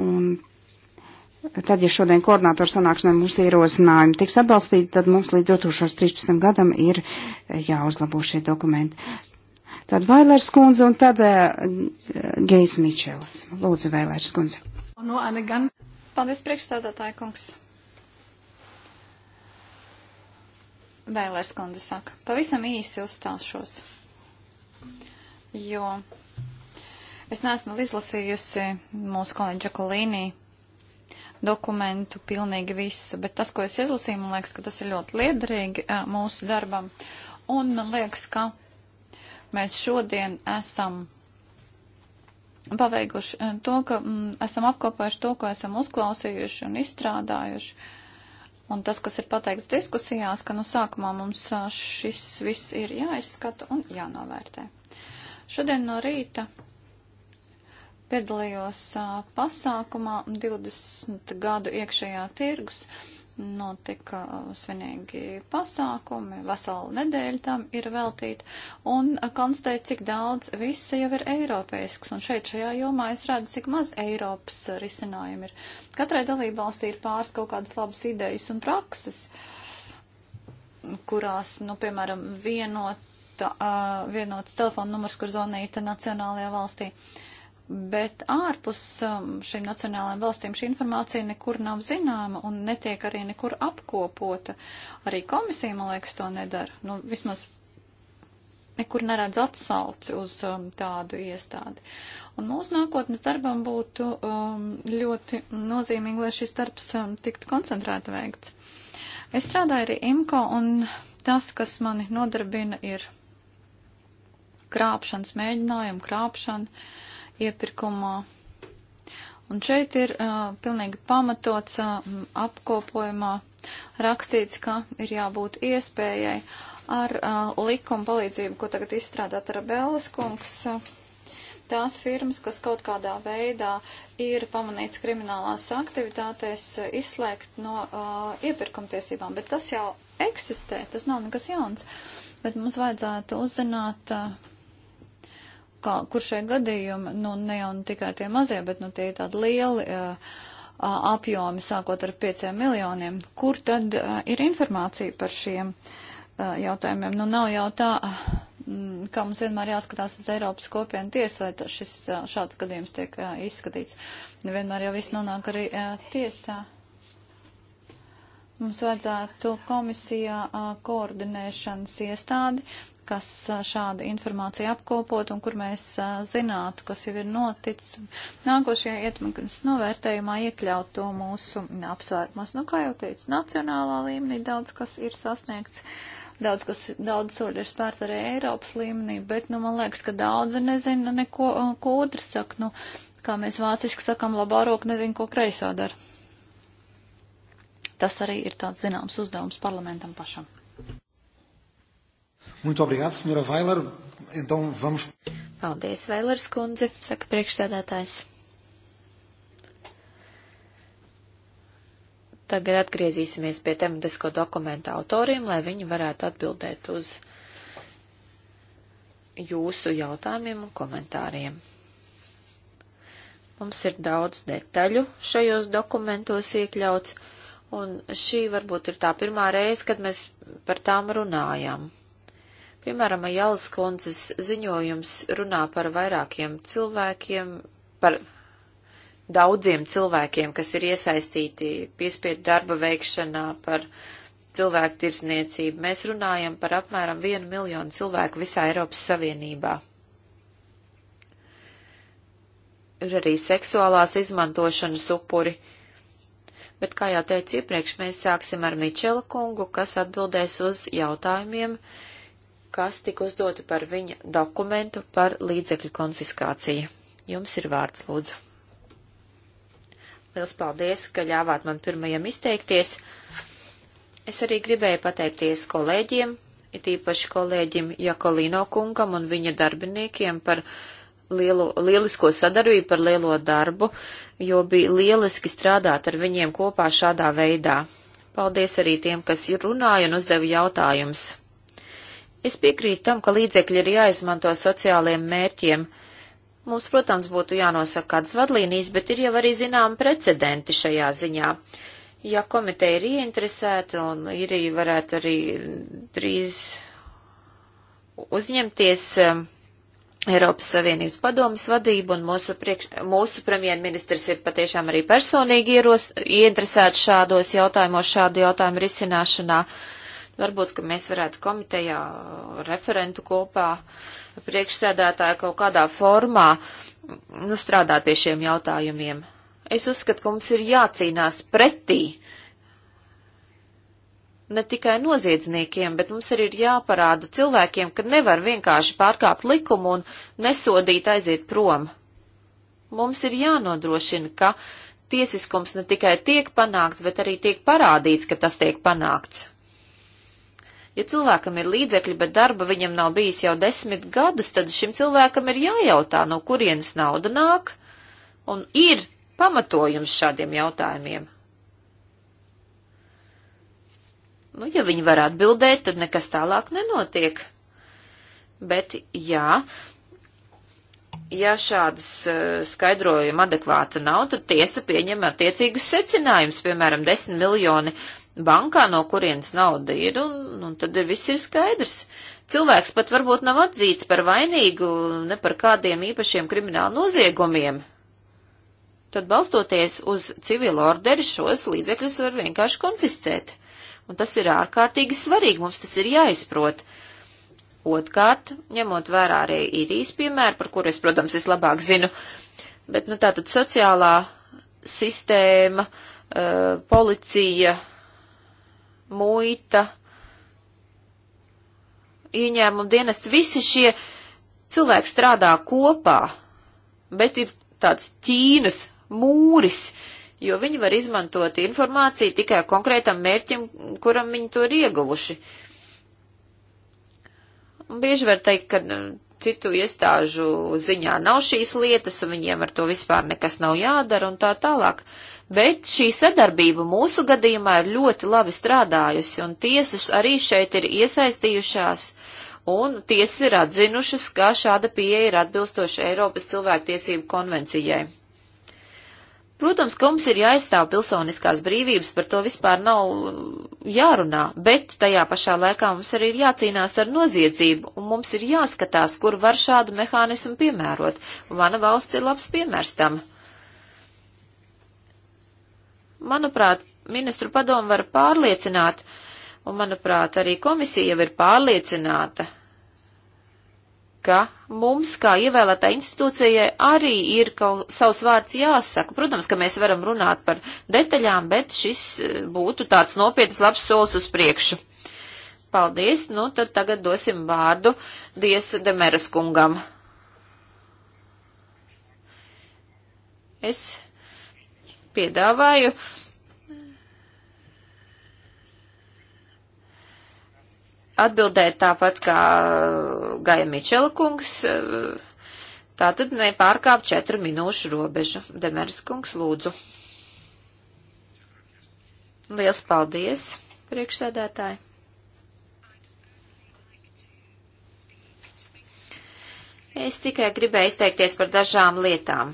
Un tad, ja šodien koordinātoru sanāksmē mūsu ierosinājumi tiks atbalstīti, tad mums līdz 2013. gadam ir jāuzlabo šie dokumenti. Tad Vailers kundze un tad uh, eh, Gejs Mičels. Lūdzu, Vailers kundze. No
Anagan. Paldies, priekšstādātāja kungs. Vailers kundze saka, pavisam īsi uzstāšos, jo es neesmu izlasījusi mūsu kolēģi Džakolīnī dokumentu pilnīgi visu, bet tas, ko es izlasīju, man liekas, ka tas ir ļoti liederīgi eh, mūsu darbam. Un man liekas, ka mēs šodien esam paveikuši eh, to, ka mm, esam apkopojuši to, ko esam uzklausījuši un izstrādājuši. Un tas, kas ir pateikts diskusijās, ka nu sākumā mums eh, šis viss ir jāizskata un jānovērtē. Šodien no rīta piedalījos eh, pasākumā 20 gadu iekšējā tirgus notika uh, svinīgi pasākumi, veselu nedēļu tam ir veltīta, un uh, konstatēja, cik daudz viss jau ir eiropeisks, un šeit šajā jomā es redzu, cik maz Eiropas uh, risinājumi ir. Katrai dalībvalstī ir pāris kaut kādas labas idejas un prakses, kurās, nu, piemēram, vienota, uh, vienots telefona numurs, kur zvanīta nacionālajā valstī. Uh, bet ārpus um, šīm nacionālajām valstīm šī informācija nekur nav zināma un netiek arī nekur apkopota. Arī komisija, man liekas, to nedara. Nu, vismaz nekur neredz atsauci uz um, tādu iestādi. Un mūsu nākotnes darbam būtu um, ļoti nozīmīgi, lai šis darbs um, tiktu koncentrēti veikts. Es strādāju arī IMCO, un tas, kas mani nodarbina, ir krāpšanas mēģinājumi, krāpšana. Uh, iepirkumā. Un šeit ir uh, pilnīgi pamatots uh, apkopojumā rakstīts, ka ir jābūt iespējai ar uh, likuma palīdzību, ko tagad izstrādā Tarabēlas kungs. Uh, tās firmas, kas kaut kādā veidā ir pamanīts kriminālās aktivitātēs, uh, izslēgt no uh, iepirkumtiesībām, bet tas jau eksistē, tas nav nekas jauns. Bet mums vajadzētu uzzināt. Uh, kā, kur šie gadījumi, nu ne jau tikai tie mazie, bet nu tie ir tādi lieli uh, apjomi, sākot ar pieciem miljoniem, kur tad uh, ir informācija par šiem uh, jautājumiem? Nu nav jau tā, mm, kā mums vienmēr jāskatās uz Eiropas kopienu tiesu, vai tā, šis šāds gadījums tiek izskatīts. Nevienmēr jau viss nonāk arī tiesā. Mums vajadzētu komisijā koordinēšanas iestādi, kas šādu informāciju apkopot un kur mēs zinātu, kas jau ir noticis. Nākošajā ietekmes novērtējumā iekļaut to mūsu apsvērumos. Nu, kā jau teicu, nacionālā līmenī daudz kas ir sasniegts. Daudz, kas, daudz soļi ir spērti arī Eiropas līmenī, bet, nu, man liekas, ka daudzi nezina neko, ko otrs saka. Nu, kā mēs vāciski sakam, labā roka nezina, ko kreisā dara. Tas arī ir tāds zināms uzdevums parlamentam pašam.
Muito obrigado, senhora Vailer. Então vamos. Paldies, Vailers kundze, saka priekšsēdētājs. Tagad atgriezīsimies pie tematisko dokumentu autoriem, lai viņi varētu atbildēt uz jūsu jautājumiem un komentāriem. Mums ir daudz detaļu šajos dokumentos iekļauts, un šī varbūt ir tā pirmā reize, kad mēs par tām runājam. Piemēram, Jālas kundzes ziņojums runā par vairākiem cilvēkiem, par daudziem cilvēkiem, kas ir iesaistīti piespiedu darba veikšanā, par cilvēku tirsniecību. Mēs runājam par apmēram vienu miljonu cilvēku visā Eiropas Savienībā. Ir arī seksuālās izmantošanas upuri. Bet, kā jau teicu iepriekš, mēs sāksim ar Mičela kungu, kas atbildēs uz jautājumiem, uh, kas tika uzdoti par viņa dokumentu par līdzekļu konfiskāciju. Jums ir vārds, lūdzu. Liels paldies, ka ļāvāt man pirmajam izteikties. Es arī gribēju pateikties kolēģiem, it īpaši kolēģim Jakolino kungam un viņa darbiniekiem par lielo, lielisko sadarbību, par lielo darbu, jo bija lieliski strādāt ar viņiem kopā šādā veidā. Paldies arī tiem, kas runāja un uzdeva jautājumus. Es piekrītu tam, ka līdzekļi ir jāizmanto sociāliem mērķiem. Mums, protams, būtu jānosaka kādas vadlīnijas, bet ir jau arī zinām precedenti šajā ziņā. Ja komiteja ir ieinteresēta un ir arī varētu arī drīz uzņemties um, Eiropas Savienības padomas vadību, un mūsu, priekš, mūsu premjerministrs ir patiešām arī personīgi ieros, ieinteresēts šādos jautājumos, šādu jautājumu risināšanā. Uh, Varbūt, ka mēs varētu komitejā referentu kopā priekšsēdētāju kaut kādā formā nu, strādāt pie šiem jautājumiem. Es uzskatu, ka mums ir jācīnās pretī ne tikai noziedzniekiem, bet mums arī ir jāparāda cilvēkiem, ka nevar vienkārši pārkāpt likumu un nesodīt aiziet prom. Mums ir jānodrošina, ka tiesiskums ne tikai tiek panākts, bet arī tiek parādīts, ka tas tiek panākts. Ja cilvēkam ir līdzekļi, bet darba viņam nav bijis jau desmit gadus, tad šim cilvēkam ir jājautā, no kurienes nauda nāk, un ir pamatojums šādiem jautājumiem. Nu, ja viņi var atbildēt, tad nekas tālāk nenotiek. Bet, jā, ja šādas uh, skaidrojuma adekvāta nav, tad tiesa pieņem attiecīgus secinājumus, piemēram, 10 miljoni bankā, no kurienes nauda ir, un, un tad viss ir skaidrs. Cilvēks pat varbūt nav atzīts par vainīgu ne par kādiem īpašiem kriminālu noziegumiem. Tad balstoties uz civilu orderi šos līdzekļus var vienkārši konfiscēt. Un tas ir ārkārtīgi svarīgi, mums tas ir jāizprot. Otkārt, ņemot vērā arī īrijas piemēru, par kuru es, protams, vislabāk zinu, bet, nu, tātad sociālā sistēma, uh, policija, uh, muita, ieņēmuma dienests, visi šie cilvēki strādā kopā, bet ir tāds Ķīnas mūris, jo viņi var izmantot informāciju tikai konkrētam mērķim, kuram viņi to ir ieguvuši. Un bieži var teikt, ka nu, citu iestāžu ziņā nav šīs lietas, un viņiem ar to vispār nekas nav jādara un tā tālāk. Uh, bet šī sadarbība mūsu gadījumā ir ļoti labi strādājusi, un tiesas arī šeit ir iesaistījušās, un tiesas ir atzinušas, ka šāda pieeja ir atbilstoša Eiropas cilvēktiesību konvencijai. Protams, ka mums ir jāizstāv pilsoniskās brīvības, par to vispār nav jārunā, bet tajā pašā laikā mums arī ir jācīnās ar noziedzību, un mums ir jāskatās, kur var šādu mehānismu piemērot, un mana valsts ir labs piemērs tam. Manuprāt, ministru padomu var pārliecināt, un manuprāt, arī komisija jau ir pārliecināta, ka mums, kā ievēlētā institūcijai, arī ir kaut savs vārds jāsaka. Protams, ka mēs varam runāt par detaļām, bet šis eh, būtu tāds nopietns labs solis uz priekšu. Paldies, nu tad tagad dosim vārdu Diesa Demeras kungam. Es piedāvāju atbildēt tāpat kā Gaja Mičela kungs. Tātad nepārkāp četru minūšu robežu. Demers kungs, lūdzu. Liels paldies, priekšsēdētāji. Es tikai gribēju izteikties par dažām lietām.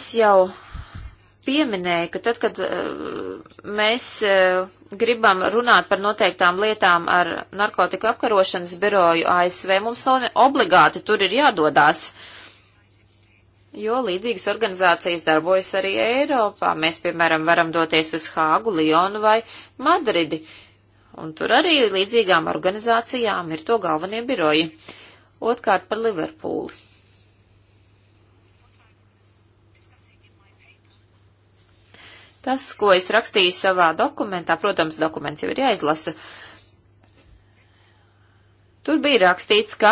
es jau pieminēju, ka tad, kad eh, mēs eh, gribam runāt par noteiktām lietām ar narkotika apkarošanas biroju ASV, mums nav obligāti tur ir jādodās, jo līdzīgas organizācijas darbojas arī Eiropā. Mēs, piemēram, varam doties uz Hāgu, Lionu vai Madridi, un tur arī līdzīgām organizācijām ir to galvenie biroji. Otkārt par Liverpūli. Tas, ko es rakstīju savā dokumentā, protams, dokuments jau ir jāizlasa. Tur bija rakstīts, ka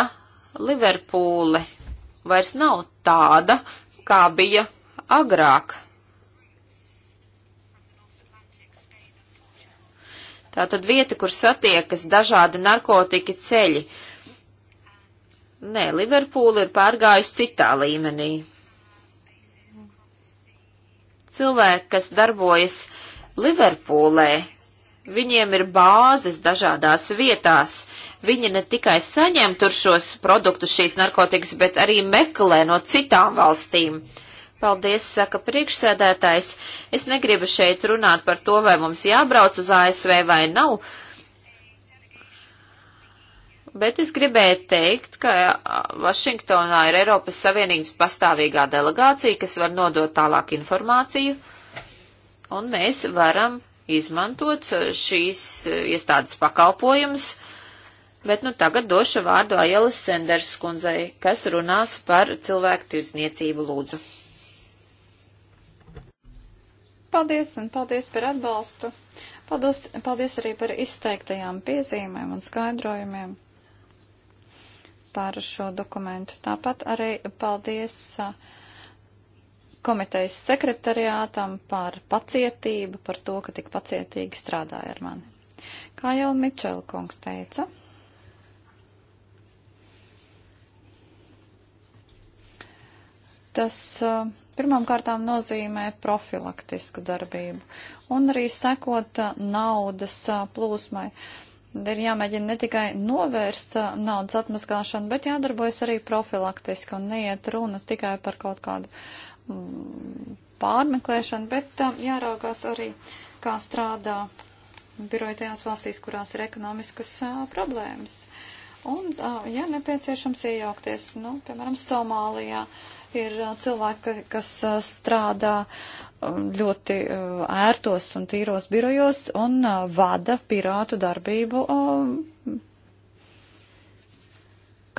Liverpūle vairs nav tāda, kā bija agrāk. Tā tad vieta, kur satiekas dažādi narkotika ceļi. Nē, Liverpūle ir pārgājusi citā līmenī cilvēki, kas darbojas Liverpūlē, viņiem ir bāzes dažādās vietās. Viņi ne tikai saņem tur šos produktus, šīs narkotikas, bet arī meklē no citām valstīm. Paldies, saka priekšsēdētājs. Es negribu šeit runāt par to, vai mums jābrauc uz ASV vai nav. Bet es gribēju teikt, ka Vašingtonā ir Eiropas Savienības pastāvīgā delegācija, kas var nodot tālāk informāciju, un mēs varam izmantot šīs iestādes pakalpojumus. Bet nu tagad došu vārdu Aielas Senders kundzei, kas runās par cilvēku tirdzniecību lūdzu.
Paldies un paldies par atbalstu. Paldies, paldies arī par izteiktajām piezīmēm un skaidrojumiem par šo dokumentu. Tāpat arī paldies komitejas sekretariātam par pacietību, par to, ka tik pacietīgi strādāja ar mani. Kā jau Mičela kungs teica, tas pirmām kārtām nozīmē profilaktisku darbību un arī sekot naudas plūsmai. Uh, ir jāmēģina ne tikai novērst uh, naudas atmaskāšanu, bet jādarbojas arī profilaktiski un neiet runa tikai par kaut kādu mm, pārmeklēšanu, bet uh, jāraugās arī, kā strādā biroja tajās valstīs, kurās ir ekonomiskas uh, problēmas. Un, ja nepieciešams, iejaukties, nu, piemēram, Somālijā. Uh, Ir uh, cilvēki, kas uh, strādā um, ļoti uh, ērtos un tīros birojos un vada pirātu darbību,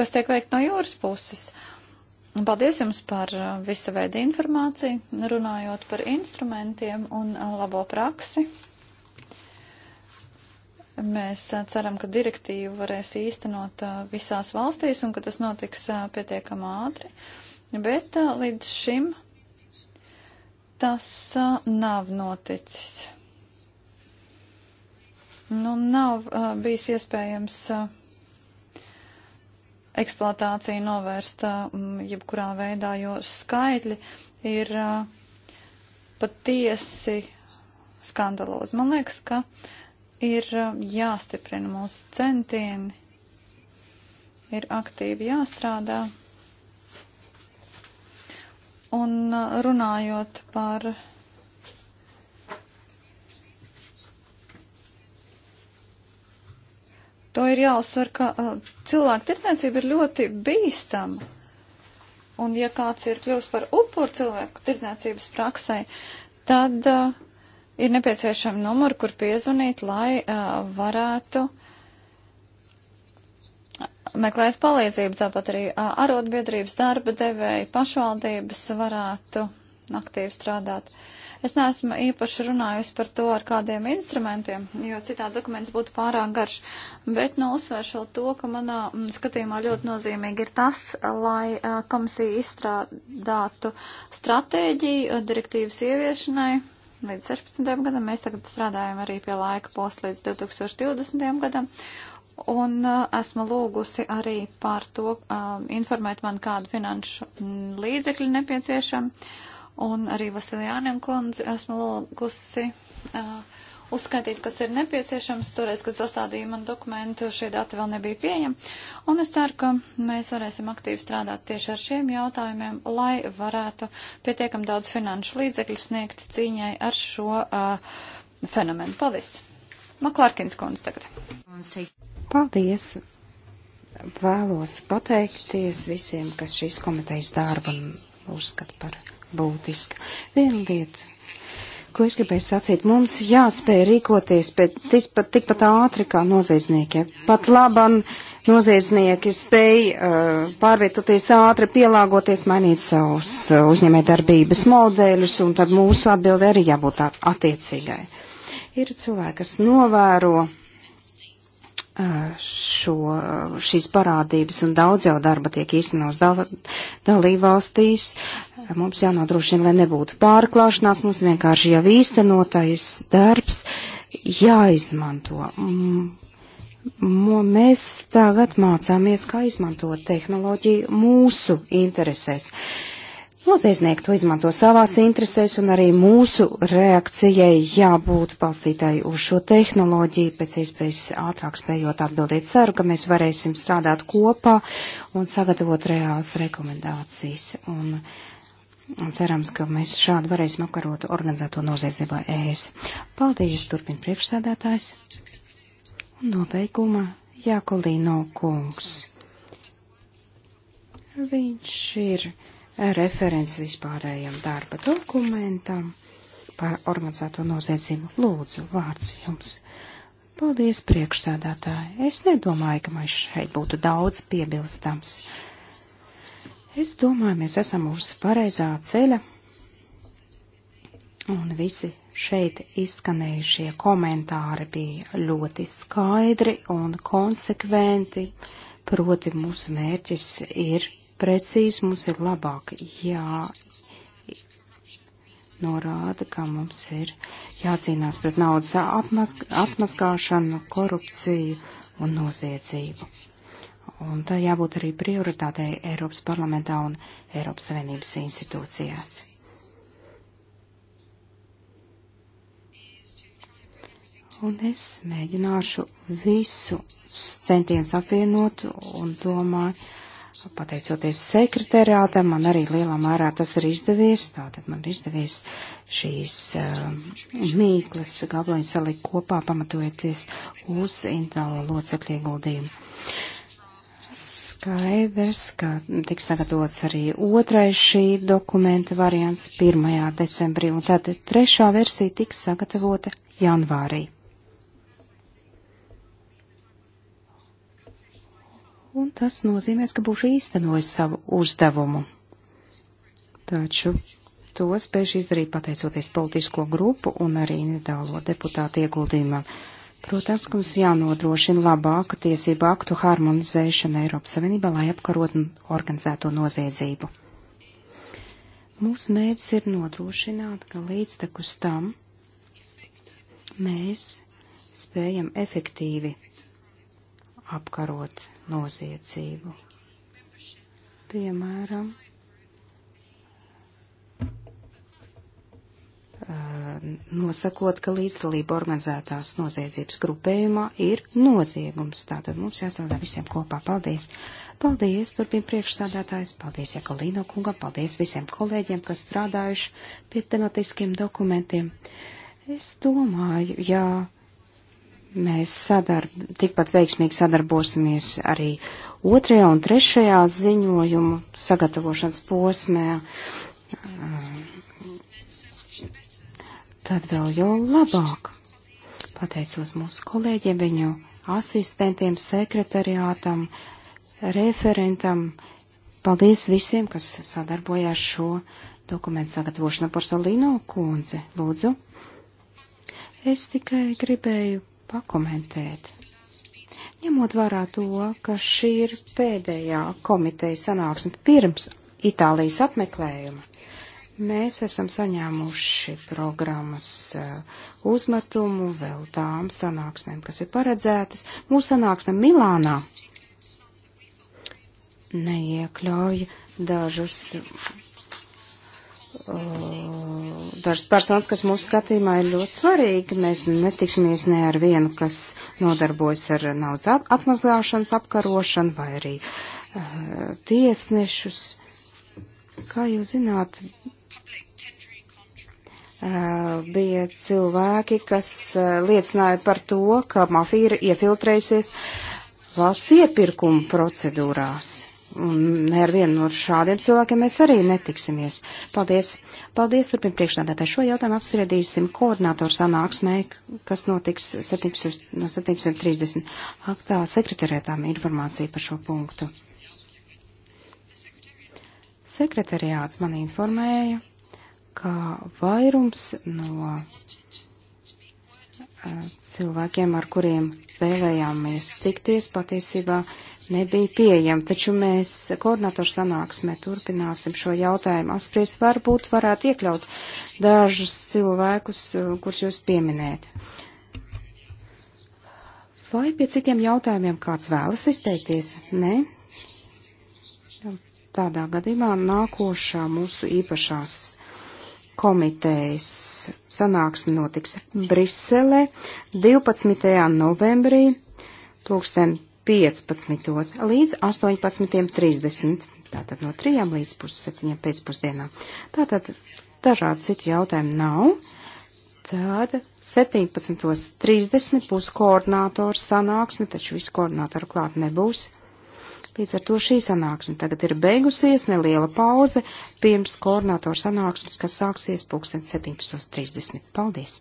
kas tiek veikt no jūras puses. Paldies jums par visa veida informāciju, runājot par instrumentiem un labo praksi. Mēs ceram, ka direktīvu varēs īstenot visās valstīs un ka tas notiks pietiekam ātri. Uh, Bet uh, līdz šim tas uh, nav noticis. Nu, nav uh, bijis iespējams uh, eksploatāciju novērst um, jebkurā veidā, jo skaitļi ir uh, patiesi skandalozi. Man liekas, ka ir uh, jāstiprina mūsu centieni, ir aktīvi jāstrādā. Un uh, runājot par to ir jāuzsver, ka uh, cilvēku tirdzniecība ir ļoti bīstama. Un ja kāds ir kļūst par upuru cilvēku tirdzniecības praksai, tad uh, ir nepieciešama numura, kur piezvanīt, lai uh, varētu uh, meklēt palīdzību, tāpat arī arotbiedrības darba devēji pašvaldības varētu aktīvi strādāt. Es neesmu īpaši runājusi par to, ar kādiem instrumentiem, jo citādi dokuments būtu pārāk garš, bet nu uzsvēršu to, ka manā mm, skatījumā ļoti nozīmīgi ir tas, lai komisija izstrādātu stratēģiju direktīvas ieviešanai, līdz 16. gadam. Mēs tagad strādājam arī pie laika posta līdz 2020. gadam. Un uh, esmu lūgusi arī par to uh, informēt man, kādu finanšu līdzekļu nepieciešama. Un arī Vasiljāniem kundzi esmu lūgusi uh, uzskaitīt, kas ir nepieciešams. Toreiz, kad sastādīju man dokumentu, šie dati vēl nebija pieejami. Un es ceru, ka mēs varēsim aktīvi strādāt tieši ar šiem jautājumiem, lai varētu pietiekam daudz finanšu līdzekļu sniegt cīņai ar šo uh, fenomenu. Paldies! Maklārkins
kundze tagad. Paldies! Vēlos pateikties visiem, kas šīs komitejas darbu uzskata par būtisku. Viena lieta, ko es gribēju sacīt, mums jāspēj rīkoties pēc, tikpat, tikpat ātri kā noziedznieki. Pat labam noziedznieki spēj uh, pārvietoties ātri, pielāgoties, mainīt savus uh, uzņēmē darbības modeļus, un tad mūsu atbildi arī jābūt attiecīgai. Ir cilvēki, kas novēro šo, šīs parādības, un daudz jau darba tiek īstenos dal, dalībvalstīs. Mums jānodrošina, lai nebūtu pārklāšanās, mums vienkārši jau īstenotais darbs jāizmanto. M mēs tagad mācāmies, kā izmantot tehnoloģiju mūsu interesēs. Uh, Noziedznieki to izmanto savās interesēs, un arī mūsu reakcijai jābūt balstītai uz šo tehnoloģiju, pēc iespējas ātrāk spējot atbildēt. Ceru, ka mēs varēsim strādāt kopā un sagatavot reālas rekomendācijas. Un, un cerams, ka mēs šādi varēsim apkarot organizēto noziedzību ES. Paldies, turpin priekšsēdētājs. Un nobeigumā Jākolīno kungs. Viņš ir referents vispārējam darba dokumentam par organizēto noziedzību. Lūdzu, vārds jums. Paldies, priekšsēdētāji. Es nedomāju, ka man šeit būtu daudz piebilstams. Es domāju, mēs esam uz pareizā ceļa. Un visi šeit izskanējušie komentāri bija ļoti skaidri un konsekventi. Proti, mūsu mērķis ir precīzi, mums ir labāk jā norāda, ka mums ir jācīnās pret naudas atmazg atmazgāšanu, korupciju un noziedzību. Un tā jābūt arī prioritātei Eiropas parlamentā un Eiropas Savienības institūcijās. Un es mēģināšu visu centienus apvienot un domāju, pateicoties sekretariātam, man arī lielā mērā tas ir izdevies. Tātad man ir izdevies šīs uh, mīklas gabaliņu salikt kopā, pamatojoties uz individuālo locekļu ieguldījumu. Skaidrs, ka tiks sagatavots arī otrais šī dokumenta variants 1. decembrī, un tātad trešā versija tiks sagatavota janvārī. un tas nozīmēs, ka būšu īstenojis savu uzdevumu. Taču to spēšu izdarīt pateicoties politisko grupu un arī individuālo deputātu ieguldījumam. Protams, ka mums jānodrošina labāka tiesību aktu harmonizēšana Eiropas Savienībā, lai apkarotu organizēto noziedzību. Mūsu mērķis ir nodrošināt, ka līdztekus tam mēs spējam efektīvi apkarot noziedzību. Piemēram, nosakot, ka līdzdalība organizētās noziedzības grupējumā ir noziegums. Tātad mums jāstrādā visiem kopā. Paldies! Paldies, turpina priekšstādātājs, paldies Jakolīno kungam, paldies visiem kolēģiem, kas strādājuši pie tematiskiem dokumentiem. Es domāju, jā. Ja Mēs sadarb, tikpat veiksmīgi sadarbosimies arī otrajā un trešajā ziņojumu sagatavošanas posmē. Tad vēl jau labāk. Pateicos mūsu kolēģiem, viņu asistentiem, sekretariātam, referentam. Paldies visiem, kas sadarbojās šo dokumentu sagatavošanu. Porsolino kundze, lūdzu. Es tikai gribēju pakomentēt. Ņemot vērā to, ka šī ir pēdējā komiteja sanāksme pirms Itālijas apmeklējuma, mēs esam saņēmuši programmas uh, uzmetumu vēl tām sanāksmēm, kas ir paredzētas. Mūsu sanāksme Milānā neiekļauj dažus Eh, dažas personas, kas mūsu skatījumā ir ļoti svarīgi. Mēs netiksimies ne ar vienu, kas nodarbojas ar naudas atmazgāšanas apkarošanu vai arī uh, tiesnešus. Kā jūs zināt, uh, bija cilvēki, kas uh, liecināja par to, ka mafija ir iefiltrējusies valsts iepirkuma procedūrās Un ne ar vienu no šādiem cilvēkiem mēs arī netiksimies. Paldies! Paldies! Turpin priekšstādātāji šo jautājumu apspriedīsim koordinātoru sanāksmē, kas notiks 17.30. Aktā sekretariētām informācija par šo punktu. Sekretariāts man informēja, ka vairums no eh, cilvēkiem, ar kuriem vēlējāmies tikties, patiesībā nebija pieejama, taču mēs koordinatoru sanāksmē turpināsim šo jautājumu apspriest. Varbūt varētu iekļaut dažus cilvēkus, kurus jūs pieminēt. Vai pie citiem jautājumiem kāds vēlas izteikties? Nē? Tādā gadījumā nākošā mūsu īpašās komitejas sanāksme notiks Briselē 12. novembrī plūksten 15. līdz 18.30. Tātad no 3 līdz 7 pēcpusdienā. Tātad dažādi citi jautājumi nav. Tad 17.30 būs koordinātors sanāksme, taču visu koordinātoru klāt nebūs. Līdz ar to šī sanāksme tagad ir beigusies, neliela pauze pirms koordinātora sanāksmes, kas sāksies 17.30. Paldies!